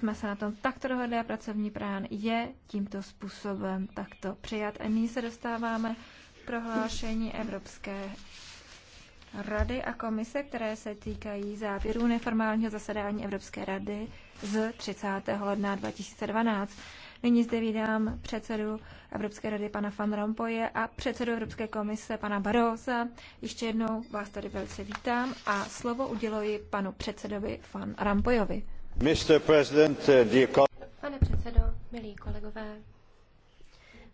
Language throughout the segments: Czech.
jsme se na tom takto dohodli a pracovní plán je tímto způsobem takto přijat. A nyní se dostáváme k prohlášení Evropské rady a komise, které se týkají závěrů neformálního zasedání Evropské rady z 30. ledna 2012. Nyní zde vydám předsedu Evropské rady pana Van Rompoje a předsedu Evropské komise pana Barosa. Ještě jednou vás tady velice vítám a slovo uděluji panu předsedovi Van Rompoyovi. Eh, Pane předsedo, milí kolegové,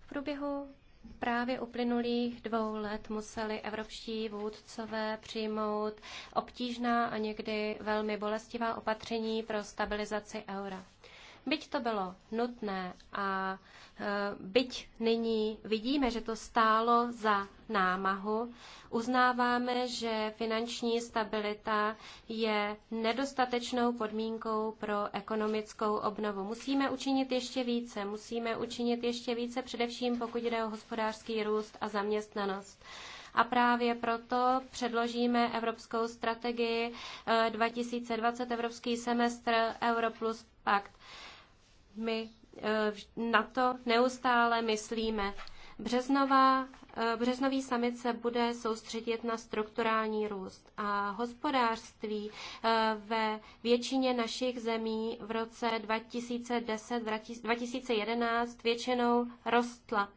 v průběhu právě uplynulých dvou let museli evropští vůdcové přijmout obtížná a někdy velmi bolestivá opatření pro stabilizaci eura. Byť to bylo nutné a e, byť nyní vidíme, že to stálo za námahu, uznáváme, že finanční stabilita je nedostatečnou podmínkou pro ekonomickou obnovu. Musíme učinit ještě více, musíme učinit ještě více, především pokud jde o hospodářský růst a zaměstnanost a právě proto předložíme Evropskou strategii e, 2020, Evropský semestr, Europlus pakt my eh, na to neustále myslíme. Březnová, eh, březnový summit se bude soustředit na strukturální růst a hospodářství eh, ve většině našich zemí v roce 2010-2011 většinou rostla.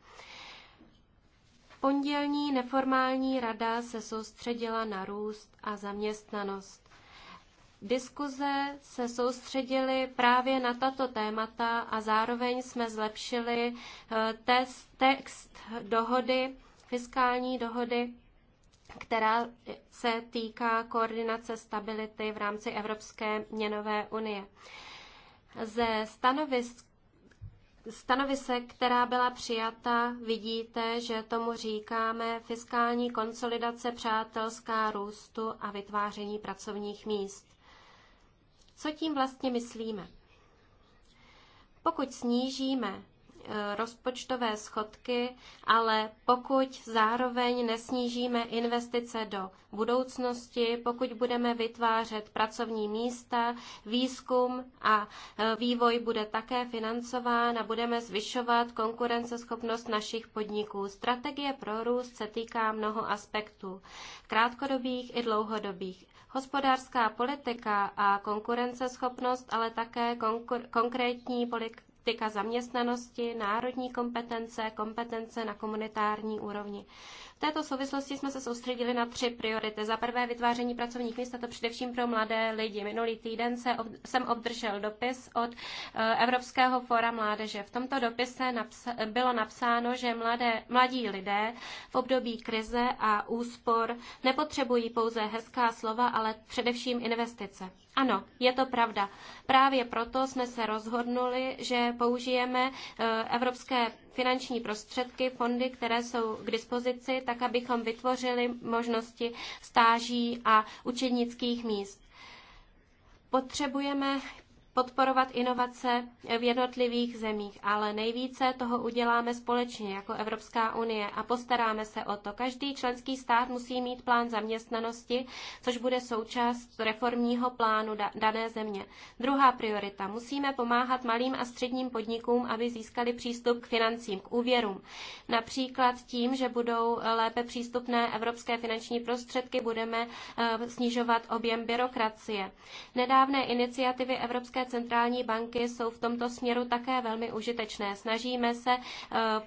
Pondělní neformální rada se soustředila na růst a zaměstnanost. Diskuze se soustředily právě na tato témata a zároveň jsme zlepšili eh, test, text dohody, fiskální dohody, která se týká koordinace stability v rámci Evropské měnové unie. Ze stanovisk stanovisek, která byla přijata, vidíte, že tomu říkáme fiskální konsolidace přátelská růstu a vytváření pracovních míst. Co tím vlastně myslíme? Pokud snížíme eh, rozpočtové schodky, ale pokud zároveň nesnížíme investice do budoucnosti, pokud budeme vytvářet pracovní místa, výzkum a eh, vývoj bude také financován a budeme zvyšovat konkurenceschopnost našich podniků. Strategie pro růst se týká mnoho aspektů, krátkodobých i dlouhodobých. Hospodářská politika a konkurenceschopnost, ale také konkur- konkrétní politika zaměstnanosti, národní kompetence, kompetence na komunitární úrovni této souvislosti jsme se soustředili na tři priority. Za prvé vytváření pracovních míst, a to především pro mladé lidi. Minulý týden se ob, jsem obdržel dopis od eh, Evropského fóra mládeže. V tomto dopise napsa, bylo napsáno, že mladé, mladí lidé v období krize a úspor nepotřebují pouze hezká slova, ale především investice. Ano, je to pravda. Právě proto jsme se rozhodnuli, že použijeme eh, evropské finanční prostředky, fondy, které jsou k dispozici, tak abychom vytvořili možnosti stáží a učednických míst. Potřebujeme podporovat inovace v jednotlivých zemích, ale nejvíce toho uděláme společně jako Evropská unie a postaráme se o to. Každý členský stát musí mít plán zaměstnanosti, což bude součást reformního plánu dané země. Druhá priorita. Musíme pomáhat malým a středním podnikům, aby získali přístup k financím, k úvěrům. Například tím, že budou lépe přístupné evropské finanční prostředky, budeme eh, snižovat objem byrokracie. Nedávné iniciativy Evropské centrální banky jsou v tomto směru také velmi užitečné. Snažíme se eh,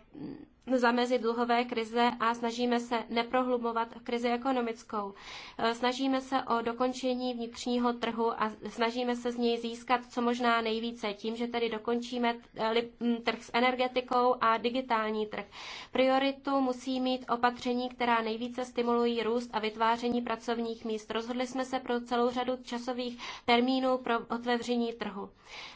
zamezit dluhové krize a snažíme se neprohlubovat krizi ekonomickou. E, snažíme se o dokončení vnitřního trhu a snažíme se z něj získat co možná nejvíce tím, že tedy dokončíme e, trh s energetikou a digitální trh. Prioritu musí mít opatření, která nejvíce stimulují růst a vytváření pracovních míst. Rozhodli jsme se pro celou řadu časových termínů pro otevření trhu.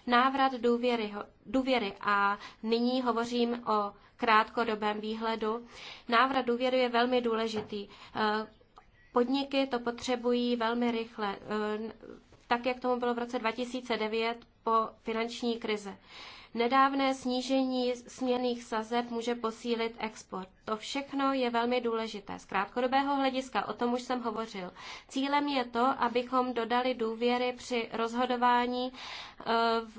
Návrat důvěry, důvěry a nyní hovořím o krátkodobém výhledu. Návrat důvěry je velmi důležitý. Eh, podniky to potřebují velmi rychle, eh, tak jak tomu bylo v roce 2009 po finanční krize. Nedávné snížení směných sazeb může posílit export. To všechno je velmi důležité. Z krátkodobého hlediska, o tom už jsem hovořil. Cílem je to, abychom dodali důvěry při rozhodování eh,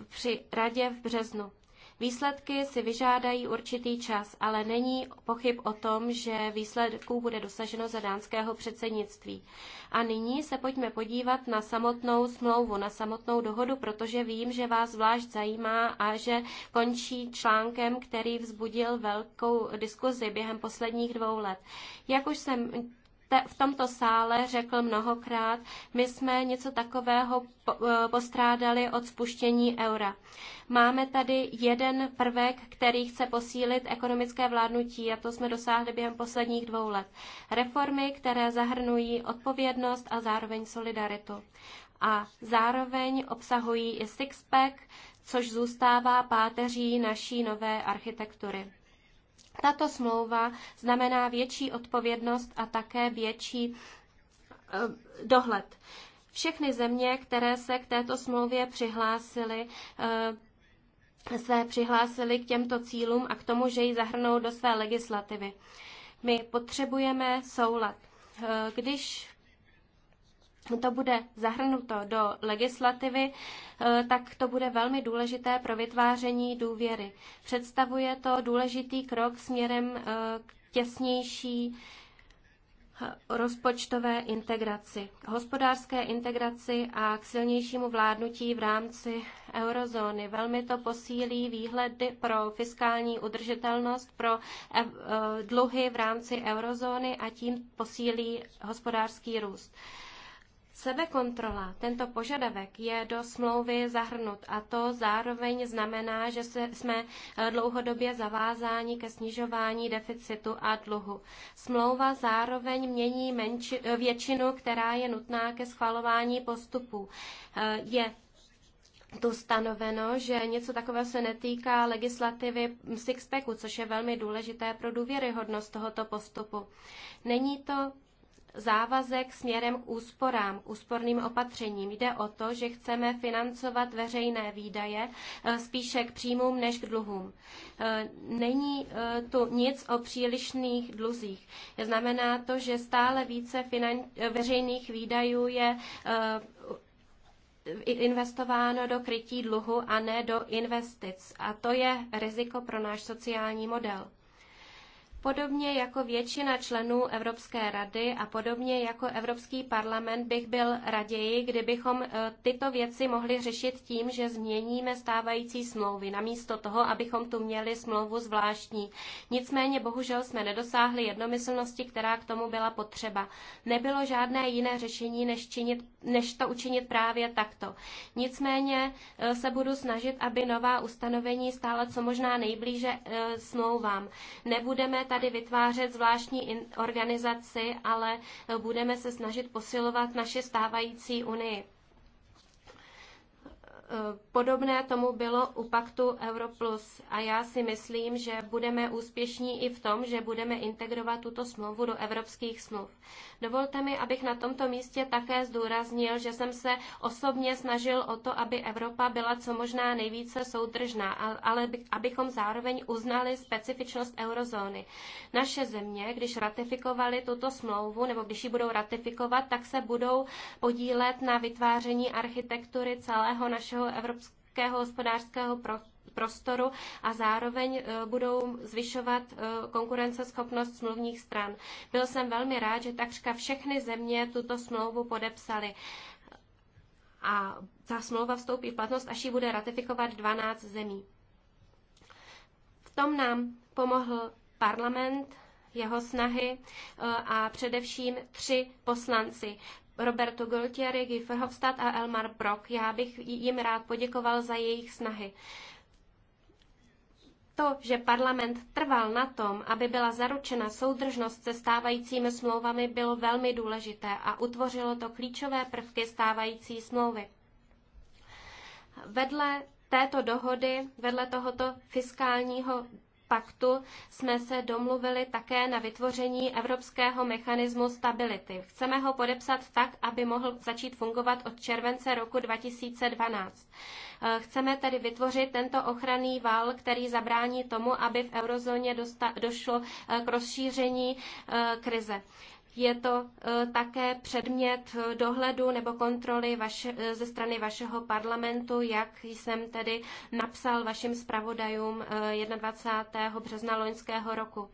při radě v březnu. Výsledky si vyžádají určitý čas, ale není pochyb o tom, že výsledků bude dosaženo za dánského předsednictví. A nyní se pojďme podívat na samotnou smlouvu, na samotnou dohodu, protože vím, že vás zvlášť zajímá a že končí článkem, který vzbudil velkou diskuzi během posledních dvou let. Jak už jsem te, v tomto sále řekl mnohokrát, my jsme něco takového po, eh, postrádali od spuštění eura. Máme tady jeden prvek, který chce posílit ekonomické vládnutí a to jsme dosáhli během posledních dvou let. Reformy, které zahrnují odpovědnost a zároveň solidaritu. A zároveň obsahují i six-pack, což zůstává páteří naší nové architektury. Tato smlouva znamená větší odpovědnost a také větší eh, dohled. Všechny země, které se k této smlouvě přihlásily, eh, se přihlásily k těmto cílům a k tomu, že ji zahrnou do své legislativy. My potřebujeme soulad. Eh, když to bude zahrnuto do legislativy, eh, tak to bude velmi důležité pro vytváření důvěry. Představuje to důležitý krok směrem eh, k těsnější eh, rozpočtové integraci, hospodářské integraci a k silnějšímu vládnutí v rámci eurozóny. Velmi to posílí výhledy pro fiskální udržitelnost, pro dluhy v rámci eurozóny a tím posílí hospodářský růst. Sebekontrola, tento požadavek je do smlouvy zahrnut a to zároveň znamená, že se, jsme eh, dlouhodobě zavázáni ke snižování deficitu a dluhu. Smlouva zároveň mění menči, eh, většinu, která je nutná ke schvalování postupů. Eh, je tu stanoveno, že něco takového se netýká legislativy Sixpacku, což je velmi důležité pro důvěryhodnost tohoto postupu. Není to závazek směrem k úsporám, k úsporným opatřením. Jde o to, že chceme financovat veřejné výdaje eh, spíše k příjmům než k dluhům. Eh, není eh, tu nic o přílišných dluzích. Znamená to, že stále více finan... veřejných výdajů je investováno do krytí dluhu a ne do investic. A to je riziko pro náš sociální model. Podobně jako většina členů Evropské rady a podobně jako Evropský parlament bych byl raději, kdybychom eh, tyto věci mohli řešit tím, že změníme stávající smlouvy, namísto toho, abychom tu měli smlouvu zvláštní. Nicméně bohužel jsme nedosáhli jednomyslnosti, která k tomu byla potřeba. Nebylo žádné jiné řešení, než, činit, než to učinit právě takto. Nicméně eh, se budu snažit, aby nová ustanovení stála co možná nejblíže eh, smlouvám. Nebudeme tady tady vytvářet zvláštní organizaci, ale budeme se snažit posilovat naše stávající unii. Eh, podobné tomu bylo u paktu Plus a já si myslím, že budeme úspěšní i v tom, že budeme integrovat tuto smlouvu do evropských smluv. Dovolte mi, abych na tomto místě také zdůraznil, že jsem se osobně snažil o to, aby Evropa byla co možná nejvíce soudržná, ale abychom zároveň uznali specifičnost eurozóny. Naše země, když ratifikovali tuto smlouvu, nebo když ji budou ratifikovat, tak se budou podílet na vytváření architektury celého našeho našeho evropského hospodářského prostoru a zároveň e, budou zvyšovat e, konkurenceschopnost smluvních stran. Byl jsem velmi rád, že takřka všechny země tuto smlouvu podepsaly. A ta smlouva vstoupí v platnost, až ji bude ratifikovat 12 zemí. V tom nám pomohl parlament, jeho snahy e, a především tři poslanci. Roberto Goltieri, Guy Verhofstadt a Elmar Brock. Já bych jim rád poděkoval za jejich snahy. To, že parlament trval na tom, aby byla zaručena soudržnost se stávajícími smlouvami, bylo velmi důležité a utvořilo to klíčové prvky stávající smlouvy. Vedle této dohody, vedle tohoto fiskálního paktu jsme se domluvili také na vytvoření evropského mechanismu stability. Chceme ho podepsat tak, aby mohl začít fungovat od července roku 2012. Eh, chceme tedy vytvořit tento ochranný val, který zabrání tomu, aby v eurozóně došlo eh, k rozšíření eh, krize. Je to e, také předmět dohledu nebo kontroly vaše, e, ze strany vašeho parlamentu, jak jsem tedy napsal vašim zpravodajům 21. E, března loňského roku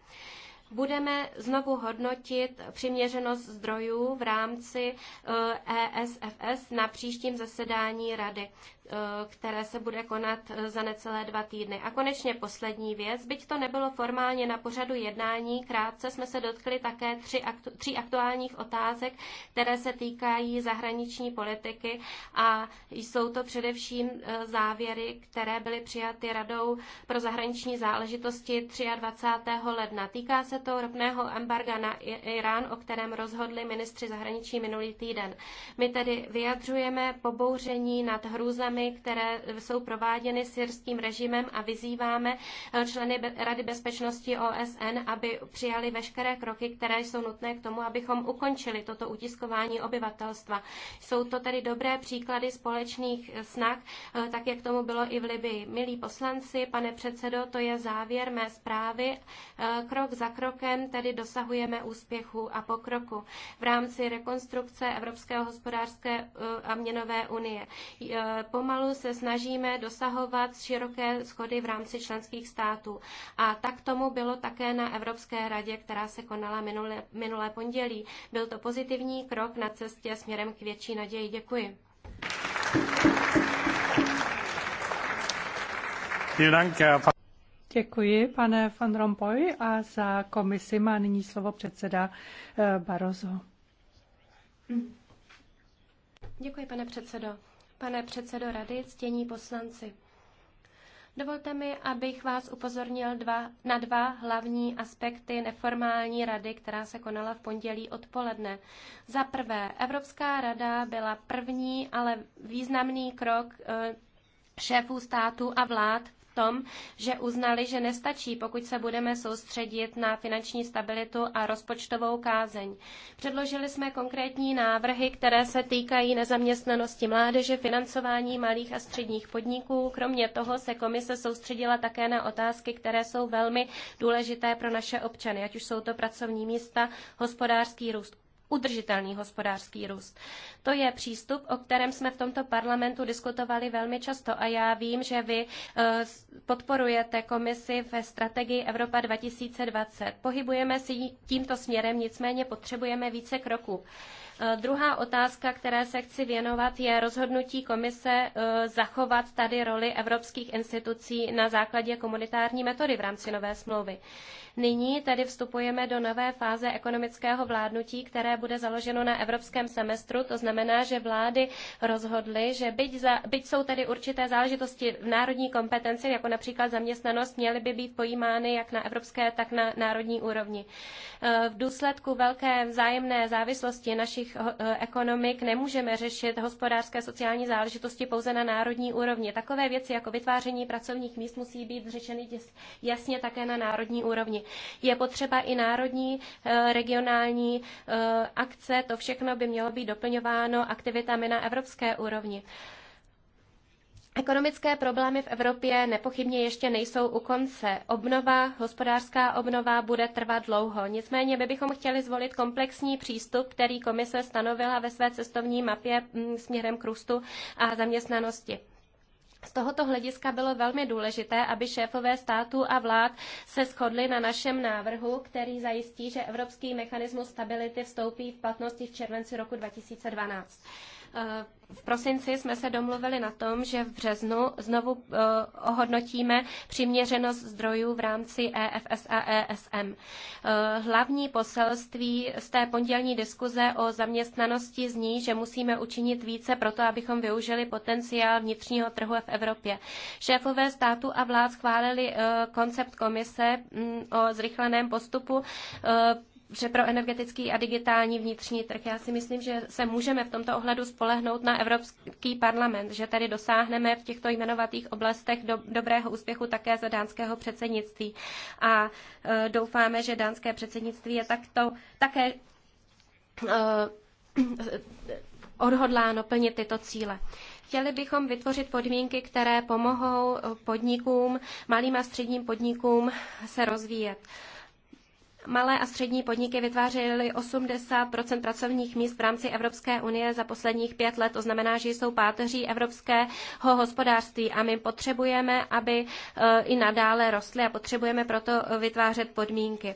budeme znovu hodnotit přiměřenost zdrojů v rámci ESFS na příštím zasedání Rady. Eh, které se bude konat eh, za necelé dva týdny. A konečně poslední věc, byť to nebylo formálně na pořadu jednání, krátce jsme se dotkli také tři, aktu, tři aktuálních otázek, které se týkají zahraniční politiky a jsou to především eh, závěry, které byly přijaty Radou pro zahraniční záležitosti 23. ledna. Týká se to ropného embarga na Irán, o kterém rozhodli ministři zahraničí minulý týden. My tedy vyjadřujeme pobouření nad hrůzami reformy, které jsou prováděny syrským režimem a vyzýváme eh, členy Rady bezpečnosti OSN, aby přijali veškeré kroky, které jsou nutné k tomu, abychom ukončili toto utiskování obyvatelstva. Jsou to tedy dobré příklady společných snah, eh, tak jak tomu bylo i v Libii. Milí poslanci, pane předsedo, to je závěr mé zprávy. Eh, krok za krokem tedy dosahujeme úspěchu a pokroku v rámci rekonstrukce Evropského hospodářské a měnové unie pomalu se snažíme dosahovat široké schody v rámci členských států. A tak tomu bylo také na Evropské radě, která se konala minulé, minulé pondělí. Byl to pozitivní krok na cestě směrem k větší naději. Děkuji. Děkuji, pane Van Rompuy, a za komisi má nyní slovo předseda eh, Barroso. Děkuji, pane předsedo pane předsedo rady, ctění poslanci. Dovolte mi, abych vás upozornil dva, na dva hlavní aspekty neformální rady, která se konala v pondělí odpoledne. Za prvé, Evropská rada byla první, ale významný krok eh, šéfů států a vlád tom, že uznali, že nestačí, pokud se budeme soustředit na finanční stabilitu a rozpočtovou kázeň. Předložili jsme konkrétní návrhy, které se týkají nezaměstnanosti mládeže, financování malých a středních podniků. Kromě toho se komise soustředila také na otázky, které jsou velmi důležité pro naše občany, ať už jsou to pracovní místa, hospodářský růst, udržitelný hospodářský růst. To je přístup, o kterém jsme v tomto parlamentu diskutovali velmi často a já vím, že vy eh, podporujete komisi ve strategii Evropa 2020. Pohybujeme si tímto směrem, nicméně potřebujeme více kroků. Druhá otázka, které se chci věnovat, je rozhodnutí komise e, zachovat tady roli evropských institucí na základě komunitární metody v rámci nové smlouvy. Nyní tedy vstupujeme do nové fáze ekonomického vládnutí, které bude založeno na evropském semestru. To znamená, že vlády rozhodly, že byť, za, byť jsou tedy určité záležitosti v národní kompetenci, jako například zaměstnanost, měly by být pojímány jak na evropské, tak na národní úrovni. E, v důsledku velké vzájemné závislosti našich národních eh, ekonomik nemůžeme řešit hospodářské sociální záležitosti pouze na národní úrovni. Takové věci jako vytváření pracovních míst musí být řešeny jasně také na národní úrovni. Je potřeba i národní, eh, regionální eh, akce, to všechno by mělo být doplňováno aktivitami na evropské úrovni. Ekonomické problémy v Evropě nepochybně ještě nejsou u konce. Obnova, hospodářská obnova bude trvat dlouho. Nicméně my bychom chtěli zvolit komplexní přístup, který komise stanovila ve své cestovní mapě mm, směrem k růstu a zaměstnanosti. Z tohoto hlediska bylo velmi důležité, aby šéfové států a vlád se shodli na našem návrhu, který zajistí, že Evropský mechanismus stability vstoupí v platnosti v červenci roku 2012 v prosinci jsme se domluvili na tom, že v březnu znovu eh, ohodnotíme přiměřenost zdrojů v rámci EFS a ESM. Eh, hlavní poselství z té pondělní diskuze o zaměstnanosti zní, že musíme učinit více pro to, abychom využili potenciál vnitřního trhu v Evropě. Šéfové státu a vlád schválili eh, koncept komise mm, o zrychleném postupu že pro energetický a digitální vnitřní trh. Já si myslím, že se můžeme v tomto ohledu spolehnout na Evropský parlament, že tady dosáhneme v těchto jmenovatých oblastech do, dobrého úspěchu také za dánského předsednictví. A e, doufáme, že dánské předsednictví je takto také e, odhodláno plnit tyto cíle. Chtěli bychom vytvořit podmínky, které pomohou podnikům, malým a středním podnikům se rozvíjet. Malé a střední podniky vytvářely 80 pracovních míst v rámci Evropské unie za posledních pět let. To znamená, že jsou páteří evropského hospodářství a my potřebujeme, aby e, i nadále rostly a potřebujeme proto vytvářet podmínky.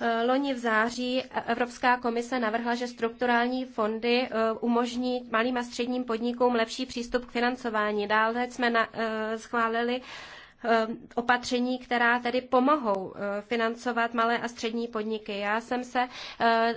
E, loni v září Evropská komise navrhla, že strukturální fondy e, umožní malým a středním podnikům lepší přístup k financování. Dále jsme schválili Eh, opatření, která tedy pomohou eh, financovat malé a střední podniky. Já jsem se eh,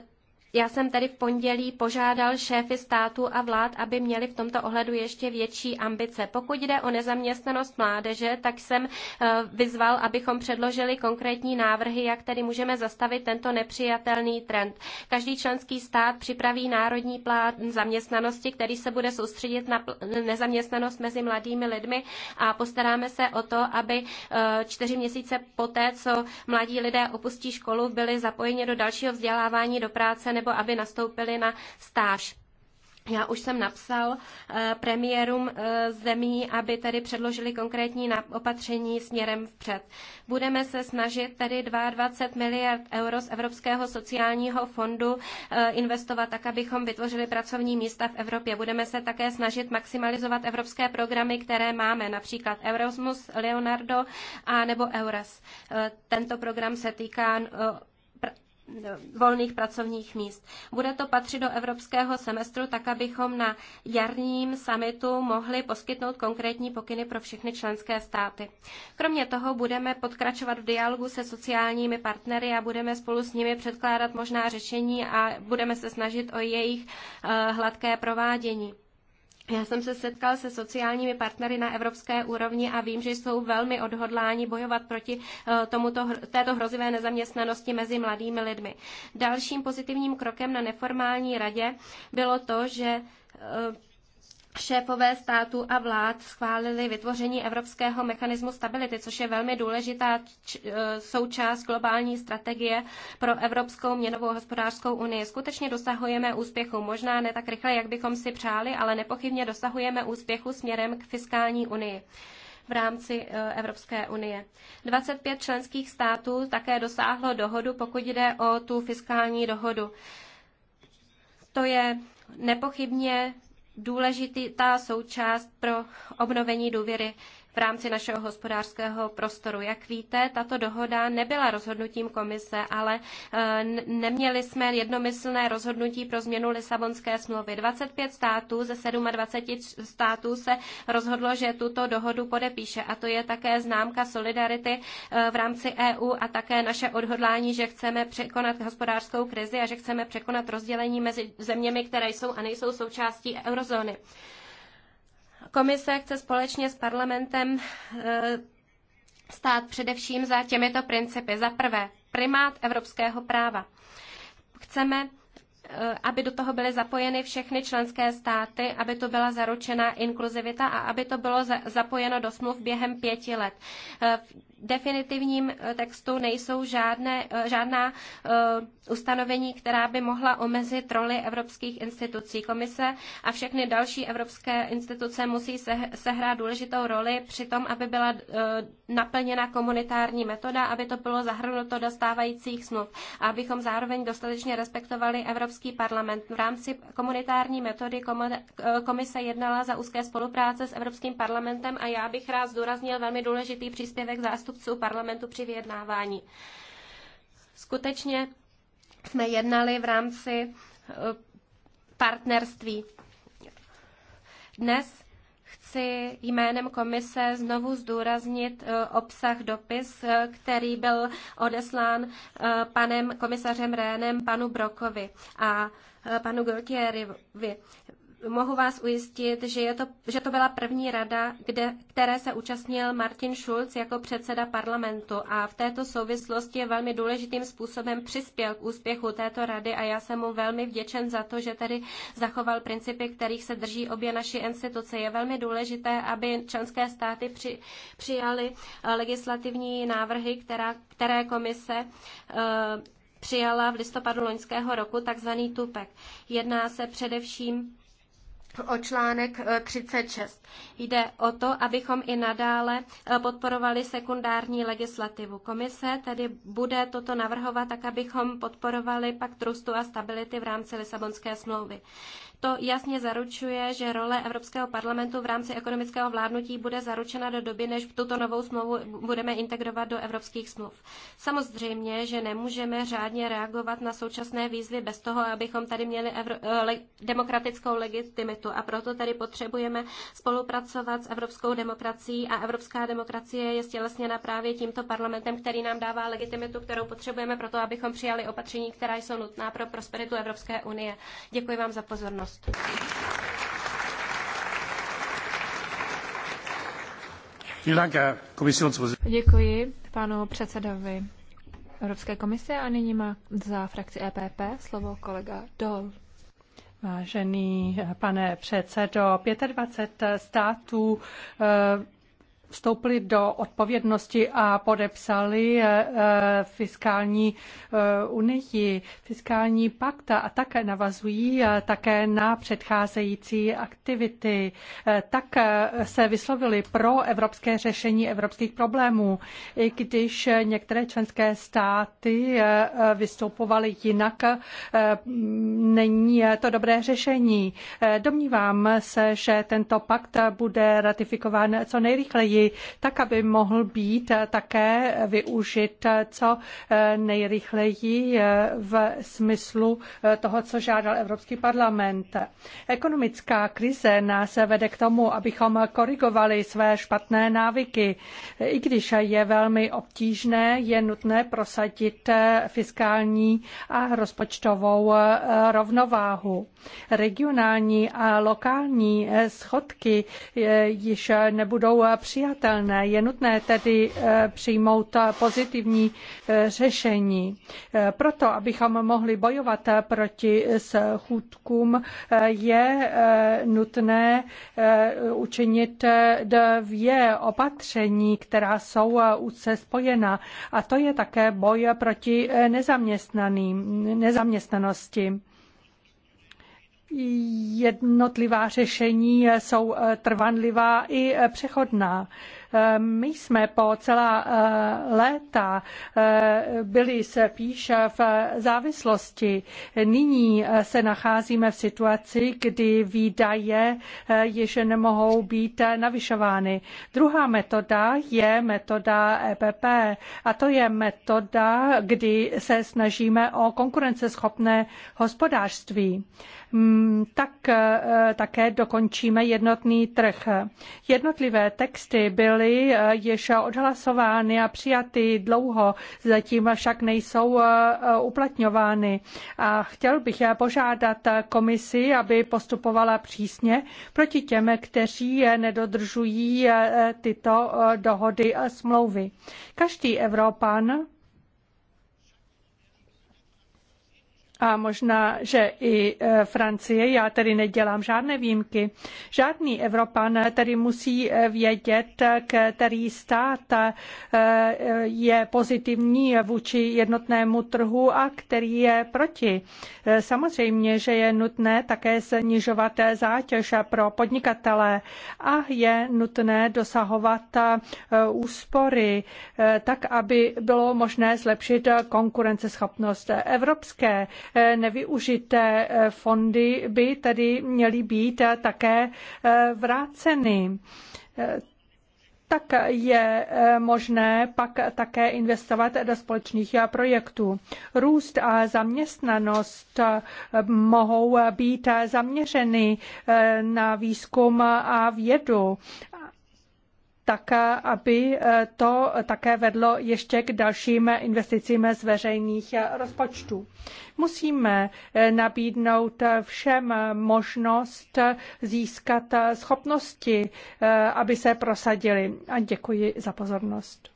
já jsem tady v pondělí požádal šéfy států a vlád, aby měli v tomto ohledu ještě větší ambice. Pokud jde o nezaměstnanost mládeže, tak jsem eh, vyzval, abychom předložili konkrétní návrhy, jak tedy můžeme zastavit tento nepřijatelný trend. Každý členský stát připraví národní plán zaměstnanosti, který se bude soustředit na nezaměstnanost mezi mladými lidmi a postaráme se o to, aby eh, čtyři měsíce poté, co mladí lidé opustí školu, byli zapojeni do dalšího vzdělávání, do práce nebo aby nastoupili na stáž. Já už jsem napsal eh, premiérům eh, zemí, aby tedy předložili konkrétní opatření směrem vpřed. Budeme se snažit tedy 22 miliard euro z Evropského sociálního fondu eh, investovat tak, abychom vytvořili pracovní místa v Evropě. Budeme se také snažit maximalizovat evropské programy, které máme, například Erasmus, Leonardo a nebo Eures. Tento program se týká volných pracovních míst. Bude to patřit do evropského semestru, tak abychom na jarním summitu mohli poskytnout konkrétní pokyny pro všechny členské státy. Kromě toho budeme podkračovat v dialogu se sociálními partnery a budeme spolu s nimi předkládat možná řešení a budeme se snažit o jejich eh, hladké provádění. Já jsem se setkal se sociálními partnery na evropské úrovni a vím, že jsou velmi odhodláni bojovat proti eh, tomuto, této hrozivé nezaměstnanosti mezi mladými lidmi. Dalším pozitivním krokem na neformální radě bylo to, že eh, šéfové států a vlád schválili vytvoření Evropského mechanismu stability, což je velmi důležitá e, součást globální strategie pro Evropskou měnovou hospodářskou unii. Skutečně dosahujeme úspěchu, možná ne tak rychle, jak bychom si přáli, ale nepochybně dosahujeme úspěchu směrem k fiskální unii v rámci e, Evropské unie. 25 členských států také dosáhlo dohodu, pokud jde o tu fiskální dohodu. To je nepochybně důležitá součást pro obnovení důvěry v rámci našeho hospodářského prostoru. Jak víte, tato dohoda nebyla rozhodnutím komise, ale eh, neměli jsme jednomyslné rozhodnutí pro změnu Lisabonské smlouvy. 25 států ze 27 států se rozhodlo, že tuto dohodu podepíše a to je také známka solidarity eh, v rámci EU a také naše odhodlání, že chceme překonat hospodářskou krizi a že chceme překonat rozdělení mezi zeměmi, které jsou a nejsou součástí eurozóny. Komise chce společně s parlamentem e, stát především za těmito principy. Za prvé, primát evropského práva. Chceme e, aby do toho byly zapojeny všechny členské státy, aby to byla zaručena inkluzivita a aby to bylo zapojeno do smluv během pěti let. E, definitivním eh, textu nejsou žádné, eh, žádná eh, ustanovení, která by mohla omezit roli evropských institucí. Komise a všechny další evropské instituce musí sehrát důležitou roli při tom, aby byla naplněna komunitární metoda, aby to bylo zahrnuto do stávajících smluv a abychom zároveň dostatečně respektovali Evropský parlament. V rámci komunitární metody komise jednala za úzké spolupráce s Evropským parlamentem a já bych rád zdůraznil velmi důležitý příspěvek zástupů zástupců parlamentu při vyjednávání. Skutečně jsme jednali v rámci e, partnerství. Dnes chci jménem komise znovu zdůraznit e, obsah dopis, e, který byl odeslán panem komisařem Rénem panu Brokovi a panu Gautierivi mohu vás ujistit, že, je to, že to byla první rada, kde, které se účastnil Martin Schulz jako předseda parlamentu a v této souvislosti velmi důležitým způsobem přispěl k úspěchu této rady a já jsem mu velmi vděčen za to, že tedy zachoval principy, kterých se drží obě naši instituce. Je velmi důležité, aby členské státy při, přijali eh, legislativní návrhy, která, které komise eh, přijala v listopadu loňského roku, takzvaný TUPEK. Jedná se především o článek 36. E, Jde o to, abychom i nadále e, podporovali sekundární legislativu. Komise tedy bude toto navrhovat tak, abychom podporovali pak trustu a stability v rámci Lisabonské smlouvy. To jasně zaručuje, že role Evropského parlamentu v rámci ekonomického vládnutí bude zaručena do doby, než tuto novou smlouvu budeme integrovat do evropských smluv. Samozřejmě, že nemůžeme řádně reagovat na současné výzvy bez toho, abychom tady měli evro- eh, le- demokratickou legitimitu a proto tady potřebujeme spolupracovat s evropskou demokracií a evropská demokracie je stělesněna právě tímto parlamentem, který nám dává legitimitu, kterou potřebujeme proto, abychom přijali opatření, která jsou nutná pro prosperitu Evropské unie. Děkuji vám za pozornost příležitost. Děkuji panu předsedovi Evropské komise a nyní má za frakci EPP slovo kolega Dol. Vážený pane předsedo, 25 států eh, vstoupili do odpovědnosti a podepsali eh, eh, fiskální eh, unii, fiskální pakta a také navazují také na předcházející aktivity. Tak se vyslovili pro evropské řešení evropských problémů, i když některé členské státy vystoupovaly jinak, mm, není to dobré řešení. Domnívám se, že tento pakt bude ratifikován co nejrychleji energii, tak aby mohl být také využit co eh, nejrychleji eh, v smyslu eh, toho, co žádal Evropský parlament. Ekonomická krize nás vede k tomu, abychom korigovali své špatné návyky. I když je velmi obtížné, je nutné prosadit fiskální a rozpočtovou rovnováhu. Regionální a lokální schodky již nebudou přijaty nepřijatelné. Je nutné tedy eh, přijmout pozitivní eh, řešení. Eh, proto, abychom mohli bojovat proti schůdkům, je nutné učinit dvě opatření, která jsou úzce spojena. A to je také boj proti nezaměstnaným, nezaměstnanosti jednotlivá řešení jsou eh, trvanlivá i eh, přechodná. Eh, my jsme po celá léta byli spíš v závislosti. Nyní se nacházíme v situaci, kdy výdaje již nemohou být navyšovány. Druhá metoda je metoda EPP a to je metoda, kdy se snažíme o konkurenceschopné hospodářství. Mm, tak eh, také dokončíme jednotný trh. Jednotlivé texty byly eh, již odhlasovány a přijaty dlouho, zatím však nejsou eh, uplatňovány. A chtěl bych požádat komisi, aby postupovala přísně proti těm, kteří nedodržují tyto dohody a smlouvy. Každý Evropan a možná, že i e, Francie, já tedy nedělám žádné výjimky, žádný Evropan tedy musí e, vědět, e, který stát je pozitivní vůči jednotnému trhu a který je proti. Samozřejmě, že je nutné také snižovat zátěž pro podnikatele a je nutné dosahovat úspory, tak aby bylo možné zlepšit konkurenceschopnost evropské Eh, nevyužité eh, fondy by tedy měly být eh, také vráceny tak je možné pak také investovat do společných projektů. Růst a zaměstnanost mohou být zaměřeny na výzkum a vědu tak aby eh, to také vedlo ještě k dalším investicím z veřejných eh, rozpočtů. Musíme eh, nabídnout všem možnost získat schopnosti, aby se prosadili. A děkuji za pozornost.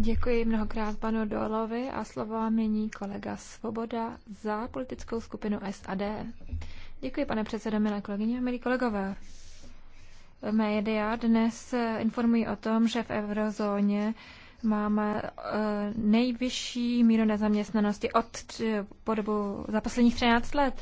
Děkuji mnohokrát panu Dolovi a slovo mění kolega Svoboda za politickou skupinu SAD. Děkuji, pane předsedo, milé kolegyně, milí kolegové. Média dnes informují o tom, že v eurozóně máme eh, nejvyšší míru nezaměstnanosti od eh, po dobu za posledních 13 let.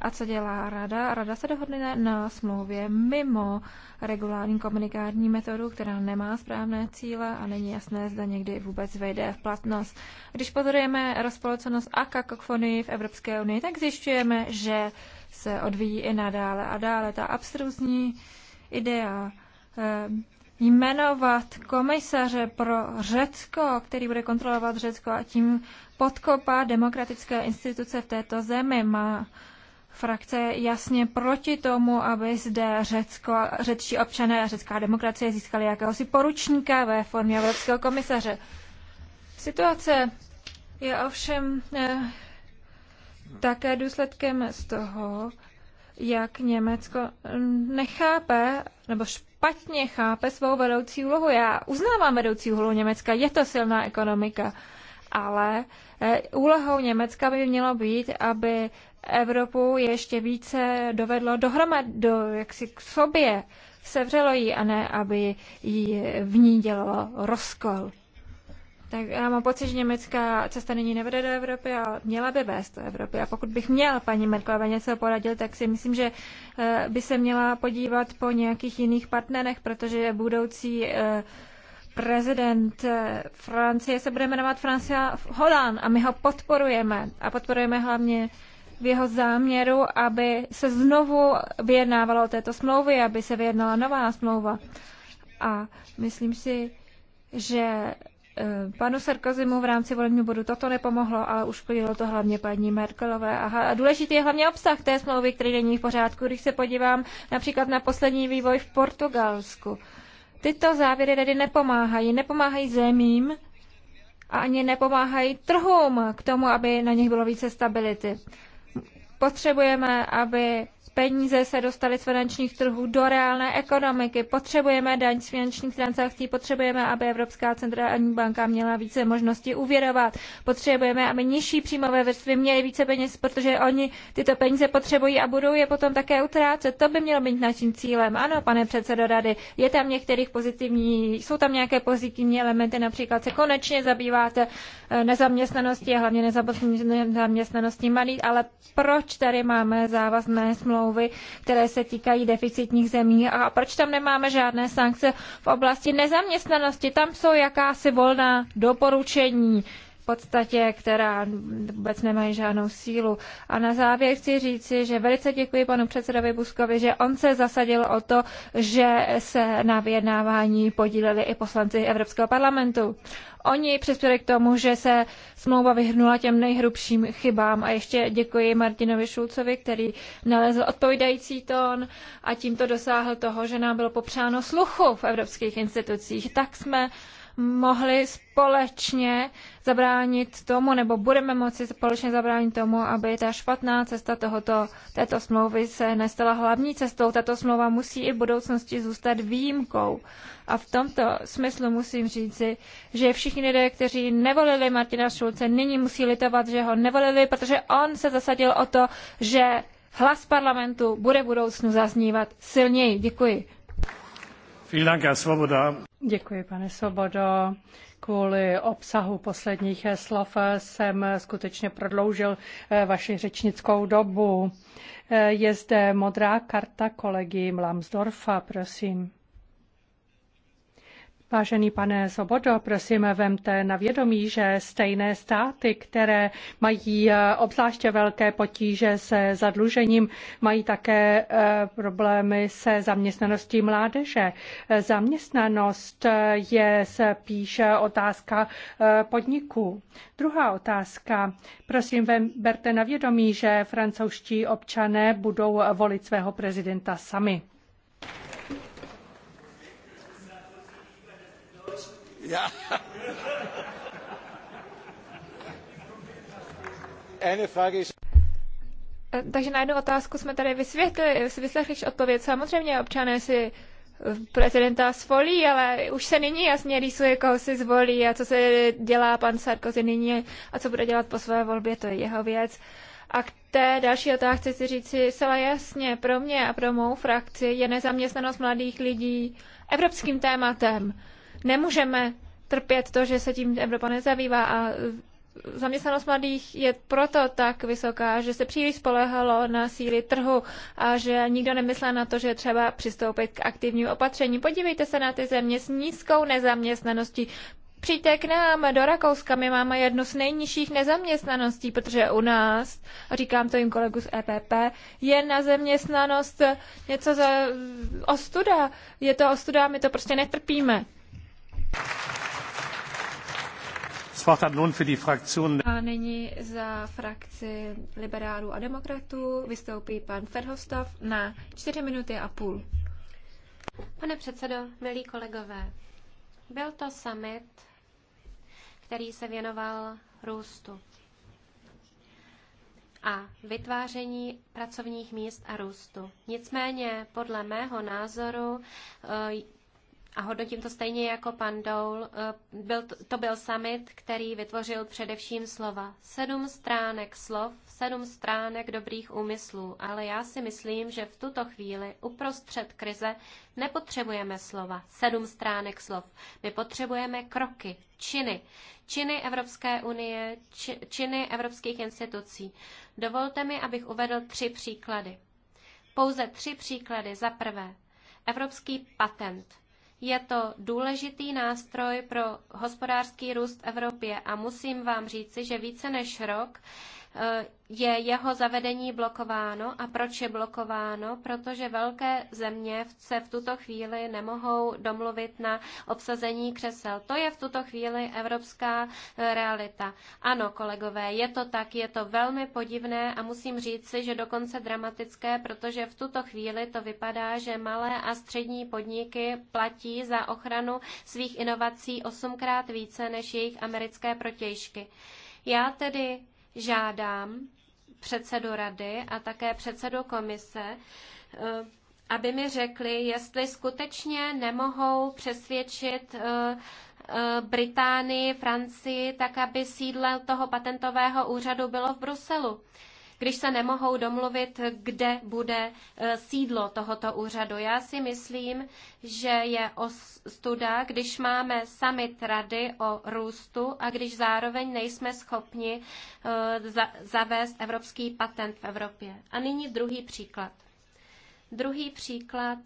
A co dělá rada? Rada se dohodne na smlouvě mimo regulární komunikární metodu, která nemá správné cíle a není jasné, zda někdy vůbec vejde v platnost. Když pozorujeme rozpolocenost a kakofonii v Evropské unii, tak zjišťujeme, že se odvíjí i nadále a dále. Ta abstruzní idea eh, jmenovat komisaře pro Řecko, který bude kontrolovat Řecko a tím podkopá demokratické instituce v této zemi. Má frakce jasně proti tomu, aby zde Řecko, řečtí občané a řecká demokracie získali jakéhosi poručníka ve formě evropského komisaře. Situace je ovšem eh, také důsledkem z toho, jak Německo nechápe nebo špatně chápe svou vedoucí úlohu. Já uznávám vedoucí úlohu Německa, je to silná ekonomika, ale eh, úlohou Německa by mělo být, aby Evropu ještě více dovedlo dohromad, do, jaksi k sobě, sevřelo ji a ne, aby ji v ní dělalo rozkol. Tak já mám pocit, že německá cesta nyní nevede do Evropy, a měla by vést do Evropy. A pokud bych měl paní Merkelové něco poradil, tak si myslím, že eh, by se měla podívat po nějakých jiných partnerech, protože budoucí eh, prezident eh, Francie se bude jmenovat Francia Hollande a my ho podporujeme. A podporujeme hlavně v jeho záměru, aby se znovu vyjednávalo o této smlouvy, aby se vyjednala nová smlouva. A myslím si, že Eh, panu Sarkozymu v rámci volebního bodu toto nepomohlo, ale uškodilo to hlavně paní Merkelové. A důležitý je hlavně obsah té smlouvy, který není v pořádku, když se podívám například na poslední vývoj v Portugalsku. Tyto závěry tedy nepomáhají. Nepomáhají zemím a ani nepomáhají trhům k tomu, aby na nich bylo více stability. Potřebujeme, aby peníze se dostaly z finančních trhů do reálné ekonomiky. Potřebujeme daň z finančních transakcí, potřebujeme, aby Evropská centrální banka měla více možností uvěrovat, potřebujeme, aby nižší příjmové vrstvy měly více peněz, protože oni tyto peníze potřebují a budou je potom také utrácet. To by mělo být naším cílem. Ano, pane předsedo rady, je tam některých pozitivní, jsou tam nějaké pozitivní elementy, například se konečně zabýváte eh, nezaměstnaností, hlavně nezaměstnaností malých, ale proč tady máme závazné smlouvy? smlouvy, které se týkají deficitních zemí a proč tam nemáme žádné sankce v oblasti nezaměstnanosti. Tam jsou jakási volná doporučení podstatě, která vůbec nemají žádnou sílu. A na závěr chci říci, že velice děkuji panu předsedovi Buskovi, že on se zasadil o to, že se na vyjednávání podíleli i poslanci Evropského parlamentu. Oni přispěli k tomu, že se smlouva vyhnula těm nejhrubším chybám. A ještě děkuji Martinovi Šulcovi, který nalezl odpovídající tón a tímto dosáhl toho, že nám bylo popřáno sluchu v evropských institucích. Tak jsme mohli společně zabránit tomu, nebo budeme moci společně zabránit tomu, aby ta špatná cesta tohoto, této smlouvy se nestala hlavní cestou. Tato smlouva musí i v budoucnosti zůstat výjimkou. A v tomto smyslu musím říci, že všichni lidé, kteří nevolili Martina Šulce, nyní musí litovat, že ho nevolili, protože on se zasadil o to, že hlas parlamentu bude v budoucnu zaznívat silněji. Děkuji. Děkuji, pane Svobodo. Kvůli obsahu posledních slov jsem skutečně prodloužil eh, vaši řečnickou dobu. Eh, je zde modrá karta kolegy Mlamsdorfa, prosím. Vážený pane Sobodo, prosím, vemte na vědomí, že stejné státy, které mají eh, obzvláště velké potíže se zadlužením, mají také eh, problémy se zaměstnaností mládeže. Eh, zaměstnanost je spíše otázka podniků. Druhá otázka. Prosím, vem, berte na vědomí, že francouzští občané budou volit svého prezidenta sami. Ja. Eine Frage ist e, takže na jednu otázku jsme tady vysvětlili, vyslechli odpověď. Samozřejmě občané si e, prezidenta zvolí, ale už se nyní jasně rýsuje, koho si zvolí a co se dělá pan Sarkozy nyní a co bude dělat po své volbě, to je jeho věc. A k té další otázce chci říct si jasně, pro mě a pro mou frakci je nezaměstnanost mladých lidí evropským tématem. Nemůžeme trpět to, že se tím Evropa nezabývá a zaměstnanost mladých je proto tak vysoká, že se příliš spolehalo na síly trhu a že nikdo nemyslel na to, že třeba přistoupit k aktivním opatření. Podívejte se na ty země s nízkou nezaměstnaností. Přijďte k nám do Rakouska, my máme jednu z nejnižších nezaměstnaností, protože u nás, a říkám to jim kolegu z EPP, je na zaměstnanost něco za ostuda. Je to ostuda, my to prostě netrpíme. A nyní za frakci liberálů a demokratů vystoupí pan Ferhostov na čtyři minuty a půl. Pane předsedo, milí kolegové, byl to summit, který se věnoval růstu a vytváření pracovních míst a růstu. Nicméně, podle mého názoru, eh, a hodnotím to stejně jako pan Doul, eh, byl to, to byl summit, který vytvořil především slova. Sedm stránek slov, sedm stránek dobrých úmyslů, ale já si myslím, že v tuto chvíli uprostřed krize nepotřebujeme slova, sedm stránek slov. My potřebujeme kroky, činy. Činy Evropské unie, či, činy evropských institucí. Dovolte mi, abych uvedl tři příklady. Pouze tři příklady. Za prvé, evropský patent – je to důležitý nástroj pro hospodářský růst v Evropě a musím vám říci, že více než rok Eh, je jeho zavedení blokováno. A proč je blokováno? Protože velké země se v tuto chvíli nemohou domluvit na obsazení křesel. To je v tuto chvíli evropská eh, realita. Ano, kolegové, je to tak, je to velmi podivné a musím říci, že dokonce dramatické, protože v tuto chvíli to vypadá, že malé a střední podniky platí za ochranu svých inovací osmkrát více než jejich americké protějšky. Já tedy žádám předsedu rady a také předsedu komise, eh, aby mi řekli, jestli skutečně nemohou přesvědčit eh, eh, Británii, Francii, tak aby sídlo toho patentového úřadu bylo v Bruselu když se nemohou domluvit, kde bude e, sídlo tohoto úřadu. Já si myslím, že je ostuda, když máme summit rady o růstu a když zároveň nejsme schopni e, zavést evropský patent v Evropě. A nyní druhý příklad. Druhý příklad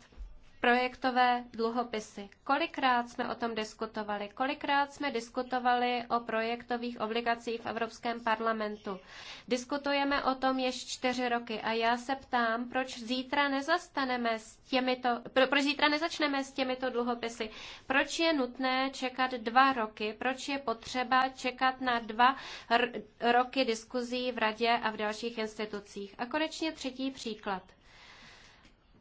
projektové dluhopisy. Kolikrát jsme o tom diskutovali? Kolikrát jsme diskutovali o projektových obligacích v Evropském parlamentu? Diskutujeme o tom již čtyři roky a já se ptám, proč zítra nezastaneme s těmito, pro, proč zítra nezačneme s těmito dluhopisy? Proč je nutné čekat dva roky? Proč je potřeba čekat na dva roky diskuzí v radě a v dalších institucích? A konečně třetí příklad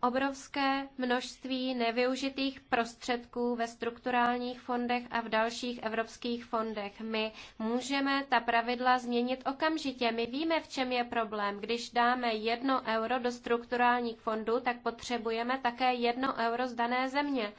obrovské množství nevyužitých prostředků ve strukturálních fondech a v dalších evropských fondech. My můžeme ta pravidla změnit okamžitě. My víme, v čem je problém. Když dáme jedno euro do strukturálních fondů, tak potřebujeme také jedno euro z dané země,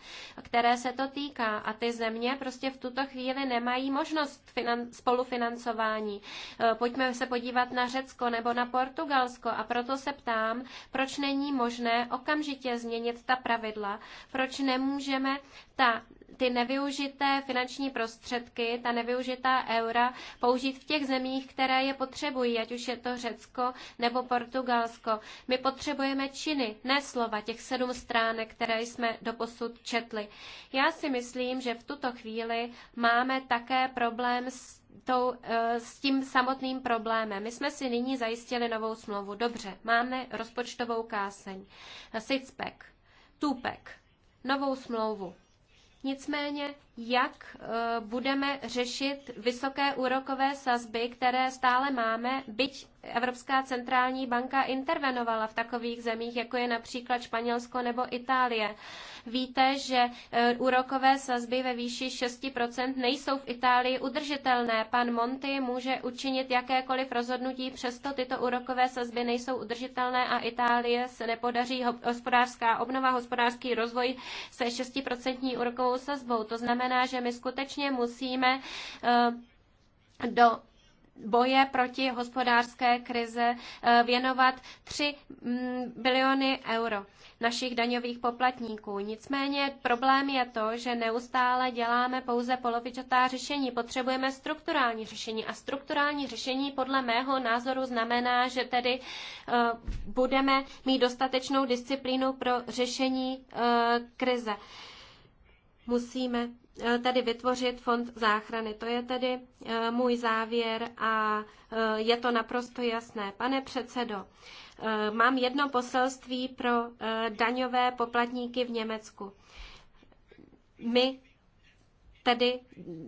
které se to týká. A ty země prostě v tuto chvíli nemají možnost spolufinancování. E, pojďme se podívat na Řecko nebo na Portugalsko a proto se ptám, proč není možné okamžitě okamžitě změnit ta pravidla, proč nemůžeme ta, ty nevyužité finanční prostředky, ta nevyužitá eura použít v těch zemích, které je potřebují, ať už je to Řecko nebo Portugalsko. My potřebujeme činy, ne slova, těch sedm stránek, které jsme doposud četli. Já si myslím, že v tuto chvíli máme také problém s tou, eh, s tím samotným problémem. My jsme si nyní zajistili novou smlouvu. Dobře, máme rozpočtovou káseň, sixpack, tupek, novou smlouvu. Nicméně jak eh, budeme řešit vysoké úrokové sazby, které stále máme, byť Evropská centrální banka intervenovala v takových zemích, jako je například Španělsko nebo Itálie. Víte, že eh, úrokové sazby ve výši 6% nejsou v Itálii udržitelné. Pan Monti může učinit jakékoliv rozhodnutí, přesto tyto úrokové sazby nejsou udržitelné a Itálie se nepodaří hospodářská obnova, hospodářský rozvoj se 6% úrokovou sazbou. To znamená, znamená, že my skutečně musíme eh, do boje proti hospodářské krize eh, věnovat 3 mm, biliony euro našich daňových poplatníků. Nicméně problém je to, že neustále děláme pouze polovičatá řešení. Potřebujeme strukturální řešení a strukturální řešení podle mého názoru znamená, že tedy eh, budeme mít dostatečnou disciplínu pro řešení krize. Musíme Eh, tedy vytvořit fond záchrany. To je tedy eh, můj závěr a eh, je to naprosto jasné. Pane předsedo, mám jedno poselství pro daňové poplatníky v Německu. My tedy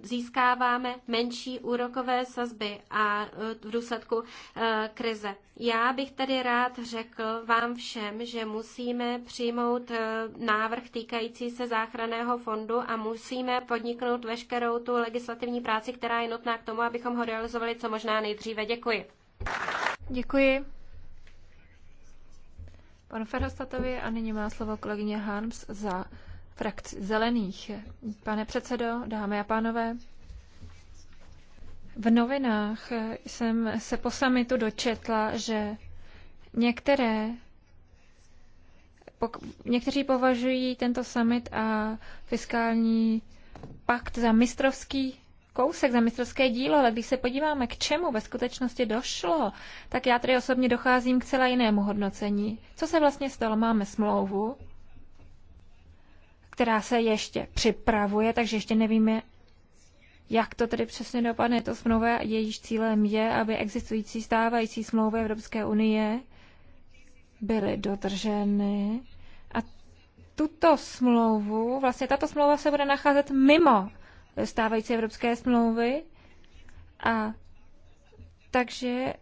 získáváme menší úrokové sazby a e, v důsledku e, krize. Já bych tedy rád řekl vám všem, že musíme přijmout e, návrh týkající se záchranného fondu a musíme podniknout veškerou tu legislativní práci, která je nutná k tomu, abychom ho realizovali co možná nejdříve. Děkuji. Děkuji. Pan Ferhostatovi a nyní má slovo kolegyně Harms za frakci zelených. Pane předsedo, dámy a pánové, v novinách jsem se po samitu dočetla, že některé pok- někteří považují tento summit a fiskální pakt za mistrovský kousek, za mistrovské dílo, ale když se podíváme, k čemu ve skutečnosti došlo, tak já tady osobně docházím k celé jinému hodnocení. Co se vlastně stalo? Máme smlouvu, která se ještě připravuje, takže ještě nevíme, jak to tedy přesně dopadne. Je to smlouva, jejíž cílem je, aby existující stávající smlouvy Evropské unie byly dodrženy. A tuto smlouvu, vlastně tato smlouva se bude nacházet mimo stávající evropské smlouvy a takže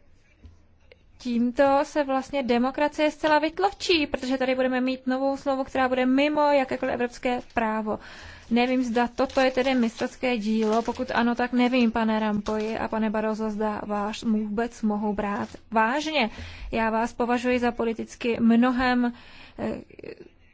tímto se vlastně demokracie zcela vytločí, protože tady budeme mít novou slovo, která bude mimo jakékoliv evropské právo. Nevím, zda toto je tedy mistrovské dílo. Pokud ano, tak nevím, pane Rampoji a pane Barozo, zda váš vůbec mohou brát vážně. Já vás považuji za politicky mnohem eh,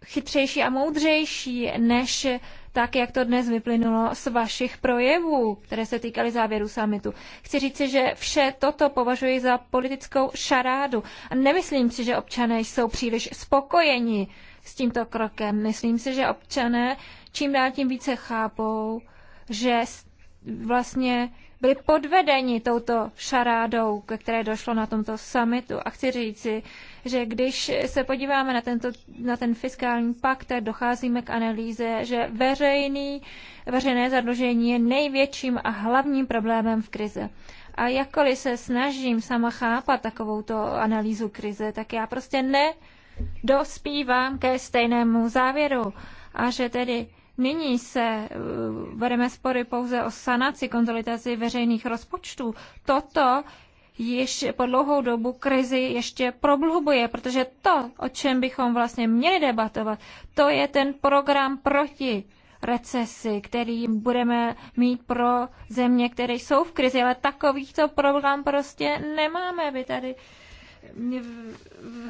chytřejší a moudřejší, než tak jak to dnes vyplynulo z vašich projevů, které se týkaly závěru samitu. Chci říci, že vše toto považuji za politickou šarádu a nemyslím si, že občané jsou příliš spokojeni s tímto krokem. Myslím si, že občané čím dál tím více chápou, že vlastně byli podvedeni touto šarádou, ke které došlo na tomto summitu. A chci říci, že když se podíváme na, tento, na ten fiskální pakt, tak docházíme k analýze, že veřejný, veřejné zadlužení je největším a hlavním problémem v krize. A jakkoliv se snažím sama chápat takovouto analýzu krize, tak já prostě nedospívám ke stejnému závěru. A že tedy Nyní se eh, vedeme spory pouze o sanaci, konzolidaci veřejných rozpočtů. Toto již po dlouhou dobu krizi ještě prohlubuje, protože to, o čem bychom vlastně měli debatovat, to je ten program proti recesi, který budeme mít pro země, které jsou v krizi, ale takovýchto program prostě nemáme. Vy tady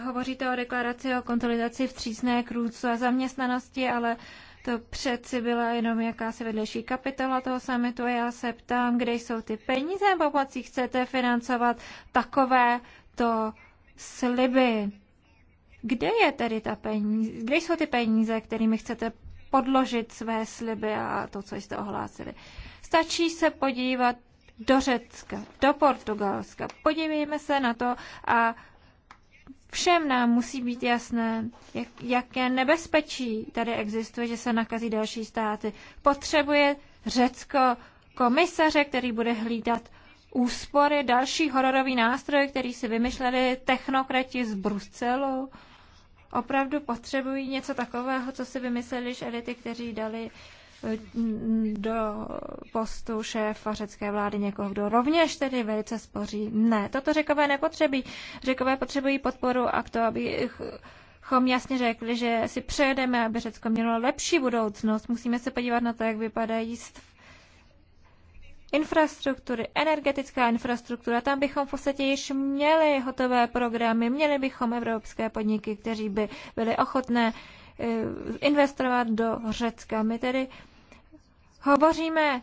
hovoříte o deklaraci o konsolidaci v třísné krůcu a zaměstnanosti, ale to přeci byla jenom jakási vedlejší kapitola toho samitu a já se ptám, kde jsou ty peníze, pomocí chcete financovat takové to sliby. Kde je tedy ta peníze, kde jsou ty peníze, kterými chcete podložit své sliby a to, co jste ohlásili? Stačí se podívat do Řecka, do Portugalska. Podívejme se na to a Všem nám musí být jasné, jak, jaké nebezpečí tady existuje, že se nakazí další státy. Potřebuje Řecko komisaře, který bude hlídat úspory, další hororový nástroj, který si vymysleli technokrati z Bruselu. Opravdu potřebují něco takového, co si vymysleli elity, kteří dali uh, do postu šéfa řecké vlády někoho, kdo rovněž tedy velice spoří. Ne, toto řekové nepotřebí. Řekové potřebují podporu a to, aby chom jasně řekli, že si přejedeme, aby Řecko mělo lepší budoucnost. Musíme se podívat na to, jak vypadají infrastruktury, energetická infrastruktura. Tam bychom v podstatě již měli hotové programy, měli bychom evropské podniky, kteří by byli ochotné eh, investovat do Řecka. My tedy hovoříme,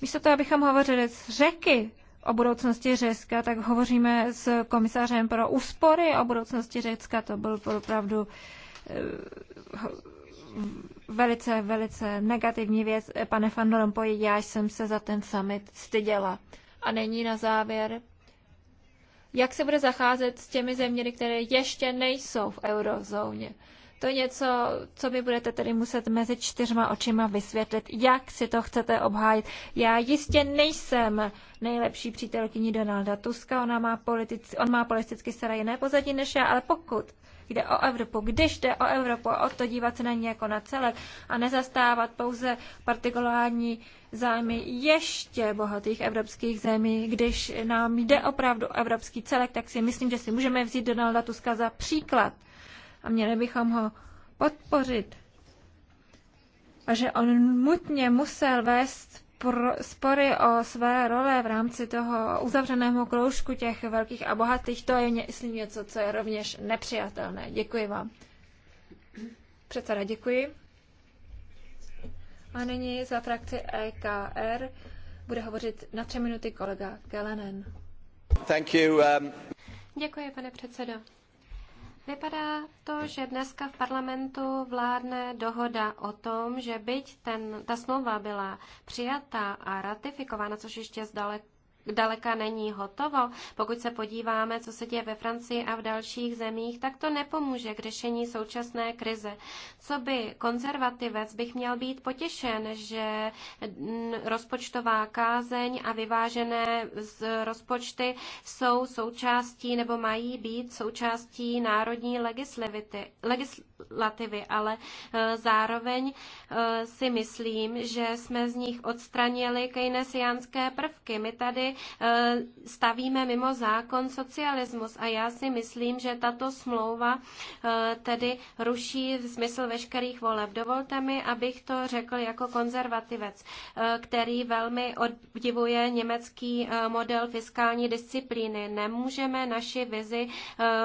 místo toho, abychom hovořili z řeky o budoucnosti Řecka, tak hovoříme s komisařem pro úspory o budoucnosti Řecka. To byl opravdu eh, velice, velice negativní věc. Pane Van Rompuy, já jsem se za ten summit styděla. A není na závěr, jak se bude zacházet s těmi zeměmi, které ještě nejsou v eurozóně. To je něco, co vy budete tedy muset mezi čtyřma očima vysvětlit, jak si to chcete obhájit. Já jistě nejsem nejlepší přítelkyní Donalda Tuska, ona má politici, on má politicky staré jiné pozadí než já, ale pokud jde o Evropu, když jde o Evropu, o to dívat se na ní jako na celek a nezastávat pouze partikulární zájmy ještě bohatých evropských zemí, když nám jde opravdu o evropský celek, tak si myslím, že si můžeme vzít Donalda Tuska za příklad a měli bychom ho podpořit. A že on nutně musel vést spory o své role v rámci toho uzavřeného kroužku těch velkých a bohatých, to je, myslím, něco, co je rovněž nepřijatelné. Děkuji vám. Předseda, děkuji. A nyní za frakci EKR bude hovořit na tři minuty kolega Gelenen. Thank you, um... Děkuji, pane předsedo. Vypadá to, že dneska v parlamentu vládne dohoda o tom, že byť ten, ta smlouva byla přijatá a ratifikována, což ještě zdaleka daleka není hotovo. Pokud se podíváme, co se děje ve Francii a v dalších zemích, tak to nepomůže k řešení současné krize. Co by konzervativec bych měl být potěšen, že rozpočtová kázeň a vyvážené z rozpočty jsou součástí nebo mají být součástí národní legislativy, ale e, zároveň e, si myslím, že jsme z nich odstranili keynesiánské prvky. My tady Eh, stavíme mimo zákon socialismus a já si myslím, že tato smlouva eh, tedy ruší smysl veškerých voleb. Dovolte mi, abych to řekl jako konzervativec, eh, který velmi obdivuje německý model fiskální disciplíny. Nemůžeme naši vizi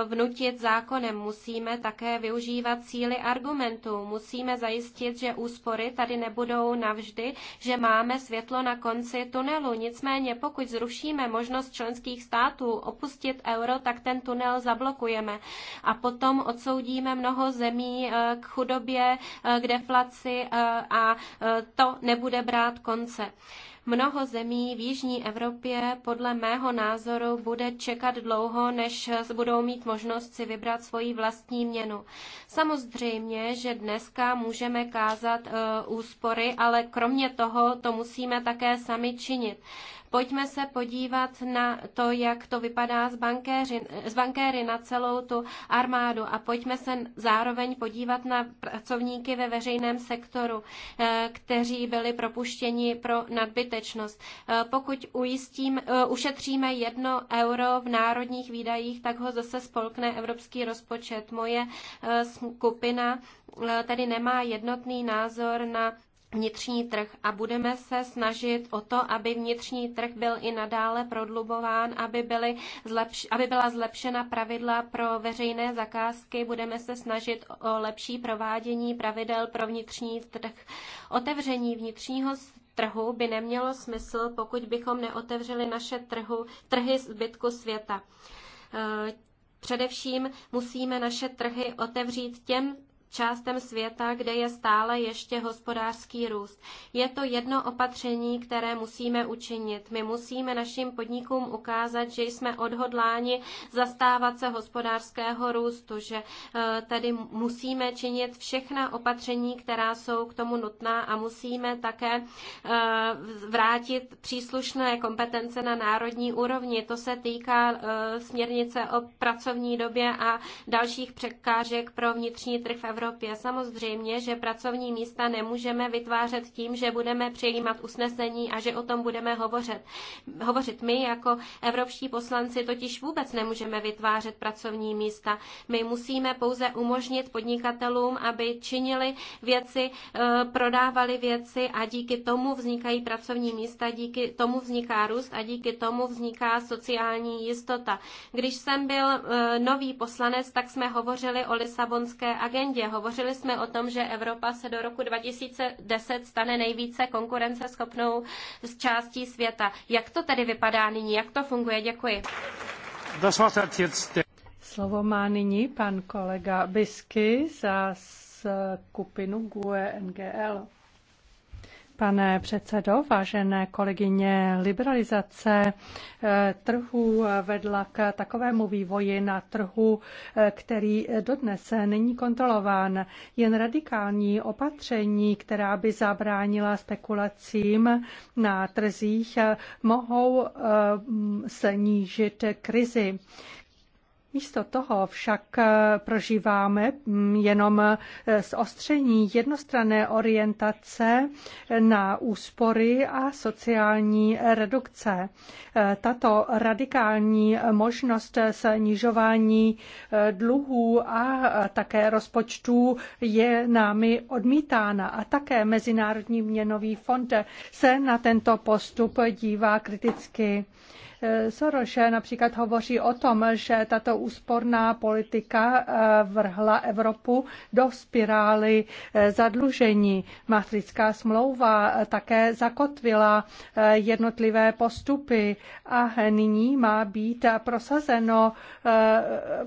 vnutit zákonem, musíme také využívat síly argumentů, musíme zajistit, že úspory tady nebudou navždy, že máme světlo na konci tunelu. Nicméně pokud zrušíme možnost členských států opustit euro, tak ten tunel zablokujeme a potom odsoudíme mnoho zemí eh, k chudobě, eh, k deflaci eh, a to nebude brát konce. Mnoho zemí v Jižní Evropě podle mého názoru bude čekat dlouho, než budou mít možnost si vybrat svoji vlastní měnu. Samozřejmě, že dneska můžeme kázat e, úspory, ale kromě toho to musíme také sami činit. Pojďme se podívat na to, jak to vypadá z bankéři, z bankéry na celou tu armádu a pojďme se zároveň podívat na pracovníky ve veřejném sektoru, eh, kteří byli propuštěni pro nadbytečnost. Eh, pokud ujistím, eh, ušetříme jedno euro v národních výdajích, tak ho zase spolkne evropský rozpočet. Moje skupina tedy nemá jednotný názor na vnitřní trh a budeme se snažit o to, aby vnitřní trh byl i nadále prodlubován, aby, byly zlepš- aby byla zlepšena pravidla pro veřejné zakázky, budeme se snažit o lepší provádění pravidel pro vnitřní trh. Otevření vnitřního trhu by nemělo smysl, pokud bychom neotevřeli naše trhu, trhy zbytku světa. Eh, především musíme naše trhy otevřít těm částem světa, kde je stále ještě hospodářský růst. Je to jedno opatření, které musíme učinit. My musíme našim podnikům ukázat, že jsme odhodláni zastávat se hospodářského růstu, že eh, tedy musíme činit všechna opatření, která jsou k tomu nutná a musíme také eh, vrátit příslušné kompetence na národní úrovni. To se týká eh, směrnice o pracovní době a dalších překážek pro vnitřní trh v Evropě. Evropě. Samozřejmě, že pracovní místa nemůžeme vytvářet tím, že budeme přijímat usnesení a že o tom budeme hovořit. hovořit. My jako evropští poslanci totiž vůbec nemůžeme vytvářet pracovní místa. My musíme pouze umožnit podnikatelům, aby činili věci, eh, prodávali věci a díky tomu vznikají pracovní místa, díky tomu vzniká růst a díky tomu vzniká sociální jistota. Když jsem byl eh, nový poslanec, tak jsme hovořili o Lisabonské agendě Hovořili jsme o tom, že Evropa se do roku 2010 stane nejvíce konkurenceschopnou z částí světa. Jak to tedy vypadá nyní? Jak to funguje? Děkuji. Slovo má nyní pan kolega Bisky za skupinu GUE NGL. Pane předsedo, vážené kolegyně, liberalizace eh, trhu vedla k takovému vývoji na trhu, eh, který dodnes není kontrolován. Jen radikální opatření, která by zabránila spekulacím na trzích, eh, mohou snížit krizi. Místo toho však eh, prožíváme mm, jenom eh, zostření jednostranné orientace eh, na úspory a sociální redukce. Tato radikální možnost snižování dluhů a také rozpočtů je námi odmítána a také Mezinárodní měnový fond se na tento postup dívá kriticky. Soros například hovoří o tom, že tato úsporná politika eh, vrhla Evropu do spirály eh, zadlužení. Matrická smlouva eh, také zakotvila jednotlivé postupy a nyní má být prosazeno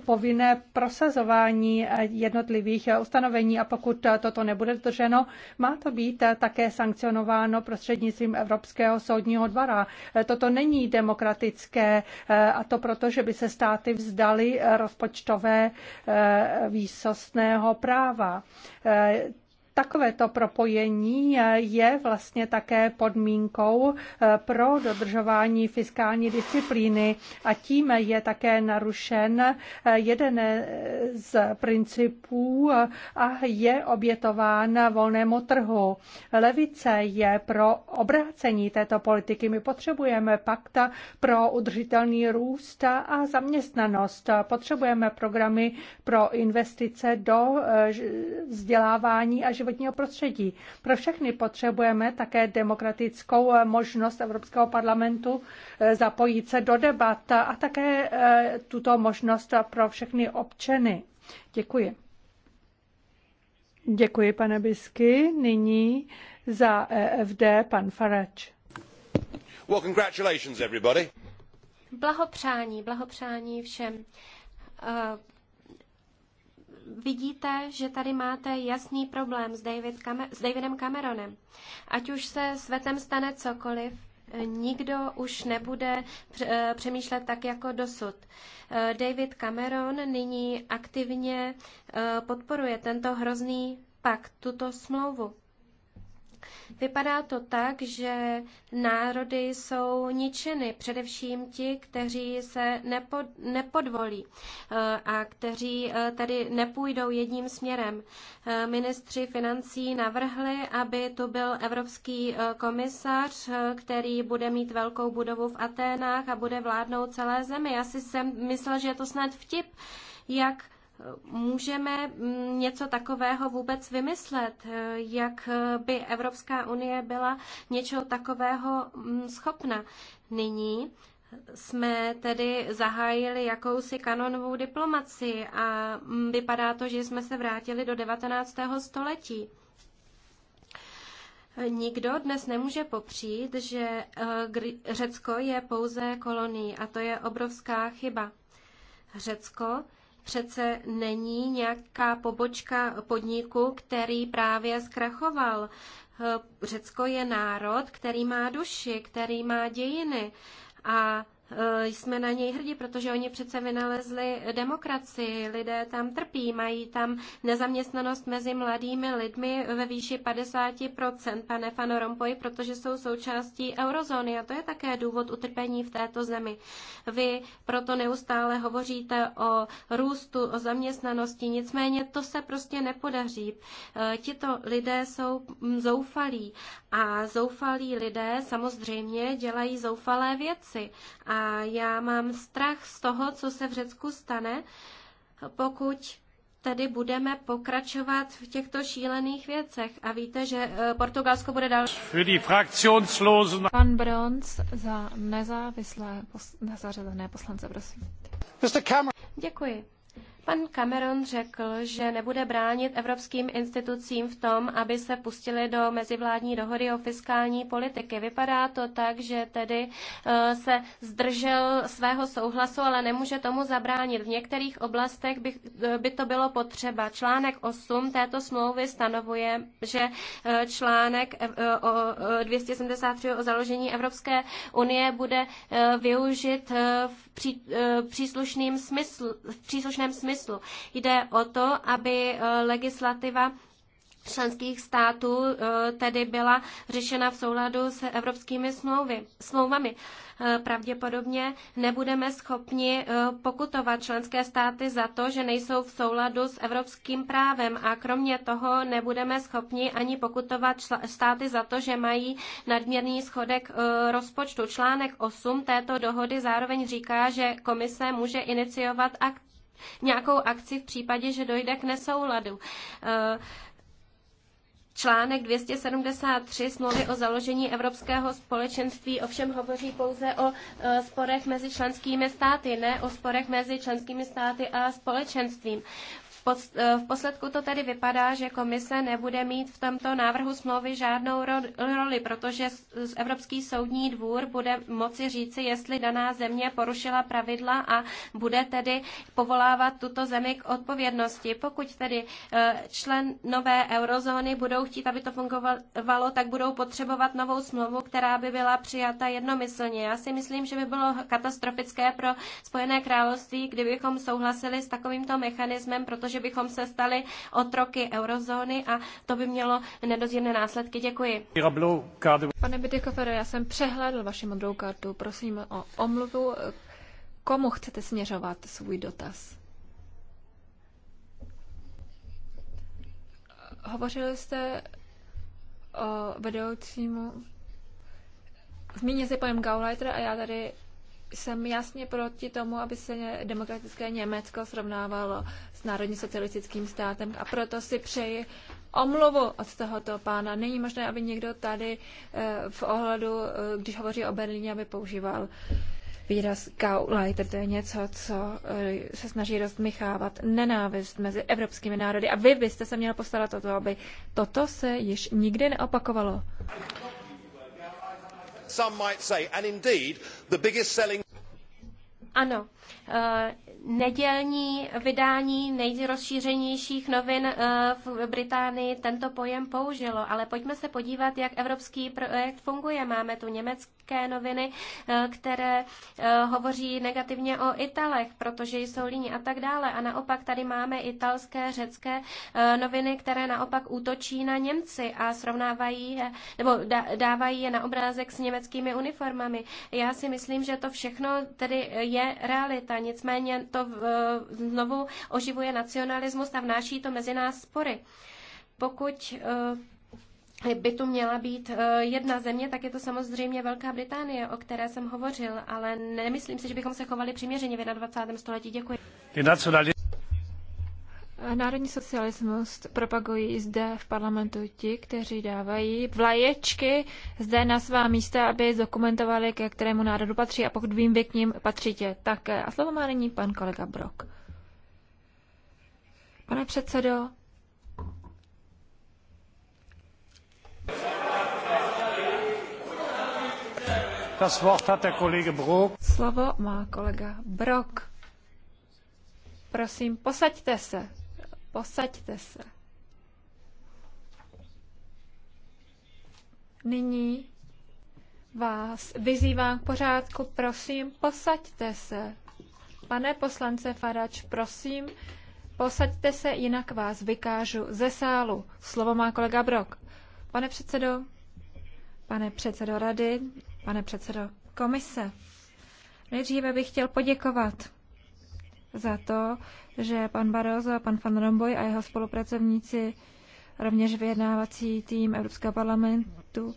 povinné prosazování jednotlivých ustanovení a pokud toto nebude dodrženo, má to být také sankcionováno prostřednictvím Evropského soudního dvora. Toto není demokratické problematické eh, a to proto, že by se státy vzdali eh, rozpočtové eh, výsostného práva Takovéto propojení je vlastně také podmínkou eh, pro dodržování fiskální disciplíny a tím je také narušen eh, jeden eh, z principů a je obětován volnému trhu. Levice je pro obrácení této politiky. My potřebujeme pakta pro udržitelný růst a zaměstnanost. Potřebujeme programy pro investice do vzdělávání a životního prostředí. Pro všechny potřebujeme také demokratickou možnost Evropského parlamentu eh, zapojit se do debat a také eh, tuto možnost pro všechny občany. Děkuji. Děkuji, pane Bisky. Nyní za EFD pan Farač. Well, congratulations, everybody. Blahopřání, blahopřání všem. Uh, vidíte, že tady máte jasný problém s, David Kame- s Davidem Cameronem. Ať už se svetem stane cokoliv, eh, nikdo už nebude eh, přemýšlet tak jako dosud. Eh, David Cameron nyní aktivně podporuje tento hrozný pakt, tuto smlouvu. Vypadá to tak, že národy jsou ničeny, především ti, kteří se nepod, nepodvolí eh, a kteří eh, tady nepůjdou jedním směrem. Eh, ministři financí navrhli, aby tu byl evropský komisař, který bude mít velkou budovu v Aténách a bude vládnout celé zemi. Já si jsem myslel, že je to snad vtip, jak můžeme mm, něco takového vůbec vymyslet, jak by Evropská unie byla něčeho takového mm, schopna. Nyní jsme tedy zahájili jakousi kanonovou diplomaci a mm, vypadá to, že jsme se vrátili do 19. století. Nikdo dnes nemůže popřít, že eh, Řecko je pouze kolonií a to je obrovská chyba. Řecko přece není nějaká pobočka podniku, který právě zkrachoval. Řecko je národ, který má duši, který má dějiny a Eh, jsme na něj hrdí, protože oni přece vynalezli demokracii. Lidé tam trpí, mají tam nezaměstnanost mezi mladými lidmi ve výši 50%, pane Fano Rompoy, protože jsou součástí eurozóny a to je také důvod utrpení v této zemi. Vy proto neustále hovoříte o růstu, o zaměstnanosti, nicméně to se prostě nepodaří. Eh, tito lidé jsou hm, zoufalí a zoufalí lidé samozřejmě dělají zoufalé věci a a já mám strach z toho, co se v Řecku stane, pokud tedy budeme pokračovat v těchto šílených věcech. A víte, že eh, Portugalsko bude další. Pan Bronz za nezávislé pos- nezařazené poslance, prosím. Děkuji. Pan Cameron řekl, že nebude bránit evropským institucím v tom, aby se pustili do mezivládní dohody o fiskální politiky. Vypadá to tak, že tedy eh, se zdržel svého souhlasu, ale nemůže tomu zabránit. V některých oblastech by, eh, by to bylo potřeba. Článek 8 této smlouvy stanovuje, že eh, článek 273 o založení Evropské unie bude využit v příslušném smyslu, v příslušném smyslu smyslu. Jde o to, aby e, legislativa členských států e, tedy byla řešena v souladu s evropskými smlouvy, smlouvami. E, pravděpodobně nebudeme schopni pokutovat členské státy za to, že nejsou v souladu s evropským právem a kromě toho nebudeme schopni ani pokutovat státy za to, že mají nadměrný schodek rozpočtu. Článek 8 této dohody zároveň říká, že komise může iniciovat akt nějakou akci v případě, že dojde k nesouladu. Eh, článek 273 smlouvy o založení Evropského společenství ovšem hovoří pouze o eh, sporech mezi členskými státy, ne o sporech mezi členskými státy a společenstvím. Eh, v posledku to tedy vypadá, že komise nebude mít v tomto návrhu smlouvy žádnou roli, protože Evropský soudní dvůr bude moci říci, jestli daná země porušila pravidla a bude tedy povolávat tuto zemi k odpovědnosti. Pokud tedy eh, člen nové eurozóny budou chtít, aby to fungovalo, tak budou potřebovat novou smlouvu, která by byla přijata jednomyslně. Já si myslím, že by bylo katastrofické pro Spojené království, kdybychom souhlasili s takovýmto mechanismem, protože že bychom se stali otroky eurozóny a to by mělo nedozírné následky. Děkuji. Pane Bidekofere, já jsem přehlédl vaši modrou kartu. Prosím o omluvu. Komu chcete směřovat svůj dotaz? Hovořili jste o vedoucímu. Zmíně se panem Gauleiter a já tady jsem jasně proti tomu, aby se demokratické Německo srovnávalo s národně socialistickým státem a proto si přeji omluvu od tohoto pána. Není možné, aby někdo tady eh, v ohledu, eh, když hovoří o Berlíně, aby používal výraz Gauleiter, to je něco, co eh, se snaží rozmychávat nenávist mezi evropskými národy. A vy byste se měla postarat o to, aby toto se již nikdy neopakovalo some might say and indeed the biggest selling ano Eh, nedělní vydání nejrozšířenějších novin eh, v Británii tento pojem použilo, ale pojďme se podívat, jak evropský projekt funguje. Máme tu německé noviny, eh, které hovoří negativně o Italech, protože jsou líní a tak dále. A naopak tady máme italské, řecké noviny, které naopak útočí na Němci a srovnávají je, nebo dávají je na obrázek s německými uniformami. Já si myslím, že to všechno tedy je realita solidarita, Nicméně to eh, znovu oživuje nacionalismus a vnáší to mezi nás spory. Pokud eh, by tu měla být eh, jedna země, tak je to samozřejmě Velká Británie, o které jsem hovořil, ale nemyslím si, že bychom se chovali přiměřeně v 21. století. Děkuji. Národní socialismus propagují zde v parlamentu ti, kteří dávají vlaječky zde na svá místa, aby dokumentovali, ke kterému národu patří a pokud vím, vy k ním patříte také. Eh, a slovo má nyní pan kolega Brok. Pane předsedo, Das Wort hat der Kollege Brok. Slovo má kolega Brok. Prosím, posaďte se. Posaďte se. Nyní vás vyzývám k pořádku, prosím, posaďte se. Pane poslance Farač, prosím, posaďte se, jinak vás vykážu ze sálu. Slovo má kolega Brok. Pane předsedo, pane předsedo rady, pane předsedo komise, nejdříve bych chtěl poděkovat za to, že pan Barroso a pan Van Rompuy a jeho spolupracovníci, rovněž vyjednávací tým Evropského parlamentu,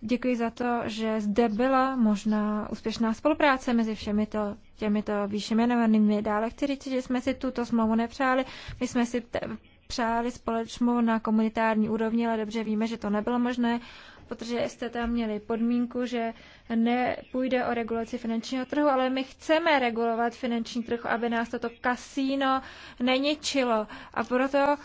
děkuji za to, že zde byla možná úspěšná spolupráce mezi všemi to, těmito výše jmenovanými. Dále chci říct, že jsme si tuto smlouvu nepřáli, my jsme si přáli společnou na komunitární úrovni, ale dobře víme, že to nebylo možné protože jste tam měli podmínku, že nepůjde o regulaci finančního trhu, ale my chceme regulovat finanční trh, aby nás toto kasíno neničilo. A proto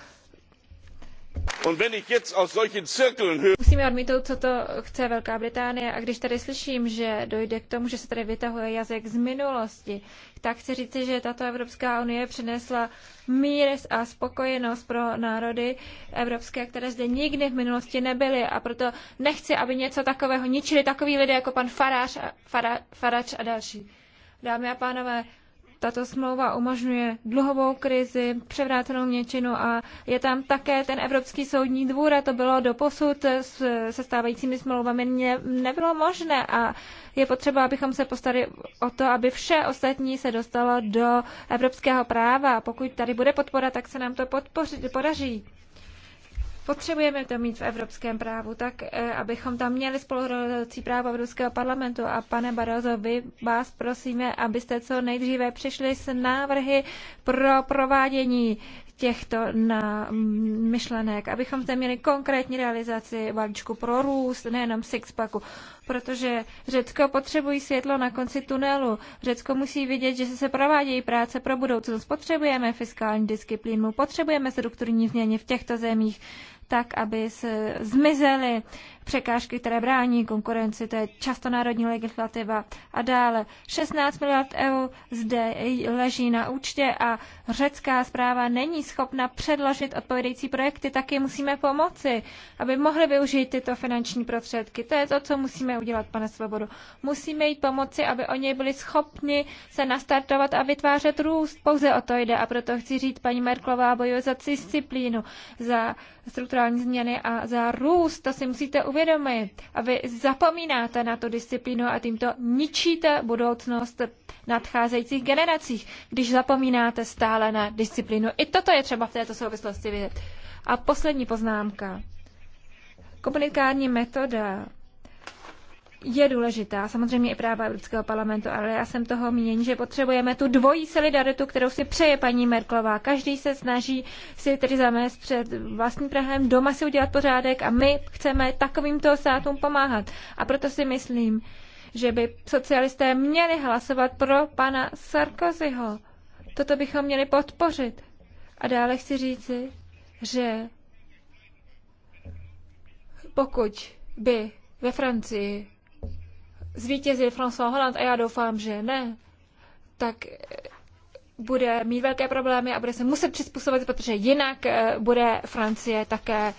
Musíme odmítnout, co to chce Velká Británie. A když tady slyším, že dojde k tomu, že se tady vytahuje jazyk z minulosti, tak chci říci, že tato Evropská unie přinesla mír a spokojenost pro národy evropské, které zde nikdy v minulosti nebyly. A proto nechci, aby něco takového ničili takový lidé jako pan Farage a, Fara, Farač a další. Dámy a pánové, tato smlouva umožňuje dluhovou krizi, převrácenou měčinu a je tam také ten Evropský soudní dvůr a to bylo doposud se stávajícími smlouvami ne, nebylo možné a je potřeba, abychom se postali o to, aby vše ostatní se dostalo do evropského práva. Pokud tady bude podpora, tak se nám to podpoři, podaří. Potřebujeme to mít v evropském právu, tak eh, abychom tam měli spolurozhodovací právo Evropského parlamentu. A pane Barozo, vy vás prosíme, abyste co nejdříve přišli s návrhy pro provádění těchto na mm, myšlenek, abychom tam měli konkrétní realizaci balíčku pro růst, nejenom sixpacku, protože Řecko potřebují světlo na konci tunelu. Řecko musí vidět, že se provádějí práce pro budoucnost. Potřebujeme fiskální disciplínu, potřebujeme strukturní změny v těchto zemích tak aby se zmizely překážky, které brání konkurenci, to je často národní legislativa a dále. 16 miliard eur zde leží na účtě a řecká zpráva není schopna předložit odpovědející projekty, taky musíme pomoci, aby mohli využít tyto finanční prostředky. To je to, co musíme udělat, pane Svobodu. Musíme jít pomoci, aby oni byli schopni se nastartovat a vytvářet růst. Pouze o to jde a proto chci říct, paní Merklová bojuje za disciplínu, za strukturální změny a za růst. To si musíte uvědomit uvědomit. A vy zapomínáte na tu disciplínu a tímto ničíte budoucnost nadcházejících generacích, když zapomínáte stále na disciplínu. I toto je třeba v této souvislosti vidět. A poslední poznámka. Komunikární metoda je důležitá, samozřejmě i práva Evropského parlamentu, ale já jsem toho mínění, že potřebujeme tu dvojí solidaritu, kterou si přeje paní Merklová. Každý se snaží si tedy zamést před vlastním Prahem, doma si udělat pořádek a my chceme takovýmto státům pomáhat. A proto si myslím, že by socialisté měli hlasovat pro pana Sarkozyho. Toto bychom měli podpořit. A dále chci říci, že pokud by ve Francii zvítězí François Hollande a já doufám, že ne, tak eh, bude mít velké problémy a bude se muset přizpůsobit, protože jinak eh, bude Francie také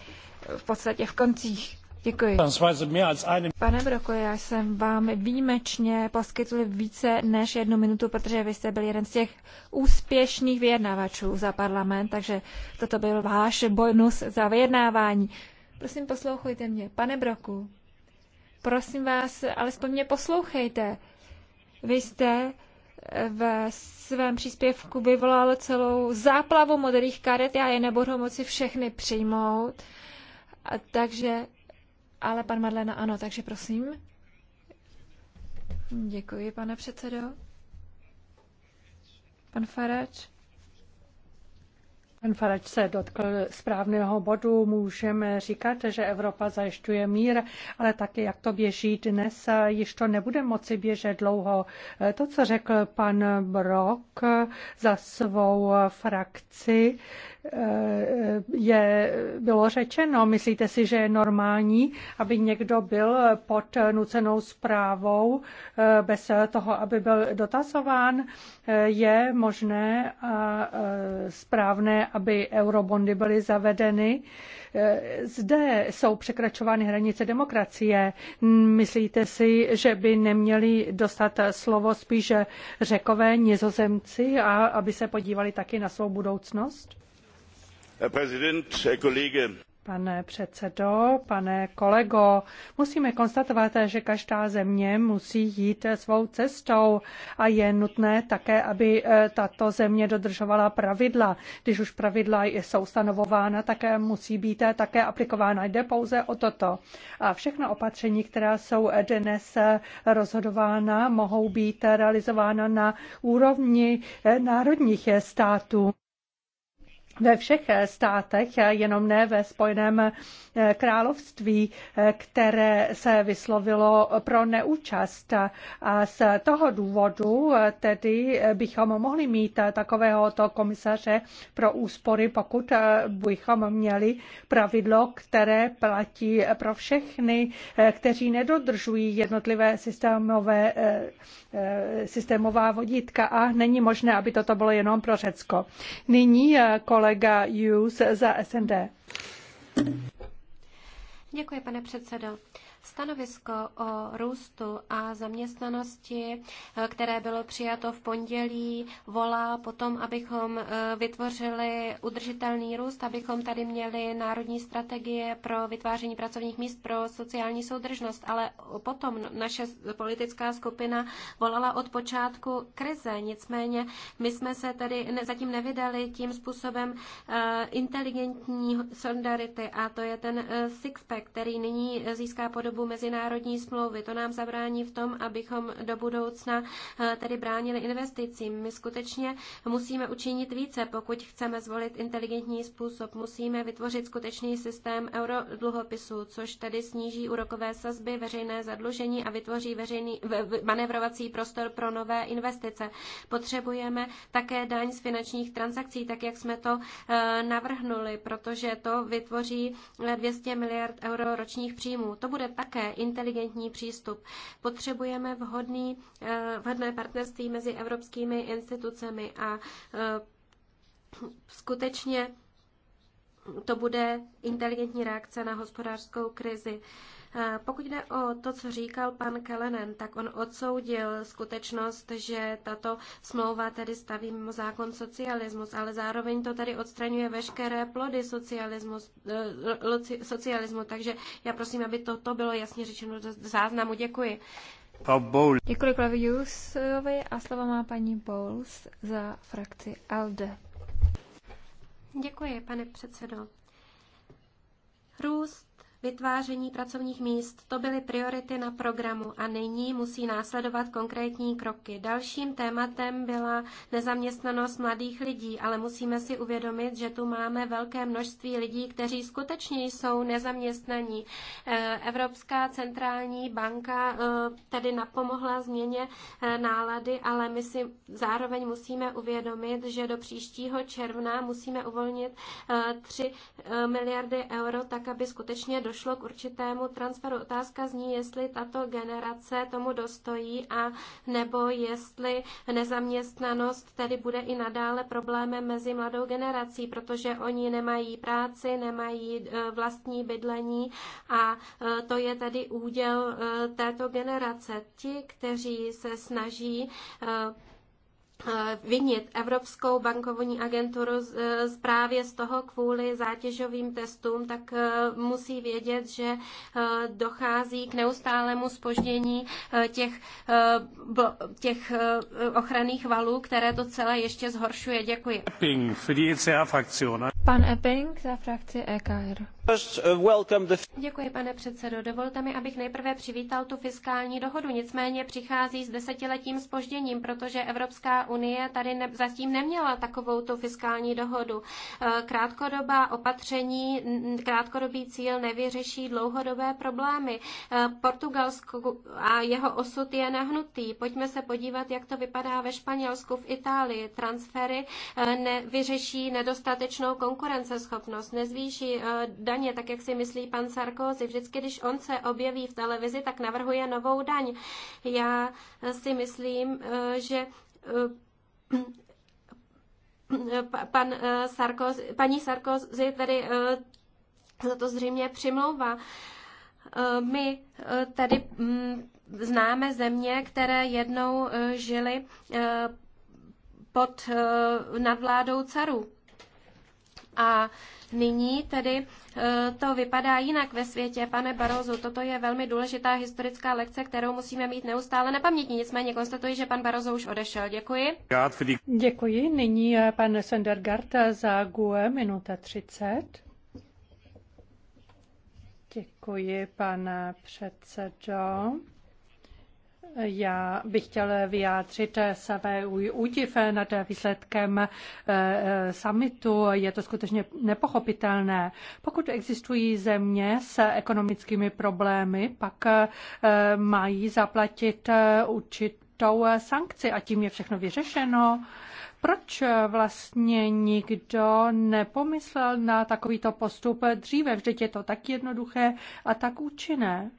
eh, v podstatě v koncích. Děkuji. Pane Broko, já jsem vám výjimečně poskytl více než jednu minutu, protože vy jste byl jeden z těch úspěšných vyjednavačů za parlament, takže toto byl váš bonus za vyjednávání. Prosím, poslouchejte mě. Pane Broku, Prosím vás, alespoň mě poslouchejte. Vy jste eh, ve svém příspěvku vyvolal celou záplavu modrých karet, já je nebudu moci všechny přijmout. A takže, ale pan Madlena ano, takže prosím. Děkuji, pane předsedo. Pan Farač. Pan Farage se dotkl správného bodu. Můžeme říkat, že Evropa zajišťuje mír, ale taky jak to běží dnes, již to nebude moci běžet dlouho. To, co řekl pan Brok za svou frakci, Eh, je, bylo řečeno. Myslíte si, že je normální, aby někdo byl pod nucenou zprávou eh, bez toho, aby byl dotazován? Eh, je možné a správné, aby eurobondy byly zavedeny? Zde jsou překračovány hranice demokracie. Myslíte si, že by neměli dostat slovo spíše řekové nizozemci a aby se podívali taky na svou budoucnost? Pane předsedo, pane kolego, musíme konstatovat, že každá země musí jít svou cestou a je nutné také, aby eh, tato země dodržovala pravidla. Když už pravidla jsou stanovována, také musí být eh, také aplikována. Jde pouze o toto. A všechna opatření, která jsou eh, dnes rozhodována, mohou být realizována na úrovni národních států ve všech eh, státech, eh, jenom ne ve Spojeném eh, království, které se vyslovilo pro neúčast. A z toho důvodu tedy bychom mohli mít takovéhoto komisaře pro úspory, pokud bychom měli pravidlo, které platí pro všechny, kteří nedodržují jednotlivé systémové, systémová vodítka a není možné, aby toto bylo jenom pro Řecko. Nyní kole kolega Hughes za SND. Děkuji, pane předsedo. Stanovisko o růstu a zaměstnanosti, eh, které bylo přijato v pondělí, volá potom, abychom eh, vytvořili udržitelný růst, abychom tady měli národní strategie pro vytváření pracovních míst pro sociální soudržnost, ale potom naše politická skupina volala od počátku krize. Nicméně my jsme se tady zatím nevydali tím způsobem eh, inteligentní solidarity a to je ten sixpack, který nyní získá podobu dobu mezinárodní smlouvy. To nám zabrání v tom, abychom do budoucna eh, tedy bránili investicím. My skutečně musíme učinit více, pokud chceme zvolit inteligentní způsob. Musíme vytvořit skutečný systém eurodluhopisů, což tedy sníží úrokové sazby, veřejné zadlužení a vytvoří veřejný manevrovací prostor pro nové investice. Potřebujeme také daň z finančních transakcí, tak jak jsme to eh, navrhnuli, protože to vytvoří 200 eh, miliard euro ročních příjmů. To bude také inteligentní přístup. Potřebujeme vhodný, eh, vhodné partnerství mezi evropskými institucemi a eh, skutečně to bude inteligentní reakce na hospodářskou krizi. Pokud jde o to, co říkal pan Kelenen, tak on odsoudil skutečnost, že tato smlouva tedy staví mimo zákon socialismus, ale zároveň to tady odstraňuje veškeré plody socialismus, eh, socialismu, takže já prosím, aby toto bylo jasně řečeno do záznamu. Děkuji. Děkuji Klaviusovi a slovo má paní Bowles za frakci ALDE. Děkuji, pane předsedo. Růst vytváření pracovních míst. To byly priority na programu a nyní musí následovat konkrétní kroky. Dalším tématem byla nezaměstnanost mladých lidí, ale musíme si uvědomit, že tu máme velké množství lidí, kteří skutečně jsou nezaměstnaní. Eh, Evropská centrální banka eh, tedy napomohla změně eh, nálady, ale my si zároveň musíme uvědomit, že do příštího června musíme uvolnit 3 miliardy euro, tak aby skutečně došlo k určitému transferu. Otázka zní, jestli tato generace tomu dostojí a nebo jestli nezaměstnanost tedy bude i nadále problémem mezi mladou generací, protože oni nemají práci, nemají e, vlastní bydlení a e, to je tedy úděl e, této generace. Ti, kteří se snaží Eh, vinit Evropskou bankovní agenturu eh, právě z toho kvůli zátěžovým testům, tak eh, musí vědět, že dochází k neustálému spoždění těch, těch ochranných valů, které to celé ještě zhoršuje. Děkuji. E Pan Epping za frakci EKR. Uh, Děkuji, pane předsedo. Dovolte mi, abych nejprve přivítal tu fiskální dohodu. Nicméně přichází s desetiletím spožděním, protože Evropská unie tady ne, zatím neměla takovou tu fiskální dohodu. Eh, Krátkodobá opatření, krátkodobý cíl nevyřeší dlouhodobé problémy. Eh, Portugalsko a jeho osud je nahnutý. Pojďme se podívat, jak to vypadá ve Španělsku, v Itálii. Transfery eh, nevyřeší nedostatečnou konkurenceschopnost, nezvýší daň daně, tak jak si myslí pan Sarkozy. Vždycky, když on se objeví v televizi, tak navrhuje novou daň. Já si myslím, eh, že eh, pan eh, Sarkozy, paní Sarkozy tady za to zřejmě přimlouvá. My tady mm, známe země, které jednou žily pod nadvládou carů. A nyní tedy e, to vypadá jinak ve světě. Pane Barozu, toto je velmi důležitá historická lekce, kterou musíme mít neustále na paměti. Nicméně konstatuji, že pan Barozo už odešel. Děkuji. Děkuji. Nyní je pan Sendergaard za GUE minuta 30. Děkuji, pane předsedo. Já bych chtěl vyjádřit své údiv nad výsledkem eh, eh, summitu. Je to skutečně nepochopitelné. Pokud existují země s ekonomickými problémy, pak eh, mají zaplatit určitou sankci a tím je všechno vyřešeno. Proč vlastně nikdo nepomyslel na takovýto postup dříve? Vždyť je to tak jednoduché a tak účinné.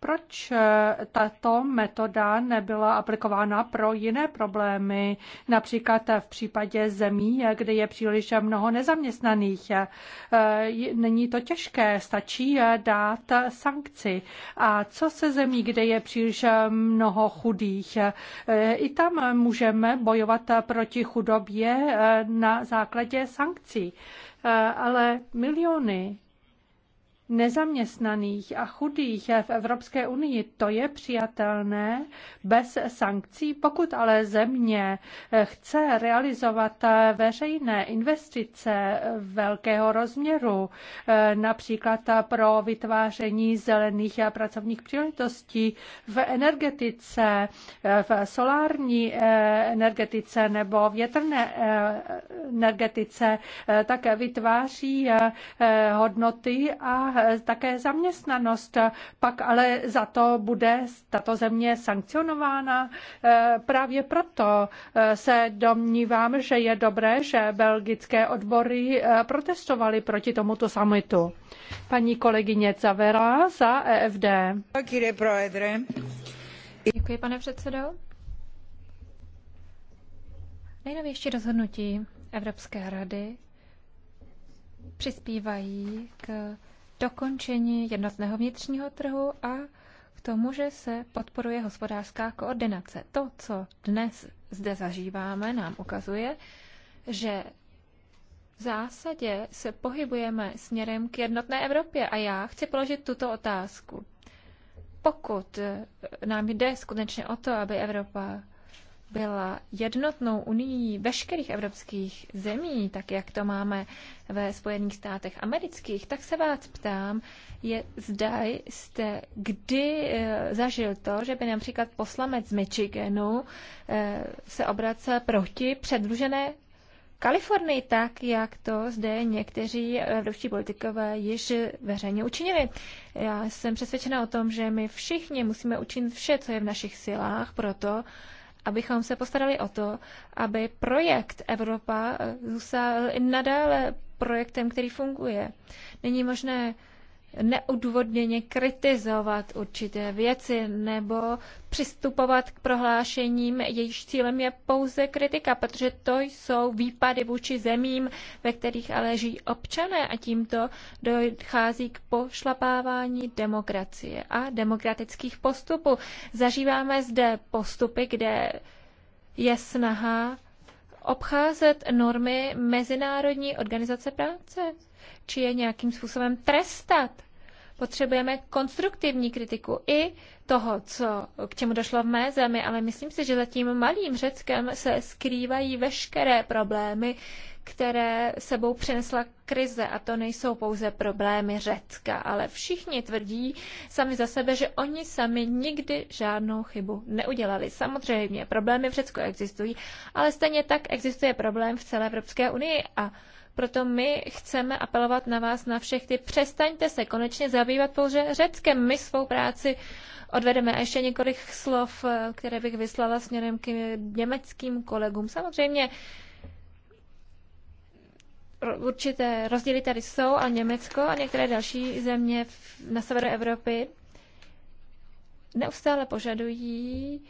Proč eh, tato metoda nebyla aplikována pro jiné problémy, například v případě zemí, eh, kde je příliš mnoho nezaměstnaných? Eh, není to těžké, stačí dát sankci. A co se zemí, kde je příliš mnoho chudých? I tam můžeme bojovat proti chudobě na základě sankcí. Ale miliony nezaměstnaných a chudých v Evropské unii. To je přijatelné bez sankcí. Pokud ale země chce realizovat veřejné investice velkého rozměru, například pro vytváření zelených pracovních příležitostí v energetice, v solární energetice nebo větrné energetice, tak vytváří hodnoty a Eh, také zaměstnanost. Pak ale za to bude tato země sankcionována. Eh, právě proto eh, se domnívám, že je dobré, že belgické odbory protestovaly proti tomuto samitu. Paní kolegyně Cavera za EFD. Děkuji, pane předsedo. Nejnovější rozhodnutí Evropské rady přispívají k dokončení jednotného vnitřního trhu a k tomu, že se podporuje hospodářská koordinace. To, co dnes zde zažíváme, nám ukazuje, že v zásadě se pohybujeme směrem k jednotné Evropě a já chci položit tuto otázku. Pokud nám jde skutečně o to, aby Evropa byla jednotnou unii veškerých evropských zemí, tak jak to máme ve Spojených státech amerických, tak se vás ptám, je, zda jste kdy eh, zažil to, že by například poslamec z Michiganu eh, se obracel proti předlužené Kalifornii tak, jak to zde někteří evropští politikové již veřejně učinili. Já jsem přesvědčena o tom, že my všichni musíme učinit vše, co je v našich silách, proto, abychom se postarali o to, aby projekt Evropa zůstal i nadále projektem, který funguje. Není možné neodůvodněně kritizovat určité věci nebo přistupovat k prohlášením, jejichž cílem je pouze kritika, protože to jsou výpady vůči zemím, ve kterých ale žijí občané a tímto dochází k pošlapávání demokracie a demokratických postupů. Zažíváme zde postupy, kde je snaha obcházet normy Mezinárodní organizace práce či je nějakým způsobem trestat. Potřebujeme konstruktivní kritiku i toho, co, k čemu došlo v mé zemi, ale myslím si, že za tím malým Řeckem se skrývají veškeré problémy, které sebou přinesla krize. A to nejsou pouze problémy Řecka, ale všichni tvrdí sami za sebe, že oni sami nikdy žádnou chybu neudělali. Samozřejmě, problémy v Řecku existují, ale stejně tak existuje problém v celé Evropské unii. A proto my chceme apelovat na vás, na všech ty, přestaňte se konečně zabývat pouze Řeckem. My svou práci odvedeme. A ještě několik slov, eh, které bych vyslala směrem k německým kolegům. Samozřejmě určité rozdíly tady jsou, a Německo a některé další země na severu Evropy neustále požadují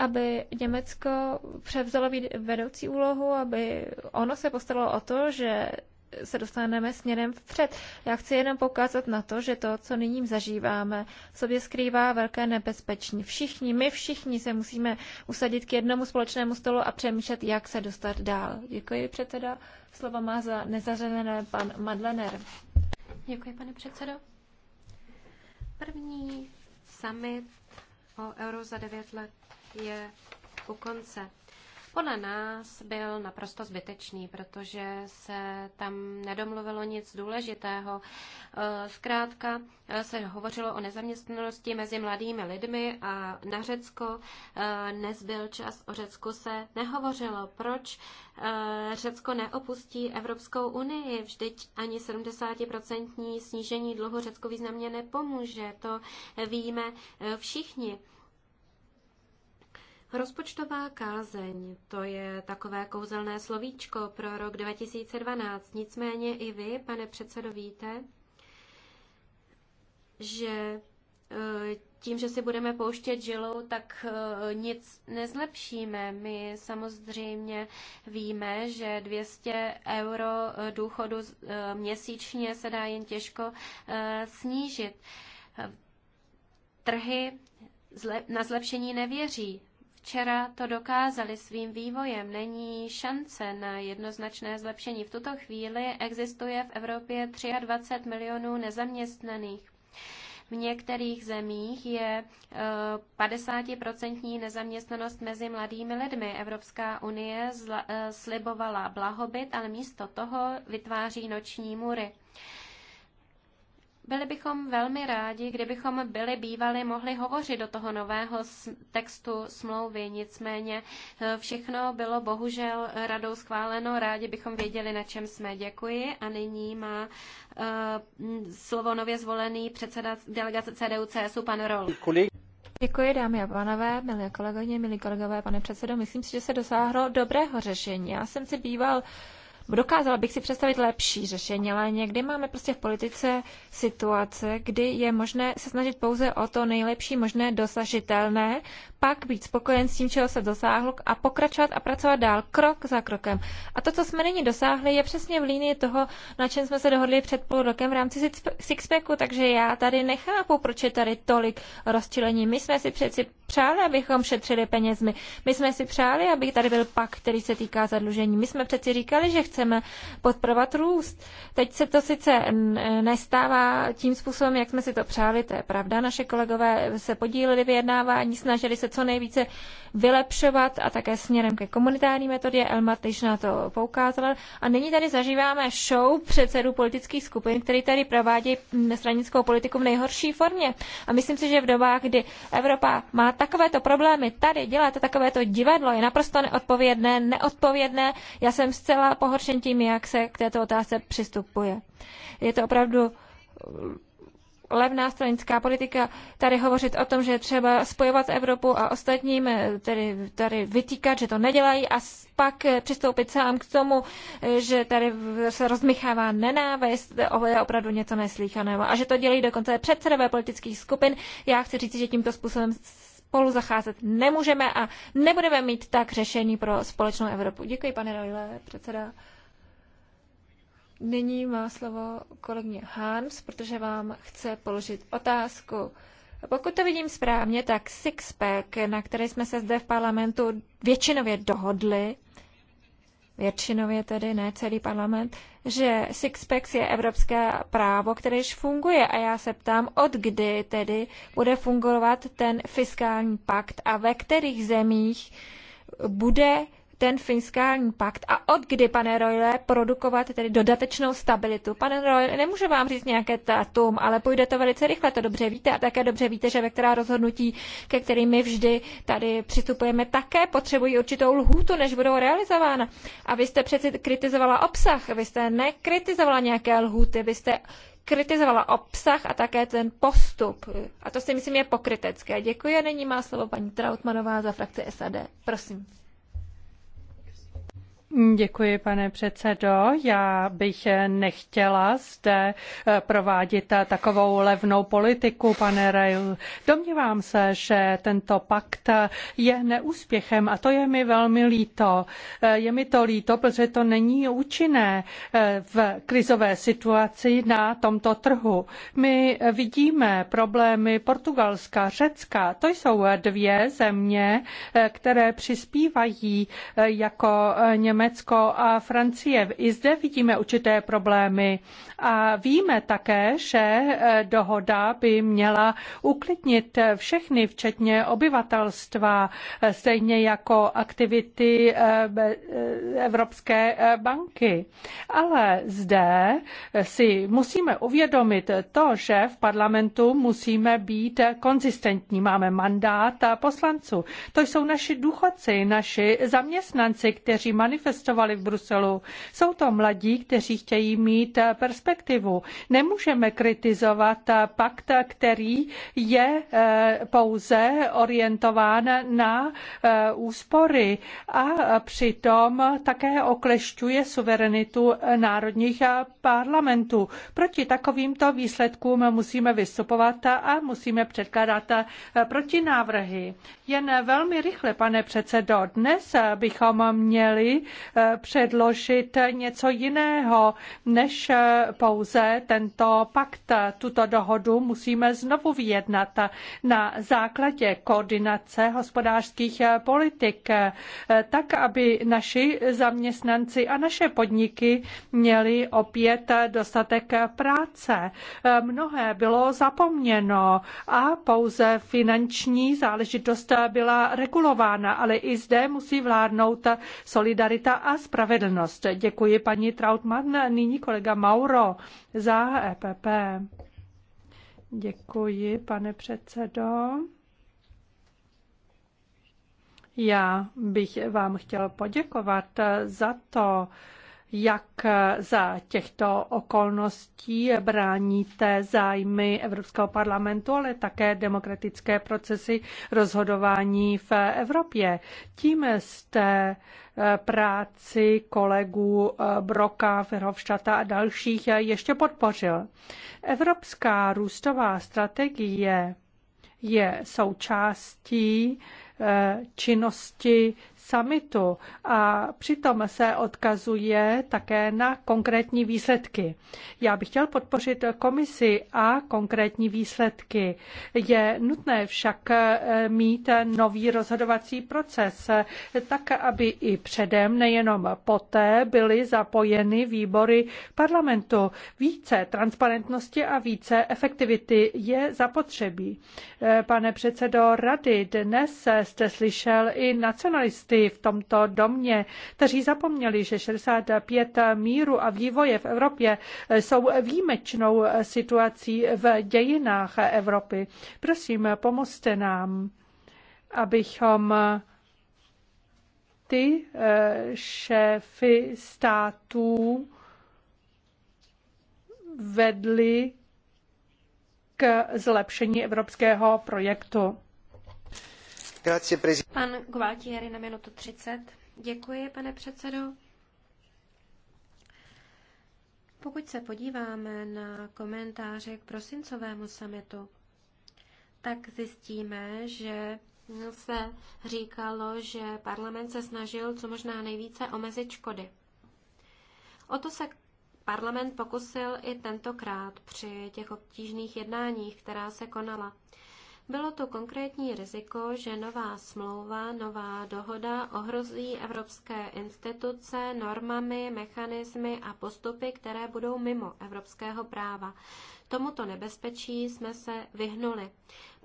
aby Německo převzalo vedoucí úlohu, aby ono se postaralo o to, že se dostaneme směrem vpřed. Já chci jenom poukázat na to, že to, co nyní zažíváme, sobě skrývá velké nebezpečí. Všichni, my všichni se musíme usadit k jednomu společnému stolu a přemýšlet, jak se dostat dál. Děkuji, předseda. Slovo má za nezařazené pan Madlener. Děkuji, pane předsedo. První summit o euro za devět let je u konce. Podle nás byl naprosto zbytečný, protože se tam nedomluvilo nic důležitého. Eh, zkrátka eh, se hovořilo o nezaměstnanosti mezi mladými lidmi a na Řecko eh, nezbyl čas. O Řecku se nehovořilo. Proč Řecko neopustí Evropskou unii? Vždyť ani 70% snížení dluhu Řecku významně nepomůže. To víme všichni. Rozpočtová kázeň, to je takové kouzelné slovíčko pro rok 2012. Nicméně i vy, pane předsedo, víte, že eh, tím, že si budeme pouštět žilou, tak eh, nic nezlepšíme. My samozřejmě víme, že 200 euro eh, důchodu měsíčně se dá jen těžko snížit. Trhy na zlepšení nevěří. Včera to dokázali svým vývojem. Není šance na jednoznačné zlepšení. V tuto chvíli existuje v Evropě 23 milionů nezaměstnaných. V některých zemích je 50% eh, nezaměstnanost mezi mladými lidmi. Evropská unie eh, slibovala blahobyt, ale místo toho vytváří noční mury. Byli bychom velmi rádi, kdybychom byli bývali mohli hovořit do toho nového textu smlouvy, nicméně eh, všechno bylo bohužel radou schváleno, rádi bychom věděli, na čem jsme. Děkuji a nyní má uh, slovo nově zvolený předseda delegace CDU-CSU, pan Rol. Děkuji, dámy a pánové, milé kolegyně, milí kolegové, pane předsedo. Myslím si, že se dosáhlo dobrého řešení. Já jsem si býval uh, Dokázala bych si představit lepší řešení, ale někdy máme prostě v politice situace, kdy je možné se snažit pouze o to nejlepší možné dosažitelné, pak být spokojen s tím, čeho se dosáhlo a pokračovat a pracovat dál krok za krokem. A to, co jsme nyní dosáhli, je přesně v línii toho, na čem jsme se dohodli před půl rokem v rámci Sixpacku, takže já tady nechápu, proč je tady tolik rozčilení. My jsme si přeci přáli, abychom šetřili penězmi. My jsme si přáli, aby tady byl pak, který se týká zadlužení. My jsme přeci říkali, že chceme podporovat růst. Teď se to sice nestává tím způsobem, jak jsme si to přáli, to je pravda. Naše kolegové se podíleli vyjednávání, snažili se co nejvíce vylepšovat a také směrem ke komunitární metodě. Elma Tyš na to poukázala. A nyní tady zažíváme show předsedů politických skupin, který tady provádějí stranickou politiku v nejhorší formě. A myslím si, že v dobách, kdy Evropa má takovéto problémy tady dělat, takovéto divadlo je naprosto neodpovědné, neodpovědné. Já jsem zcela pohoršen tím, jak se k této otázce přistupuje. Je to opravdu levná stranická politika, tady hovořit o tom, že třeba spojovat Evropu a ostatním, eh, tedy tady vytýkat, že to nedělají a pak eh, přistoupit sám k tomu, eh, že tady se rozmychává nenávist, je opravdu něco neslíchaného. A že to dělají dokonce předsedové politických skupin. Já chci říct, že tímto způsobem spolu zacházet nemůžeme a nebudeme mít tak řešení pro společnou Evropu. Děkuji, pane Rojle, předseda. Nyní má slovo kolegyně Hans protože vám chce položit otázku. Pokud to vidím správně, tak Sixpack, na který jsme se zde v parlamentu většinově dohodli, většinově tedy, ne celý parlament, že Sixpacks je evropské právo, které již funguje a já se ptám, od kdy tedy bude fungovat ten fiskální pakt a ve kterých zemích bude ten fiskální pakt a od kdy, pane Royle, produkovat tedy dodatečnou stabilitu. Pane Royle, nemůžu vám říct nějaké datum, ale půjde to velice rychle, to dobře víte a také dobře víte, že ve která rozhodnutí, ke kterým my vždy tady přistupujeme, také potřebují určitou lhůtu, než budou realizována. A vy jste přeci kritizovala obsah, vy jste nekritizovala nějaké lhůty, vy jste kritizovala obsah a také ten postup. A to si myslím je pokrytecké. Děkuji a nyní má slovo paní Trautmanová za frakci SAD. Prosím. Děkuji, pane předsedo. Já bych nechtěla zde eh, provádět eh, takovou levnou politiku, pane Rail. Domnívám se, že tento pakt eh, je neúspěchem a to je mi velmi líto. Je mi to líto, protože to není účinné v krizové situaci na tomto trhu. My vidíme problémy Portugalska, Řecka. To jsou dvě země, které přispívají jako Německo Německo a Francie. I zde vidíme určité problémy a víme také, že eh, dohoda by měla uklidnit všechny, včetně obyvatelstva, eh, stejně jako aktivity eh, Evropské banky. Ale zde si musíme uvědomit to, že v parlamentu musíme být konzistentní. Máme mandát poslanců. To jsou naši důchodci, naši zaměstnanci, kteří manifestují protestovali v Bruselu. Jsou to mladí, kteří chtějí mít perspektivu. Nemůžeme kritizovat pakt, který je eh, pouze orientován na eh, úspory a přitom také oklešťuje suverenitu národních parlamentů. Proti takovýmto výsledkům musíme vystupovat a musíme předkládat eh, protinávrhy. Jen velmi rychle, pane předsedo, dnes bychom měli předložit něco jiného než pouze tento pakt. Tuto dohodu musíme znovu vyjednat na základě koordinace hospodářských politik, tak aby naši zaměstnanci a naše podniky měli opět dostatek práce. Mnohé bylo zapomněno a pouze finanční záležitost byla regulována, ale i zde musí vládnout solidarita Solidarita a spravedlnost. Děkuji paní Trautmann, nyní kolega Mauro za EPP. Děkuji, pane předsedo. Já bych vám chtěl poděkovat za to, jak za těchto okolností bráníte zájmy Evropského parlamentu, ale také demokratické procesy rozhodování v Evropě. Tím jste eh, práci kolegů eh, Broka, Verhofstadta a dalších eh, ještě podpořil. Evropská růstová strategie je součástí činnosti summitu a přitom se odkazuje také na konkrétní výsledky. Já bych chtěl podpořit komisi a konkrétní výsledky. Je nutné však eh, mít nový rozhodovací proces, eh, tak aby i předem, nejenom poté, byly zapojeny výbory parlamentu. Více transparentnosti a více efektivity je zapotřebí. Eh, pane předsedo rady, dnes jste slyšel i nacionalisty, v tomto domě, kteří zapomněli, že 65 míru a vývoje v Evropě jsou výjimečnou situací v dějinách Evropy. Prosím, pomozte nám, abychom ty eh, šéfy států vedli k zlepšení evropského projektu. Pan Gualtieri na minutu 30. Děkuji, pane předsedo. Pokud se podíváme na komentáře k prosincovému summitu, tak zjistíme, že se říkalo, že parlament se snažil co možná nejvíce omezit škody. O to se parlament pokusil i tentokrát při těch obtížných jednáních, která se konala. Bylo to konkrétní riziko, že nová smlouva, nová dohoda ohrozí evropské instituce normami, mechanismy a postupy, které budou mimo evropského práva. Tomuto nebezpečí jsme se vyhnuli.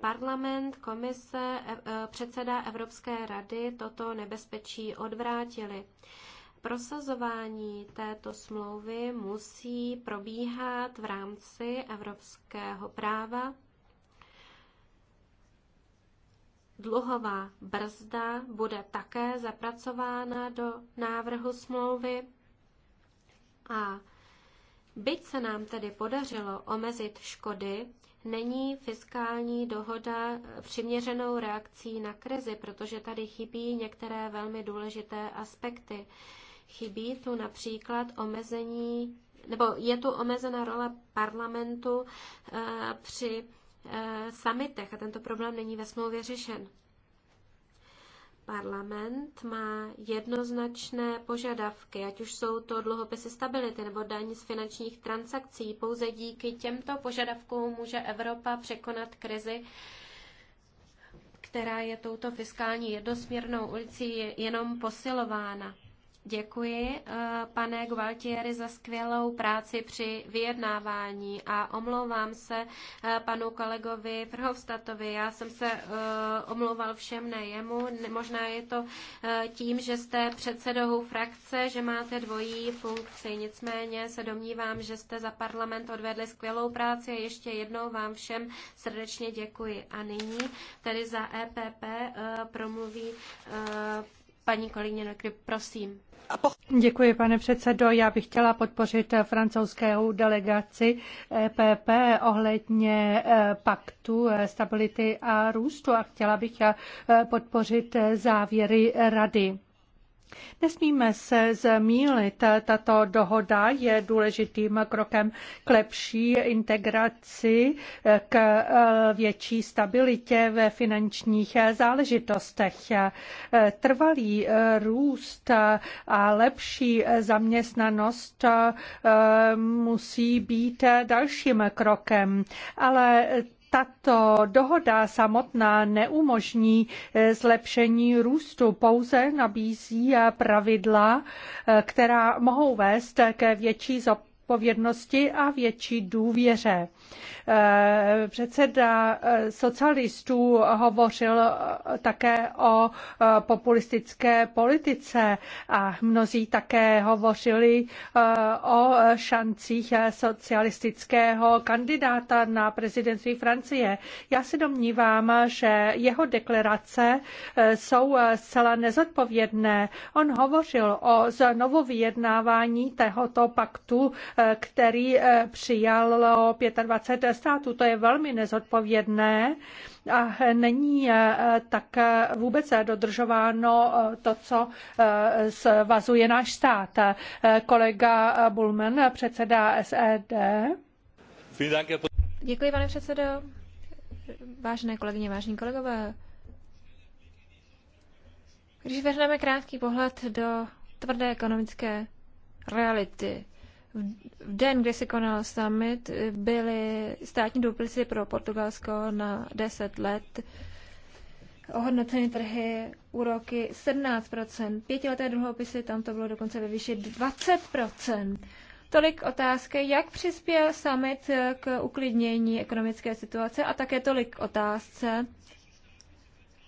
Parlament, komise, e, e, předseda Evropské rady toto nebezpečí odvrátili prosazování této smlouvy musí probíhat v rámci evropského práva dluhová brzda bude také zapracována do návrhu smlouvy. A byť se nám tedy podařilo omezit škody, není fiskální dohoda přiměřenou reakcí na krizi, protože tady chybí některé velmi důležité aspekty. Chybí tu například omezení, nebo je tu omezena role parlamentu eh, při Eh, samitech a tento problém není ve smlouvě řešen. Parlament má jednoznačné požadavky, ať už jsou to dluhopisy stability nebo daň z finančních transakcí. Pouze díky těmto požadavkům může Evropa překonat krizi, která je touto fiskální jednosměrnou ulicí jenom posilována. Děkuji, eh, pane Gualtieri, za skvělou práci při vyjednávání a omlouvám se eh, panu kolegovi Frhovstatovi. Já jsem se eh, omlouval všem jemu. Možná je to tím, že jste předsedou frakce, že máte dvojí funkci. Nicméně se domnívám, že jste za parlament odvedli skvělou práci a ještě jednou vám všem srdečně děkuji. A nyní tedy za EPP promluví paní kolegyně prosím. Děkuji, pane předsedo. Já bych chtěla podpořit francouzskou delegaci EPP ohledně eh, paktu eh, stability a růstu a chtěla bych eh, podpořit závěry rady. Nesmíme se zmílit, tato dohoda je důležitým krokem k lepší integraci, k eh, větší stabilitě ve finančních záležitostech. Eh, trvalý eh, růst a lepší zaměstnanost musí být dalším krokem, ale tato dohoda samotná neumožní eh, zlepšení růstu, pouze nabízí eh, pravidla, eh, která mohou vést ke větší zop odpovědnosti a větší důvěře. Eh, předseda eh, socialistů hovořil eh, také o populistické politice a mnozí také hovořili o šancích socialistického kandidáta na prezidentství Francie. Já se domnívám, že jeho deklarace jsou zcela nezodpovědné. On hovořil o znovu vyjednávání tohoto paktu který eh, přijalo 25 států. To je velmi nezodpovědné a není eh, tak eh, vůbec dodržováno to, co svazuje náš stát. Kolega Bulman, předseda SED. Děkuji, pane předsedo. Vážené kolegyně, vážní kolegové, když vrhneme krátký pohled do tvrdé ekonomické reality, v den, kdy se konal summit, byly státní dluhopisy pro Portugalsko na 10 let ohodnoceny trhy úroky 17%, pětileté dluhopisy tam to bylo dokonce ve výši 20%. Tolik otázky, jak přispěl summit k uklidnění ekonomické situace a také tolik otázce,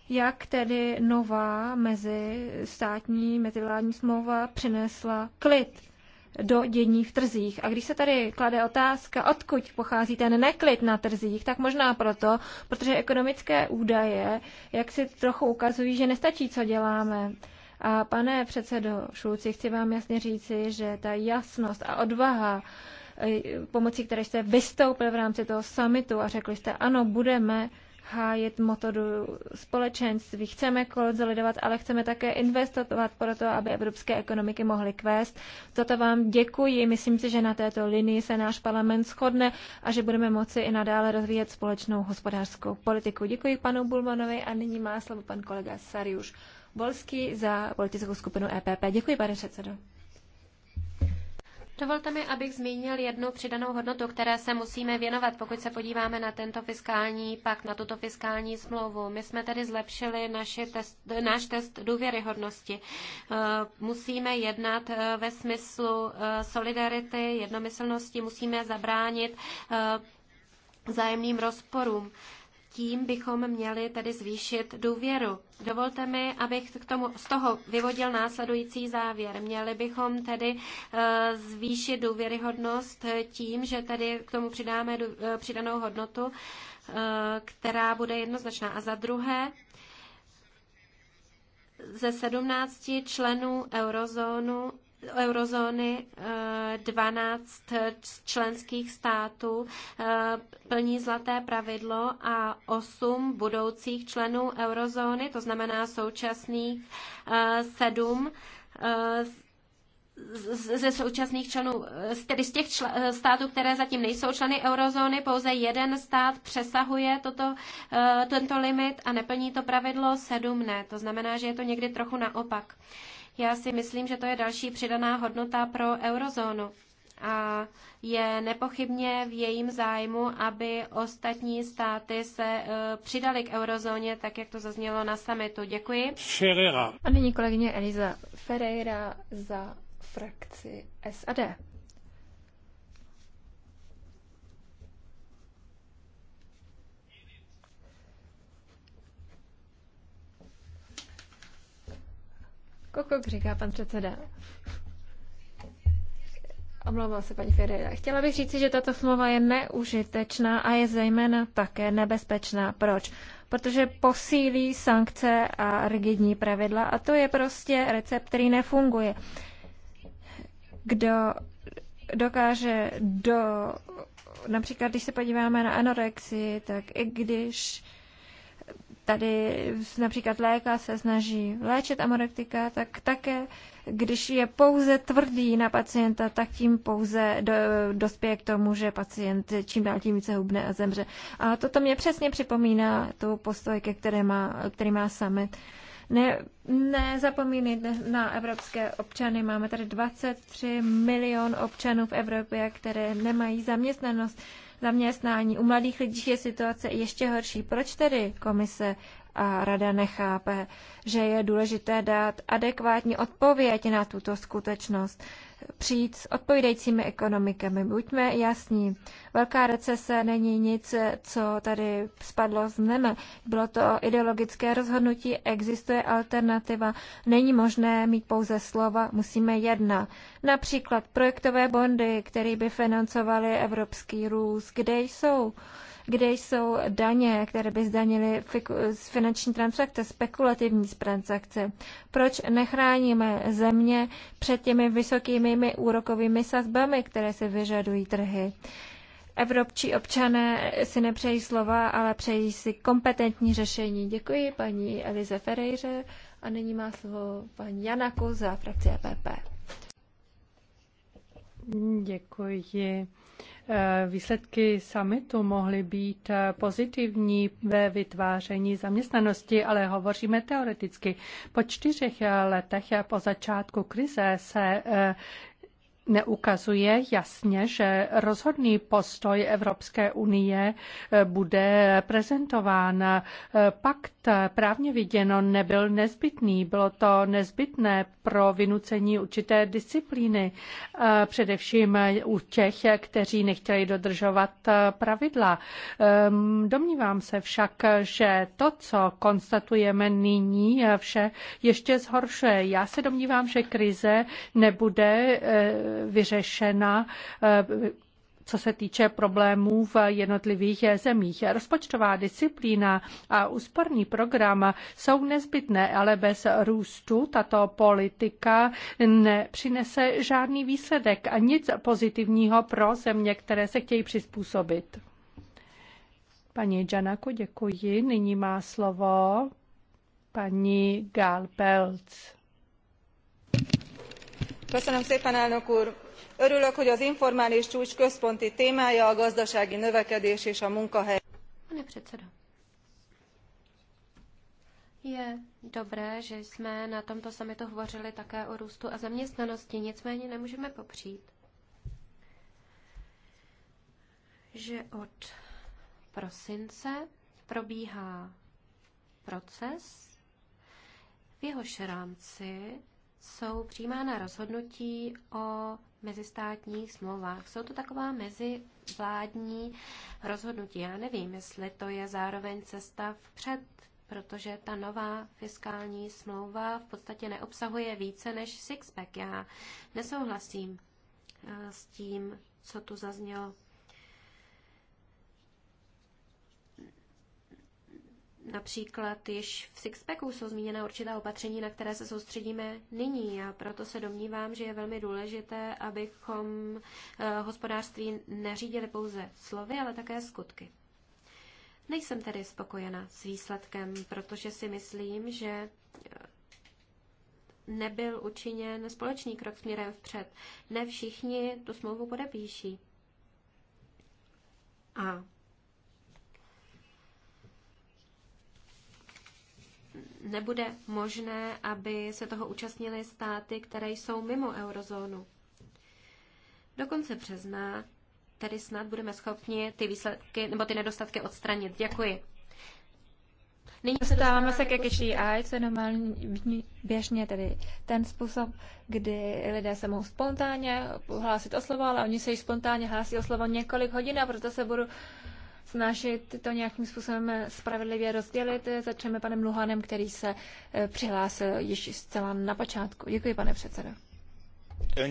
jak tedy nová mezi státní, mezivládní smlouva přinesla klid do dění v trzích. A když se tady klade otázka, odkud pochází ten neklid na trzích, tak možná proto, protože ekonomické údaje, jak si trochu ukazují, že nestačí, co děláme. A pane předsedo Šulci, chci vám jasně říci, že ta jasnost a odvaha, eh, pomocí které jste vystoupil v rámci toho summitu a řekli jste, ano, budeme hájet metodu společenství. Chceme konzolidovat, ale chceme také investovat pro to, aby evropské ekonomiky mohly kvést. Za to vám děkuji. Myslím si, že na této linii se náš parlament shodne a že budeme moci i nadále rozvíjet společnou hospodářskou politiku. Děkuji panu Bulmanovi a nyní má slovo pan kolega Sariuš Volský za politickou skupinu EPP. Děkuji, pane předsedo. Dovolte mi, abych zmínil jednu přidanou hodnotu, které se musíme věnovat, pokud se podíváme na tento fiskální pak, na tuto fiskální smlouvu. My jsme tedy zlepšili naši test, náš test důvěryhodnosti. Eh, musíme jednat eh, ve smyslu eh, solidarity, jednomyslnosti, musíme zabránit zájemným rozporům tím bychom měli tedy zvýšit důvěru. Dovolte mi, abych k tomu, z toho vyvodil následující závěr. Měli bychom tedy eh, zvýšit důvěryhodnost tím, že tedy k tomu přidáme eh, přidanou hodnotu, eh, která bude jednoznačná. A za druhé, ze 17 členů eurozónu eurozóny 12 eh, členských států eh, plní zlaté pravidlo a 8 budoucích členů eurozóny, to znamená současných eh, 7 ze současných členů, tedy z těch čl- států, které zatím nejsou členy eurozóny, pouze jeden stát přesahuje toto, tento limit a neplní to pravidlo, sedm ne. To znamená, že je to někdy trochu naopak. Já si myslím, že to je další přidaná hodnota pro eurozónu a je nepochybně v jejím zájmu, aby ostatní státy se e, přidali k eurozóně, tak jak to zaznělo na summitu. Děkuji. Ferreira. A nyní kolegyně Eliza Ferreira za frakci SAD. Kokok, říká pan předseda. Omlouvám se, paní Ferreira. Chtěla bych říci, že tato smlouva je neužitečná a je zejména také nebezpečná. Proč? Protože posílí sankce a rigidní pravidla a to je prostě recept, který nefunguje. Kdo dokáže do... Například, když se podíváme na anorexii, tak i když tady například lékař se snaží léčit amorektika, tak také, když je pouze tvrdý na pacienta, tak tím pouze do, dospěje k tomu, že pacient čím dál tím více hubne a zemře. A toto mě přesně připomíná tu postoj, ke které má, který má summit. Ne, nezapomínejte na evropské občany. Máme tady 23 milion občanů v Evropě, které nemají zaměstnanost zaměstnání. U mladých lidí je situace ještě horší. Proč tedy komise a rada nechápe, že je důležité dát adekvátní odpověď na tuto skutečnost? přijít s odpovídajícími ekonomikami. Buďme jasní, velká recese není nic, co tady spadlo z neme. Bylo to ideologické rozhodnutí, existuje alternativa, není možné mít pouze slova, musíme jednat. Například projektové bondy, které by financovaly evropský růst, kde jsou? kde jsou daně, které by zdanily z finanční transakce, spekulativní transakce. Proč nechráníme země před těmi vysokými úrokovými sazbami, které se vyžadují trhy? Evropčí občané si nepřejí slova, ale přejí si kompetentní řešení. Děkuji paní Elize Ferejře a nyní má slovo paní Jana Kuza, frakce EPP. Děkuji. Eh, výsledky summitu mohly být eh, pozitivní ve vytváření zaměstnanosti, ale hovoříme teoreticky. Po čtyřech eh, letech po začátku krize se neukazuje jasně, že rozhodný postoj Evropské unie eh, bude prezentován. Eh, pakt právně viděno nebyl nezbytný. Bylo to nezbytné pro vynucení určité disciplíny, eh, především u těch, kteří nechtěli dodržovat pravidla. Ehm, domnívám se však, že to, co konstatujeme nyní, vše ještě zhoršuje. Já se domnívám, že krize nebude vyřešena co se týče problémů v jednotlivých zemích. Rozpočtová disciplína a úsporný program jsou nezbytné, ale bez růstu tato politika nepřinese žádný výsledek a nic pozitivního pro země, které se chtějí přizpůsobit. Paní Janako, děkuji. Nyní má slovo paní Galpelc örülök hogy az informális csúcs központi témája a gazdasági növekedés és a munkahelyek. je dobré že jsme na tomto summitu hovořili také o růstu a zaměstnanosti nicméně nemůžeme popřít že od prosince probíhá proces v jehož rámci jsou přijímána rozhodnutí o mezistátních smlouvách. Jsou to taková mezivládní rozhodnutí. Já nevím, jestli to je zároveň cesta vpřed, protože ta nová fiskální smlouva v podstatě neobsahuje více než sixpack. Já nesouhlasím eh, s tím, co tu zaznělo Například již v Sixpacku jsou zmíněna určitá opatření, na které se soustředíme nyní a proto se domnívám, že je velmi důležité, abychom eh, hospodářství neřídili pouze slovy, ale také skutky. Nejsem tedy spokojena s výsledkem, protože si myslím, že eh, nebyl učiněn společný krok směrem vpřed. Ne všichni tu smlouvu podepíší. A nebude možné, aby se toho účastnily státy, které jsou mimo eurozónu. Do konce března tedy snad budeme schopni ty výsledky nebo ty nedostatky odstranit. Děkuji. Nyní dostáváme se ke Cash a co je normálně běžně tedy ten způsob, kdy lidé se mohou spontánně hlásit o slovo, ale oni se již spontánně hlásí o slovo několik hodin a proto se budu snažit to nějakým způsobem spravedlivě rozdělit. Začneme panem Luhanem, který se eh, přihlásil již zcela na počátku. Děkuji, pane předsedo. Eh,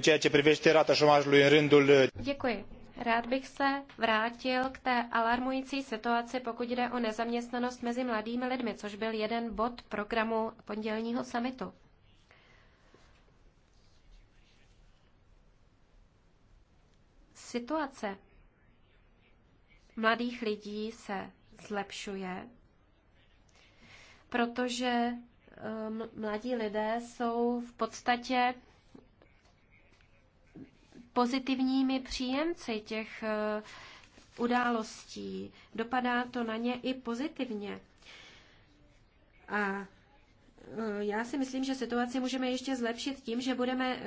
Děkuji. Rád bych se vrátil k té alarmující situaci, pokud jde o nezaměstnanost mezi mladými lidmi, což byl jeden bod programu pondělního samitu. Situace mladých lidí se zlepšuje, protože um, mladí lidé jsou v podstatě pozitivními příjemci těch uh, událostí. Dopadá to na ně i pozitivně. A uh, já si myslím, že situaci můžeme ještě zlepšit tím, že budeme,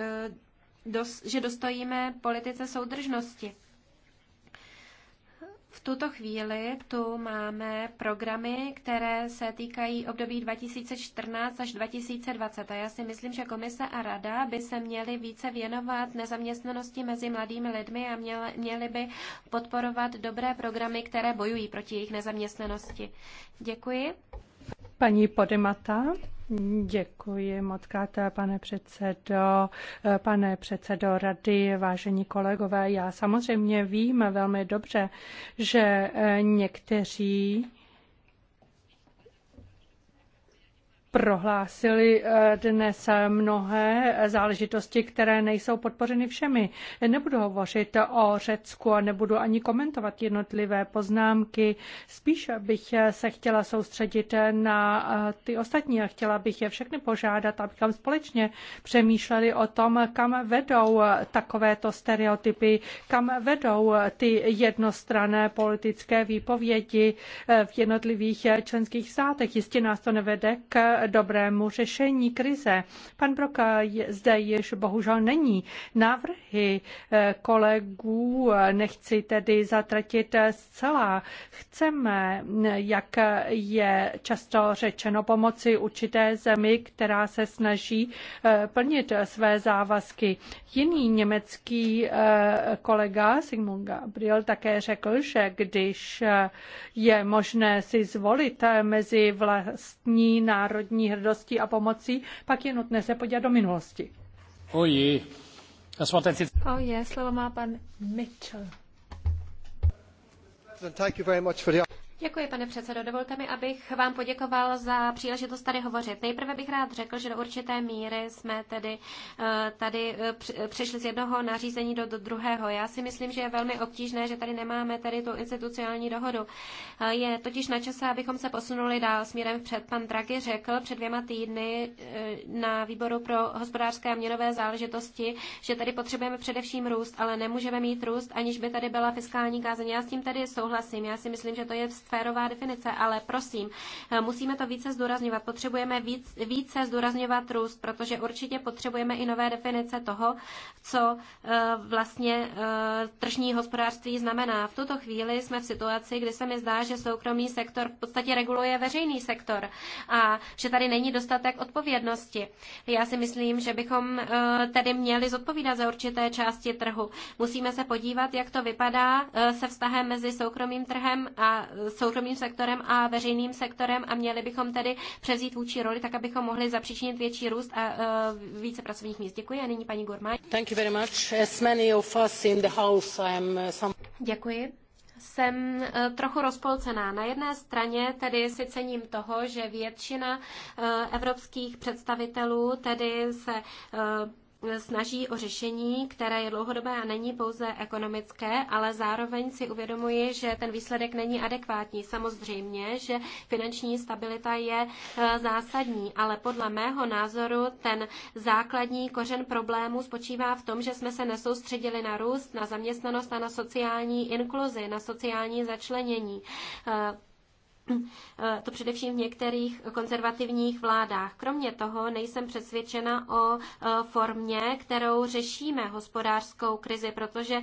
uh, že dostojíme politice soudržnosti. V tuto chvíli tu máme programy, které se týkají období 2014 až 2020. A já si myslím, že komise a rada by se měly více věnovat nezaměstnanosti mezi mladými lidmi a měly by podporovat dobré programy, které bojují proti jejich nezaměstnanosti. Děkuji. Paní Podemata. Děkuji moc krát, pane předsedo, pane předsedo rady, vážení kolegové. Já samozřejmě vím velmi dobře, že někteří prohlásili eh, dnes eh, mnohé eh, záležitosti, které nejsou podpořeny všemi. Nebudu hovořit o Řecku a nebudu ani komentovat jednotlivé poznámky. Spíš bych se chtěla soustředit na ty ostatní a chtěla bych je všechny požádat, abychom společně přemýšleli o tom, kam vedou takovéto stereotypy, kam vedou ty jednostrané politické výpovědi v jednotlivých členských státech. Jistě nás to nevede k dobrému řešení krize. Pan Broka zde již bohužel není. Návrhy eh, kolegů eh, nechci tedy zatratit eh, zcela. Chceme, jak je často řečeno, pomoci určité zemi, která se snaží plnit své závazky. Jiný německý kolega Sigmund Gabriel také řekl, že když je možné si zvolit mezi vlastní národní národní hrdostí a pomocí, pak je nutné se podívat do minulosti. Oji. Oh je, slovo má pan Mitchell. Děkuji, pane předsedo. Dovolte mi, abych vám poděkoval za příležitost tady hovořit. Nejprve bych rád řekl, že do určité míry jsme tedy eh, tady eh, přešli z jednoho nařízení do, do druhého. Já si myslím, že je velmi obtížné, že tady nemáme tady tu institucionální dohodu. Eh, je totiž na čase, abychom se posunuli dál směrem před. Pan Draghi řekl před dvěma týdny na výboru pro hospodářské a měnové záležitosti, že tady potřebujeme především růst, ale nemůžeme mít růst, aniž by tady byla fiskální kázeň. Já s tím tady souhlasím. Já si myslím, že to je férová definice, ale prosím, eh, musíme to více zdůrazňovat. Potřebujeme víc, více zdůrazňovat růst, protože určitě potřebujeme i nové definice toho, co eh, vlastně eh, tržní hospodářství znamená. V tuto chvíli jsme v situaci, kdy se mi zdá, že soukromý sektor v podstatě reguluje veřejný sektor a že tady není dostatek odpovědnosti. Já si myslím, že bychom tedy měli zodpovídat za určité části trhu. Musíme se podívat, jak to vypadá se vztahem mezi soukromým trhem a soukromým sektorem a veřejným sektorem a měli bychom tedy převzít vůči roli, tak abychom mohli zapříčinit větší růst a uh, více pracovních míst. Děkuji a nyní paní Gurmaj. Thank you very much. As many of us in the house, I am uh, some... Děkuji jsem e, trochu rozpolcená. Na jedné straně tedy si cením toho, že většina e, evropských představitelů tedy se snaží o řešení, které je dlouhodobé a není pouze ekonomické, ale zároveň si uvědomuji, že ten výsledek není adekvátní. Samozřejmě, že finanční stabilita je e, zásadní, ale podle mého názoru ten základní kořen problému spočívá v tom, že jsme se nesoustředili na růst, na zaměstnanost a na sociální inkluzi, na sociální začlenění. E, Eh, to především v některých konzervativních vládách. Kromě toho nejsem přesvědčena o eh, formě, kterou řešíme hospodářskou krizi, protože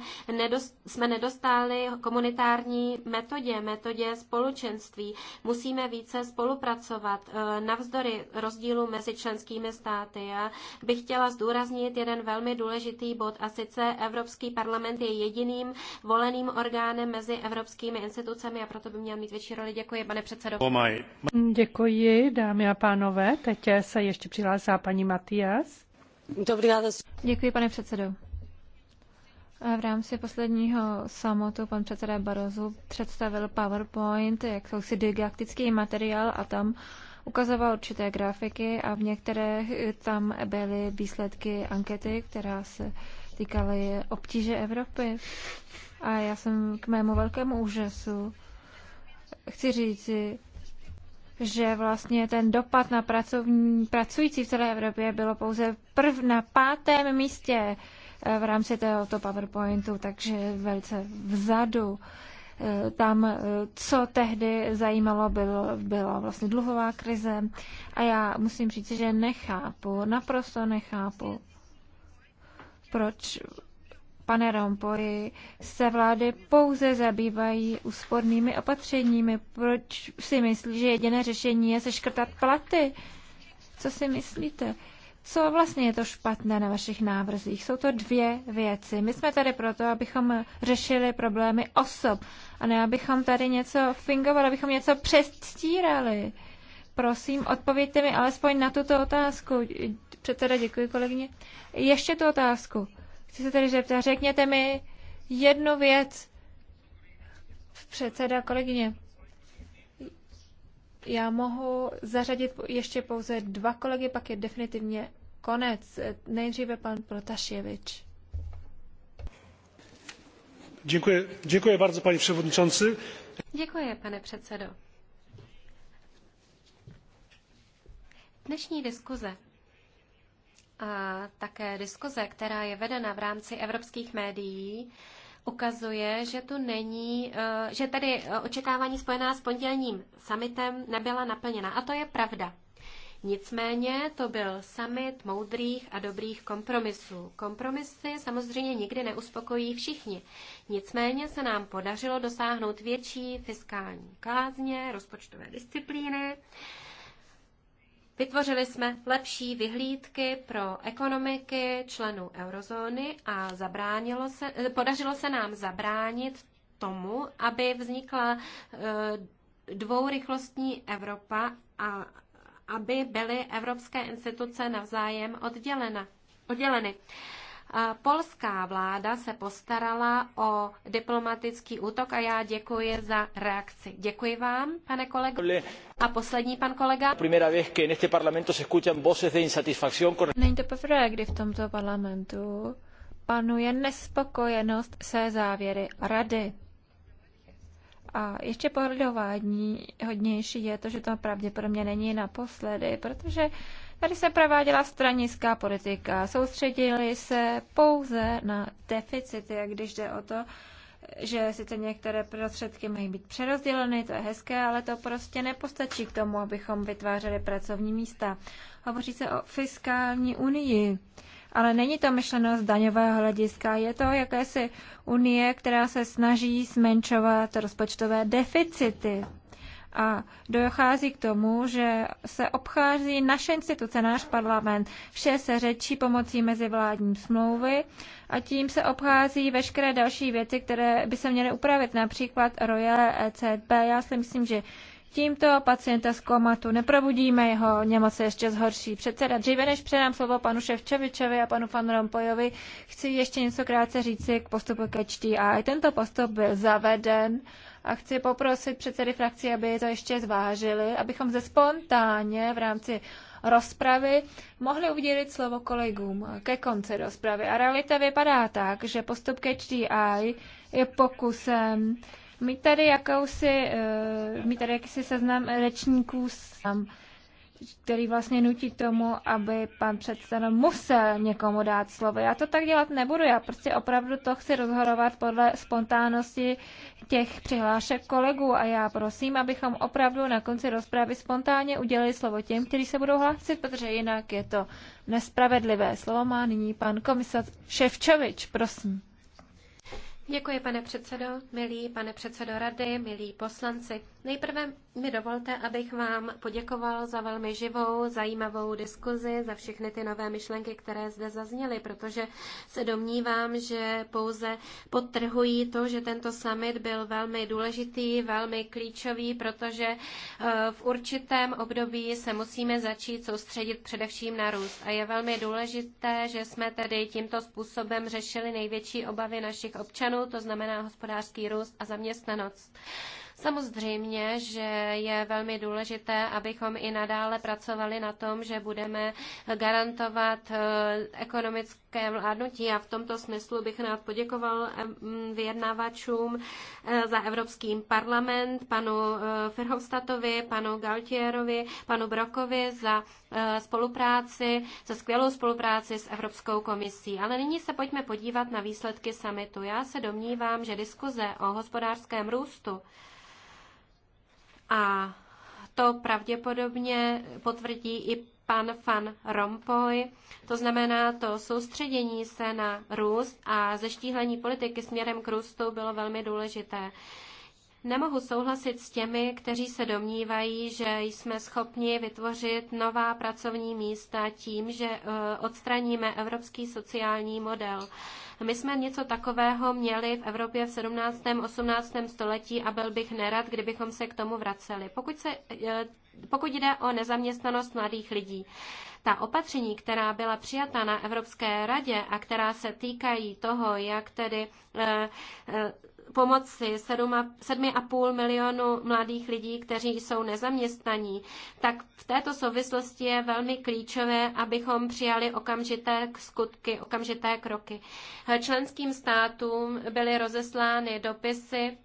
jsme nedostáli komunitární metodě, metodě společenství. Musíme více spolupracovat eh, navzdory rozdílu mezi členskými státy. Já bych chtěla zdůraznit jeden velmi důležitý bod a sice Evropský parlament je jediným voleným orgánem mezi evropskými institucemi a proto by měl mít větší roli. Děkuji, pane pane předsedo. Oh Děkuji, dámy a pánové. Teď se ještě přihlásila paní Matias. Děkuji, pane předsedo. V rámci posledního samotu pan předseda Barozu představil PowerPoint, jak jsou si didaktický materiál a tam ukazoval určité grafiky a v některých tam byly výsledky ankety, která se týkaly obtíže Evropy. A já jsem k mému velkému úžasu chci říci, že vlastně ten dopad na pracovní, pracující v celé Evropě bylo pouze prv na pátém místě eh, v rámci tohoto PowerPointu, takže velice vzadu. Eh, tam, eh, co tehdy zajímalo, bylo, byla vlastně dluhová krize. A já musím říct, že nechápu, naprosto nechápu, proč pane Rompoy, se vlády pouze zabývají úspornými opatřeními. Proč si myslí, že jediné řešení je seškrtat platy? Co si myslíte? Co vlastně je to špatné na vašich návrzích? Jsou to dvě věci. My jsme tady proto, abychom řešili problémy osob, a ne abychom tady něco fingovali, abychom něco přestírali. Prosím, odpověďte mi alespoň na tuto otázku. Předseda, děkuji kolegyně. Ještě tu otázku. Chci se tedy zeptat, řekněte mi jednu věc, předseda kolegyně. Já mohu zařadit ještě pouze dva kolegy, pak je definitivně konec. Nejdříve pan Protaševič. Děkuji, děkuji bardzo, paní předsedající. Děkuji, pane předsedo. Dnešní diskuze a také diskuze, která je vedena v rámci evropských médií, ukazuje, že tu není, eh, že tady eh, očekávání spojená s pondělním summitem nebyla naplněna. A to je pravda. Nicméně to byl summit moudrých a dobrých kompromisů. Kompromisy samozřejmě nikdy neuspokojí všichni. Nicméně se nám podařilo dosáhnout větší fiskální kázně, rozpočtové disciplíny. Vytvořili jsme lepší vyhlídky pro ekonomiky členů eurozóny a zabránilo se, eh, podařilo se nám zabránit tomu, aby vznikla eh, dvourychlostní Evropa a aby byly evropské instituce navzájem oddělena, odděleny. Polská vláda se postarala o diplomatický útok a já děkuji za reakci. Děkuji vám, pane kolego. A poslední pan kolega. Primera vez que en este parlamento se escuchan voces de insatisfacción con... Není to poprvé, kdy v tomto parlamentu panuje nespokojenost se závěry rady. A ještě pohledování hodnější je to, že to pravděpodobně není naposledy, protože Tady se prováděla stranická politika. Soustředili se pouze na deficity, jak když jde o to, že sice některé prostředky mají být přerozděleny, to je hezké, ale to prostě nepostačí k tomu, abychom vytvářeli pracovní místa. Hovoří se o fiskální unii, ale není to myšleno z daňového hlediska. Je to jakési unie, která se snaží zmenšovat rozpočtové deficity a dochází k tomu, že se obchází naše instituce, náš parlament. Vše se řečí pomocí mezivládní smlouvy a tím se obchází veškeré další věci, které by se měly upravit, například Royal ECB. Já si myslím, že Tímto pacienta z komatu neprobudíme, jeho němoc se ještě zhorší. Předseda, dříve než předám slovo panu Ševčovičovi a panu Van Rompojovi, chci ještě něco krátce říci k postupu ke čtí. A i tento postup byl zaveden a chci poprosit předsedy frakcí, aby to ještě zvážili, abychom ze spontánně v rámci rozpravy mohli udělit slovo kolegům ke konci rozpravy. A realita vypadá tak, že postup ke HDI je pokusem mít tady jakousi, eh, mít tady jakýsi seznam rečníků sám který vlastně nutí tomu, aby pan předseda musel někomu dát slovo. Já to tak dělat nebudu, já prostě opravdu to chci rozhodovat podle spontánnosti těch přihlášek kolegů a já prosím, abychom opravdu na konci rozpravy spontánně udělili slovo těm, kteří se budou hlásit, protože jinak je to nespravedlivé. Slovo má nyní pan komisar Ševčovič, prosím. Děkuji, pane předsedo, milí pane předsedo rady, milí poslanci. Nejprve mi dovolte, abych vám poděkoval za velmi živou, zajímavou diskuzi, za všechny ty nové myšlenky, které zde zazněly, protože se domnívám, že pouze podtrhují to, že tento summit byl velmi důležitý, velmi klíčový, protože eh, v určitém období se musíme začít soustředit především na růst. A je velmi důležité, že jsme tedy tímto způsobem řešili největší obavy našich občanů, to znamená hospodářský růst a zaměstnanost. Samozřejmě, že je velmi důležité, abychom i nadále pracovali na tom, že budeme garantovat eh, ekonomické vládnutí a v tomto smyslu bych rád poděkoval eh, vyjednávačům eh, za Evropský parlament, panu Ferhovstatovi, panu Galtierovi, panu Brokovi za spolupráci, za skvělou spolupráci s Evropskou komisí. Ale nyní se pojďme podívat na výsledky summitu. Já se domnívám, že diskuze o hospodářském růstu a to pravděpodobně potvrdí i pan Van Rompuy. To znamená, to soustředění se na růst a zeštíhlení politiky směrem k růstu bylo velmi důležité. Nemohu souhlasit s těmi, kteří se domnívají, že jsme schopni vytvořit nová pracovní místa tím, že eh, odstraníme evropský sociální model. My jsme něco takového měli v Evropě v 17. 18. století a byl bych nerad, kdybychom se k tomu vraceli. Pokud, se, eh, pokud jde o nezaměstnanost mladých lidí, ta opatření, která byla přijata na Evropské radě a která se týkají toho, jak tedy eh, pomoci 7,5 milionu mladých lidí, kteří jsou nezaměstnaní, tak v této souvislosti je velmi klíčové, abychom přijali okamžité skutky, okamžité kroky. Členským státům byly rozeslány dopisy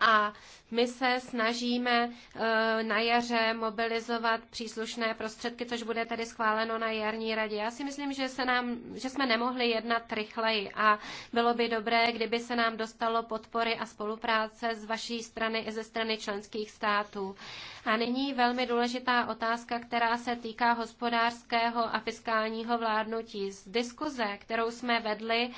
a my se snažíme eh, na jaře mobilizovat příslušné prostředky, což bude tedy schváleno na jarní radě. Já si myslím, že, se nám, že jsme nemohli jednat rychleji a bylo by dobré, kdyby se nám dostalo podpory a spolupráce z vaší strany i ze strany členských států. A nyní velmi důležitá otázka, která se týká hospodářského a fiskálního vládnutí. Z diskuze, kterou jsme vedli,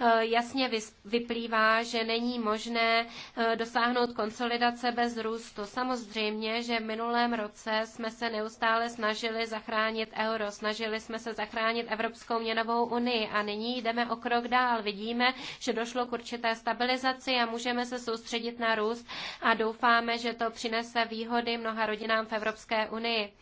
eh, jasně vyplývá, že není možné do. Eh, dosáhnout konsolidace bez růstu. Samozřejmě, že v minulém roce jsme se neustále snažili zachránit euro, snažili jsme se zachránit Evropskou měnovou unii a nyní jdeme o krok dál. Vidíme, že došlo k určité stabilizaci a můžeme se soustředit na růst a doufáme, že to přinese výhody mnoha rodinám v Evropské unii.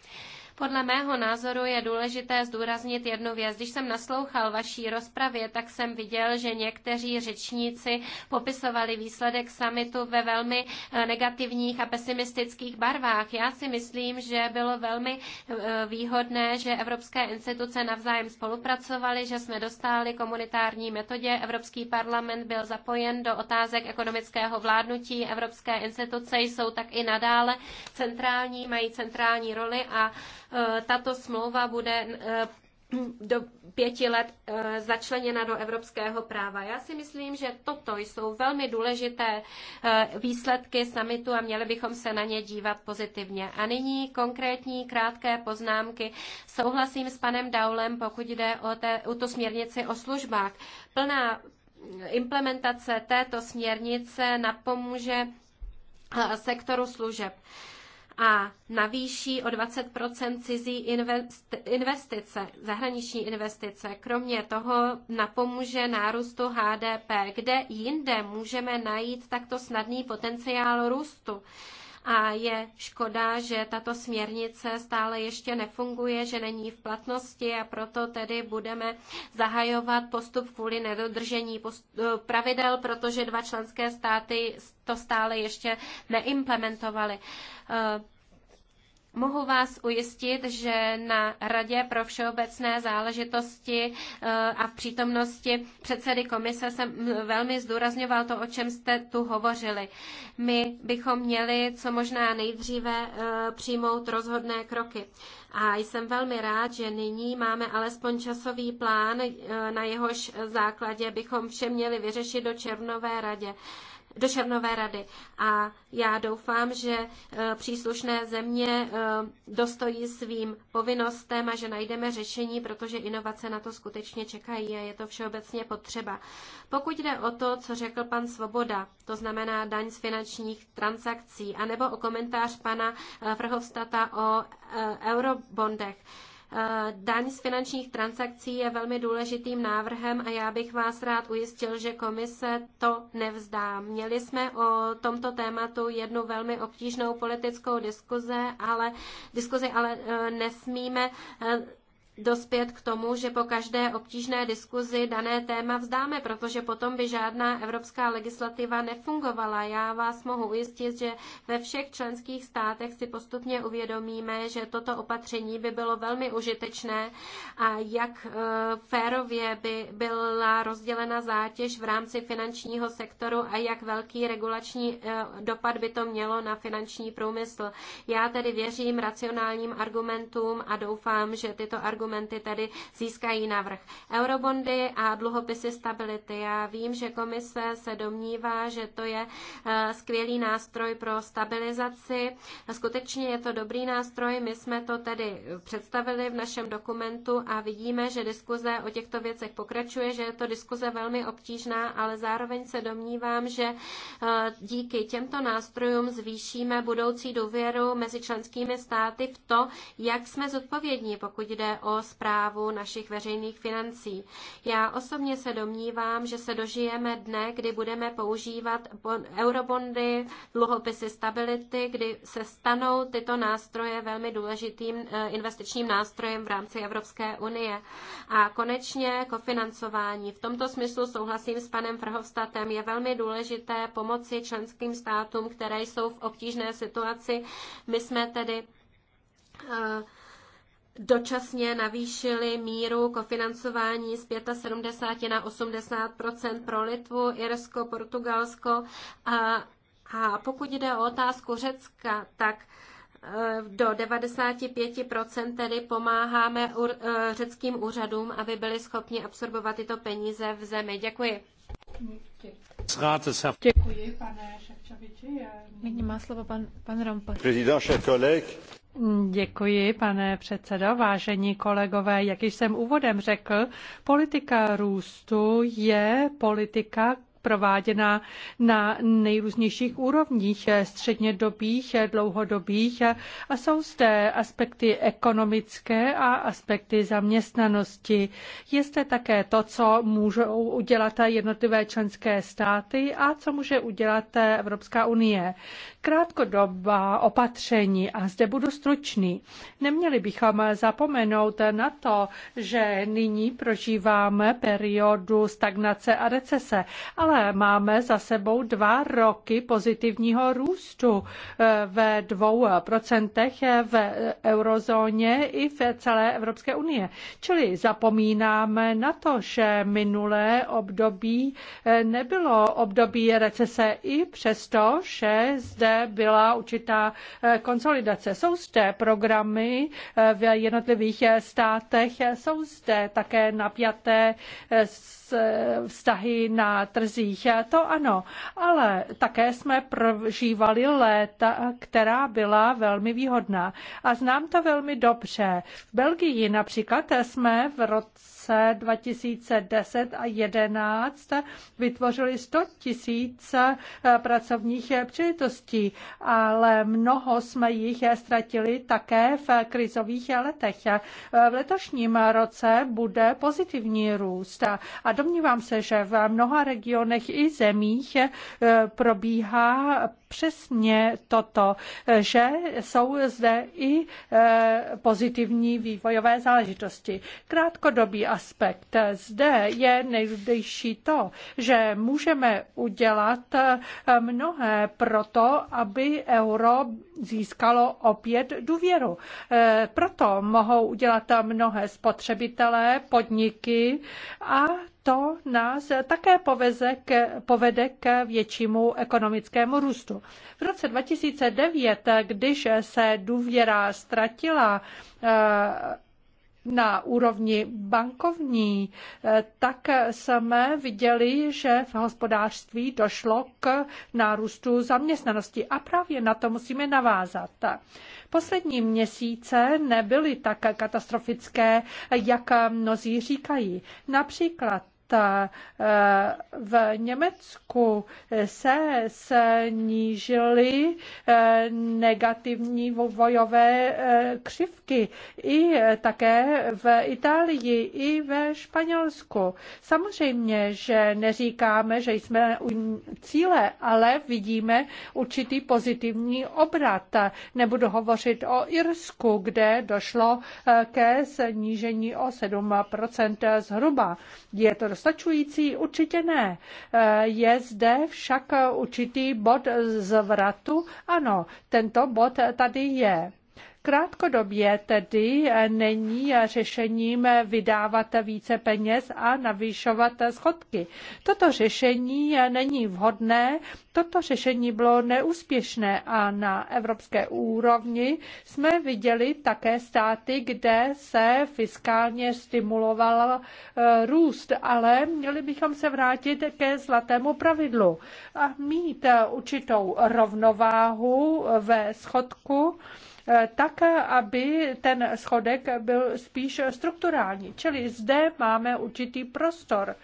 Podle mého názoru je důležité zdůraznit jednu věc. Když jsem naslouchal vaší rozpravě, tak jsem viděl, že někteří řečníci popisovali výsledek samitu ve velmi eh, negativních a pesimistických barvách. Já si myslím, že bylo velmi eh, výhodné, že evropské instituce navzájem spolupracovaly, že jsme dostali komunitární metodě. Evropský parlament byl zapojen do otázek ekonomického vládnutí. Evropské instituce jsou tak i nadále centrální, mají centrální roli a Eh, tato smlouva bude eh, do pěti let eh, začleněna do evropského práva. Já si myslím, že toto jsou velmi důležité výsledky samitu a měli bychom se na ně dívat pozitivně. A nyní konkrétní krátké poznámky. Souhlasím s panem Daulem, pokud jde o, té, o tu směrnici o službách. Plná implementace této směrnice napomůže sektoru služeb a navýší o 20 cizí investice, zahraniční investice. Kromě toho napomůže nárůstu HDP. Kde jinde můžeme najít takto snadný potenciál růstu? a je škoda, že tato směrnice stále ještě nefunguje, že není v platnosti a proto tedy budeme zahajovat postup kvůli nedodržení eh, pravidel, protože dva členské státy to stále ještě neimplementovaly. Eh, Mohu vás ujistit, že na Radě pro všeobecné záležitosti eh, a v přítomnosti předsedy komise jsem hm, velmi zdůrazňoval to, o čem jste tu hovořili. My bychom měli co možná nejdříve eh, přijmout rozhodné kroky. A jsem velmi rád, že nyní máme alespoň časový plán, eh, na jehož základě bychom vše měli vyřešit do červnové radě do Černové rady. A já doufám, že e, příslušné země e, dostojí svým povinnostem a že najdeme řešení, protože inovace na to skutečně čekají a je to všeobecně potřeba. Pokud jde o to, co řekl pan Svoboda, to znamená daň z finančních transakcí, anebo o komentář pana Frhovstata e, o eurobondech, Eh, daň z finančních transakcí je velmi důležitým návrhem a já bych vás rád ujistil, že komise to nevzdá. Měli jsme o tomto tématu jednu velmi obtížnou politickou diskuzi, ale, diskuzi, ale eh, nesmíme eh, dospět k tomu, že po každé obtížné diskuzi dané téma vzdáme, protože potom by žádná evropská legislativa nefungovala. Já vás mohu ujistit, že ve všech členských státech si postupně uvědomíme, že toto opatření by bylo velmi užitečné a jak e, férově by byla rozdělena zátěž v rámci finančního sektoru a jak velký regulační e, dopad by to mělo na finanční průmysl. Já tedy věřím racionálním argumentům a doufám, že tyto argumenty argumenty tedy získají navrh. Eurobondy a dluhopisy stability. Já vím, že komise se domnívá, že to je eh, skvělý nástroj pro stabilizaci. Skutečně je to dobrý nástroj. My jsme to tedy představili v našem dokumentu a vidíme, že diskuze o těchto věcech pokračuje, že je to diskuze velmi obtížná, ale zároveň se domnívám, že eh, díky těmto nástrojům zvýšíme budoucí důvěru mezi členskými státy v to, jak jsme zodpovědní, pokud jde o správu zprávu našich veřejných financí. Já osobně se domnívám, že se dožijeme dne, kdy budeme používat eurobondy, dluhopisy stability, kdy se stanou tyto nástroje velmi důležitým eh, investičním nástrojem v rámci Evropské unie. A konečně kofinancování. V tomto smyslu souhlasím s panem Frhovstatem. Je velmi důležité pomoci členským státům, které jsou v obtížné situaci. My jsme tedy uh, dočasně navýšili míru kofinancování z 75 na 80 pro Litvu, Irsko, Portugalsko. A, a pokud jde o otázku Řecka, tak eh, do 95% tedy pomáháme eh, řeckým úřadům, aby byli schopni absorbovat tyto peníze v zemi. Děkuji. Děkuji, pane Ševčoviči. pan, Děkuji, pane předsedo. Vážení kolegové, jak již jsem úvodem řekl, politika růstu je politika, prováděna na nejrůznějších úrovních, eh, střednědobých, eh, dlouhodobých eh, a jsou zde aspekty ekonomické a aspekty zaměstnanosti. Je zde také to, co můžou udělat jednotlivé členské státy a co může udělat Evropská unie. Krátkodobá opatření, a zde budu stručný, neměli bychom zapomenout na to, že nyní prožíváme periodu stagnace a recese, ale ale Máme za sebou dva roky pozitivního růstu eh, ve dvou procentech eh, v eurozóně i v celé Evropské unie. Čili zapomínáme na to, že minulé období eh, nebylo období recese i přesto, že zde byla určitá konsolidace. Jsou zde programy v jednotlivých státech, jsou zde také napjaté vztahy na trzích krizích, to ano, ale také jsme prožívali léta, která byla velmi výhodná. A znám to velmi dobře. V Belgii například jsme v roce 2010 a 2011 vytvořili 100 tisíc eh, pracovních příležitostí, ale mnoho jsme jich ztratili také v krizových letech. V letošním roce bude pozitivní růst a domnívám se, že v mnoha regionech regionech i zemích eh, probíhá přesně toto, že jsou zde i e, pozitivní vývojové záležitosti. Krátkodobý aspekt. Zde je nejdůležitější to, že můžeme udělat e, mnohé proto, aby euro získalo opět důvěru. E, proto mohou udělat mnohé spotřebitelé, podniky a to nás také poveze k, povede k většímu ekonomickému růstu procesu. V roce 2009, když se důvěra ztratila, eh, na úrovni bankovní, eh, tak jsme viděli, že v hospodářství došlo k nárůstu zaměstnanosti a právě na to musíme navázat. Poslední měsíce nebyly tak katastrofické, jak mnozí říkají. Například Eh, v Německu se snížily eh, negativní vojové eh, křivky i také v Itálii, i ve Španělsku. Samozřejmě, že neříkáme, že jsme u cíle, ale vidíme určitý pozitivní obrat. Nebudu hovořit o Irsku, kde došlo ke snížení o 7 zhruba. Je to dostačující? Určitě ne. Eh, je zde však určitý bod zvratu? Ano, tento bod tady je. Krátkodobě tedy eh, není eh, řešením eh, vydávat více peněz a navýšovat schodky. Toto řešení není vhodné, toto řešení bylo neúspěšné a na evropské úrovni jsme viděli také státy, kde se fiskálně stimuloval růst, ale měli bychom se vrátit ke zlatému pravidlu a mít určitou rovnováhu ve schodku tak aby ten schodek byl spíš strukturální. Čili zde máme určitý prostor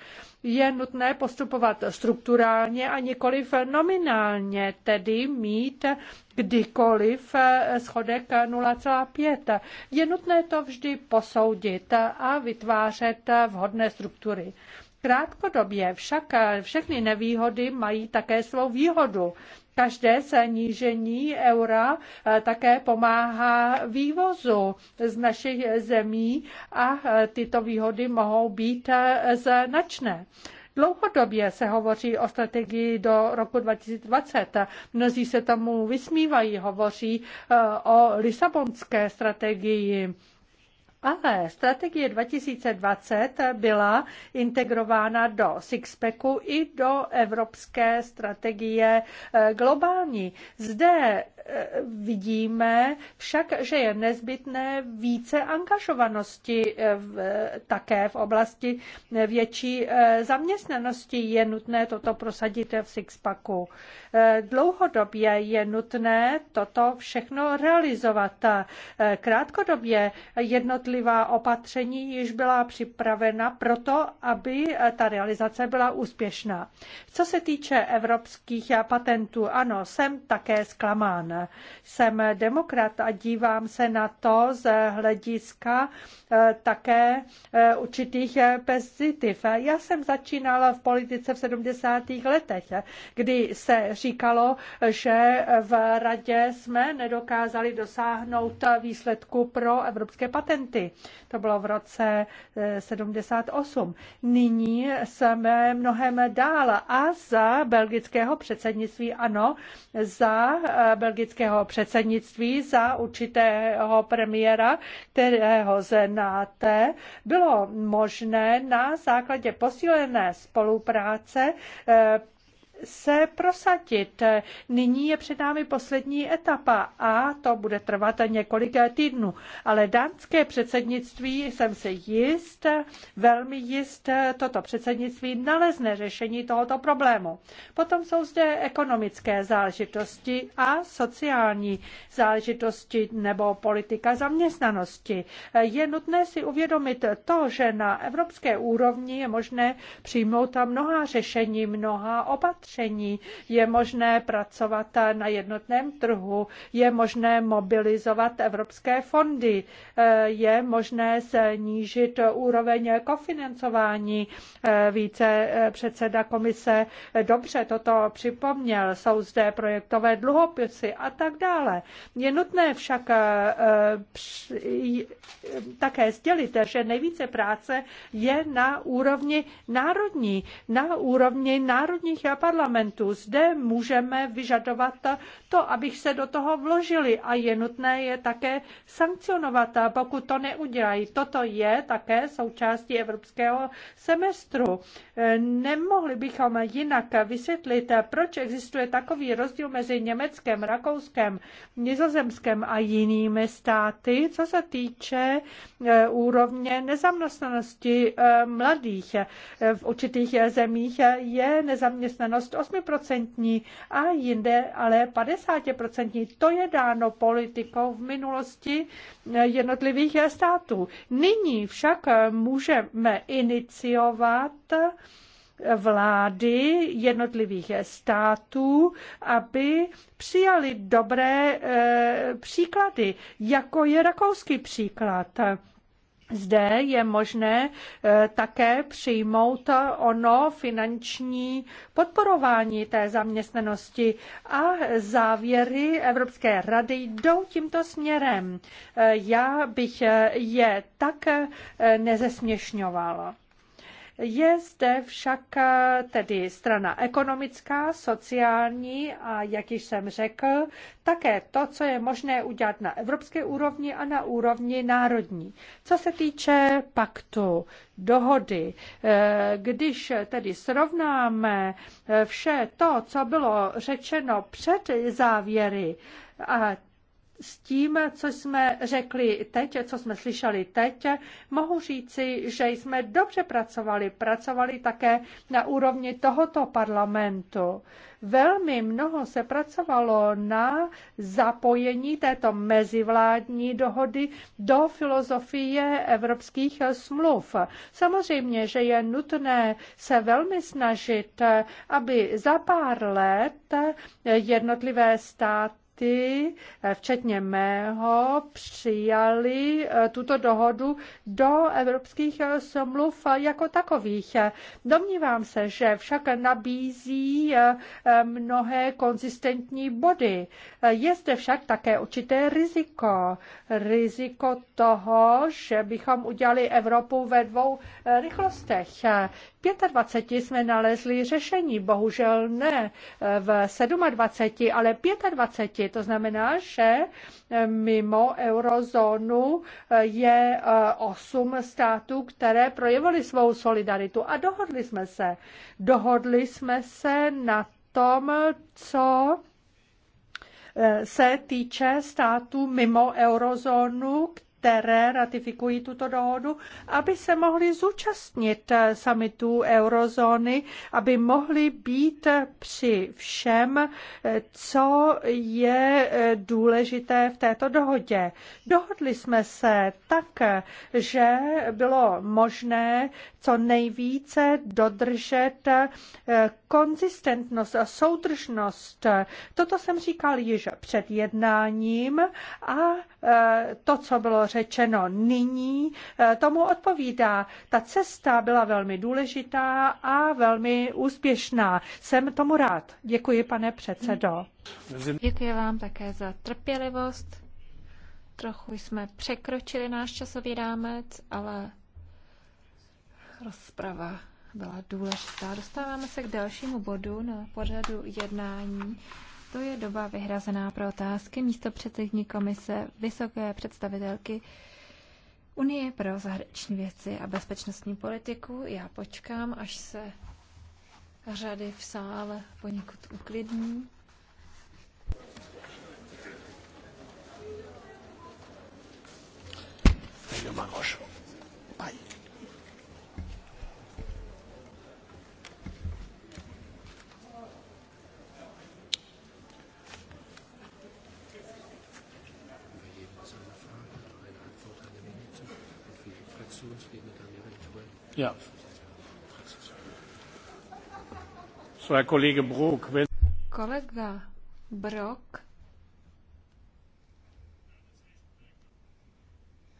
je nutné postupovat strukturálně a nikoliv nominálně, tedy mít kdykoliv schodek 0,5. Je nutné to vždy posoudit a vytvářet vhodné struktury. Krátkodobě však eh, všechny nevýhody mají také svou výhodu. Každé snížení eura eh, také pomáhá vývozu z našich zemí a eh, tyto výhody mohou být značné. Dlouhodobě se hovoří o strategii do roku 2020. Mnozí se tomu vysmívají, hovoří o Lisabonské strategii. Ale strategie 2020 byla integrována do Sixpacku i do evropské strategie eh, globální. Zde vidíme však, že je nezbytné více angažovanosti eh, v, také v oblasti větší eh, zaměstnanosti. Je nutné toto prosadit v Sixpacku. Eh, dlouhodobě je nutné toto všechno realizovat. Krátkodobě jednotlivá opatření již byla připravena proto, aby ta realizace byla úspěšná. Co se týče evropských patentů, ano, jsem také zklamán. Jsem demokrat a dívám se na to z hlediska eh, také eh, určitých eh, pozitiv. Já jsem začínala v politice v 70. letech, kdy se říkalo, že v radě jsme nedokázali dosáhnout výsledku pro evropské patenty. To bylo v roce 78. Nyní jsme mnohem dál a za belgického předsednictví, ano, za belgické belgického předsednictví za určitého premiéra, kterého znáte, bylo možné na základě posílené spolupráce eh, se prosadit. Nyní je před námi poslední etapa a to bude trvat několik týdnů. Ale dánské předsednictví, jsem si jist, velmi jist, toto předsednictví nalezne řešení tohoto problému. Potom jsou zde ekonomické záležitosti a sociální záležitosti nebo politika zaměstnanosti. Je nutné si uvědomit to, že na evropské úrovni je možné přijmout tam mnoha řešení, mnoha opatření opatření, je možné pracovat na jednotném trhu, je možné mobilizovat evropské fondy, eh, je možné snížit úroveň kofinancování. Eh, Více eh, předseda komise dobře toto připomněl, jsou zde projektové dluhopisy a tak dále. Je nutné však také sdělit, že nejvíce práce je na úrovni národní, na úrovni národních parlamentů parlamentu. Zde můžeme vyžadovat to, abych se do toho vložili a je nutné je také sankcionovat, pokud to neudělají. Toto je také součástí evropského semestru. E, nemohli bychom jinak vysvětlit, proč existuje takový rozdíl mezi Německem, Rakouskem, Nizozemskem a jinými státy, co se týče e, úrovně nezaměstnanosti e, mladých. V určitých zemích je nezaměstnanost chybovost 8% a jinde ale 50%. To je dáno politikou v minulosti eh, jednotlivých eh, států. Nyní však eh, můžeme iniciovat vlády jednotlivých států, aby přijali dobré příklady, jako je rakouský příklad. Zde je možné eh, také přijmout ono finanční podporování té zaměstnanosti a závěry Evropské rady jdou tímto směrem. Eh, já bych eh, je tak nezesměšňovala. Je zde však eh, tedy strana ekonomická, sociální a, jak již jsem řekl, také to, co je možné udělat na evropské úrovni a na úrovni národní. Co se týče paktu, dohody, eh, když tedy srovnáme eh, vše to, co bylo řečeno před závěry, a s tím, co jsme řekli teď, co jsme slyšeli teď, mohu říci, že jsme dobře pracovali. Pracovali také na úrovni tohoto parlamentu. Velmi mnoho se pracovalo na zapojení této mezivládní dohody do filozofie evropských smluv. Samozřejmě, že je nutné se velmi snažit, aby za pár let jednotlivé státy státy, eh, včetně mého, přijali eh, tuto dohodu do evropských eh, smluv jako takových. Domnívám se, že však nabízí mnohé konzistentní body. Je zde však také určité riziko. Riziko toho, že bychom udělali Evropu ve dvou rychlostech. 25 jsme nalezli řešení, bohužel ne eh, v 27, ale 25. To znamená, že eh, mimo eurozónu eh, je 8 států, které projevily svou solidaritu a dohodli jsme se. Dohodli jsme se na tom, co se týče států mimo eurozónu, které které ratifikují tuto dohodu, aby se mohli zúčastnit eh, summitů eurozóny, aby mohli být při všem, eh, co je eh, důležité v této dohodě. Dohodli jsme se tak, že bylo možné co nejvíce dodržet konzistentnost a soudržnost. Toto jsem říkal již před jednáním a to, co bylo řečeno nyní, eh, tomu odpovídá. Ta cesta byla velmi důležitá a velmi úspěšná. Jsem tomu rád. Děkuji, pane předsedo. Děkuji vám také za trpělivost. Trochu jsme překročili náš časový rámec, ale rozprava byla důležitá. Dostáváme se k dalšímu bodu na pořadu jednání to je doba vyhrazená pro otázky místo předsední komise vysoké představitelky Unie pro zahraniční věci a bezpečnostní politiku. Já počkám, až se řady v sále poněkud uklidní. Yo me Kolega Brok.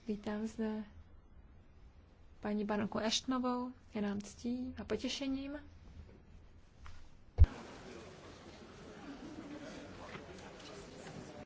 Vítám zde paní banku Eštnovou, je nám ctí a potěšením.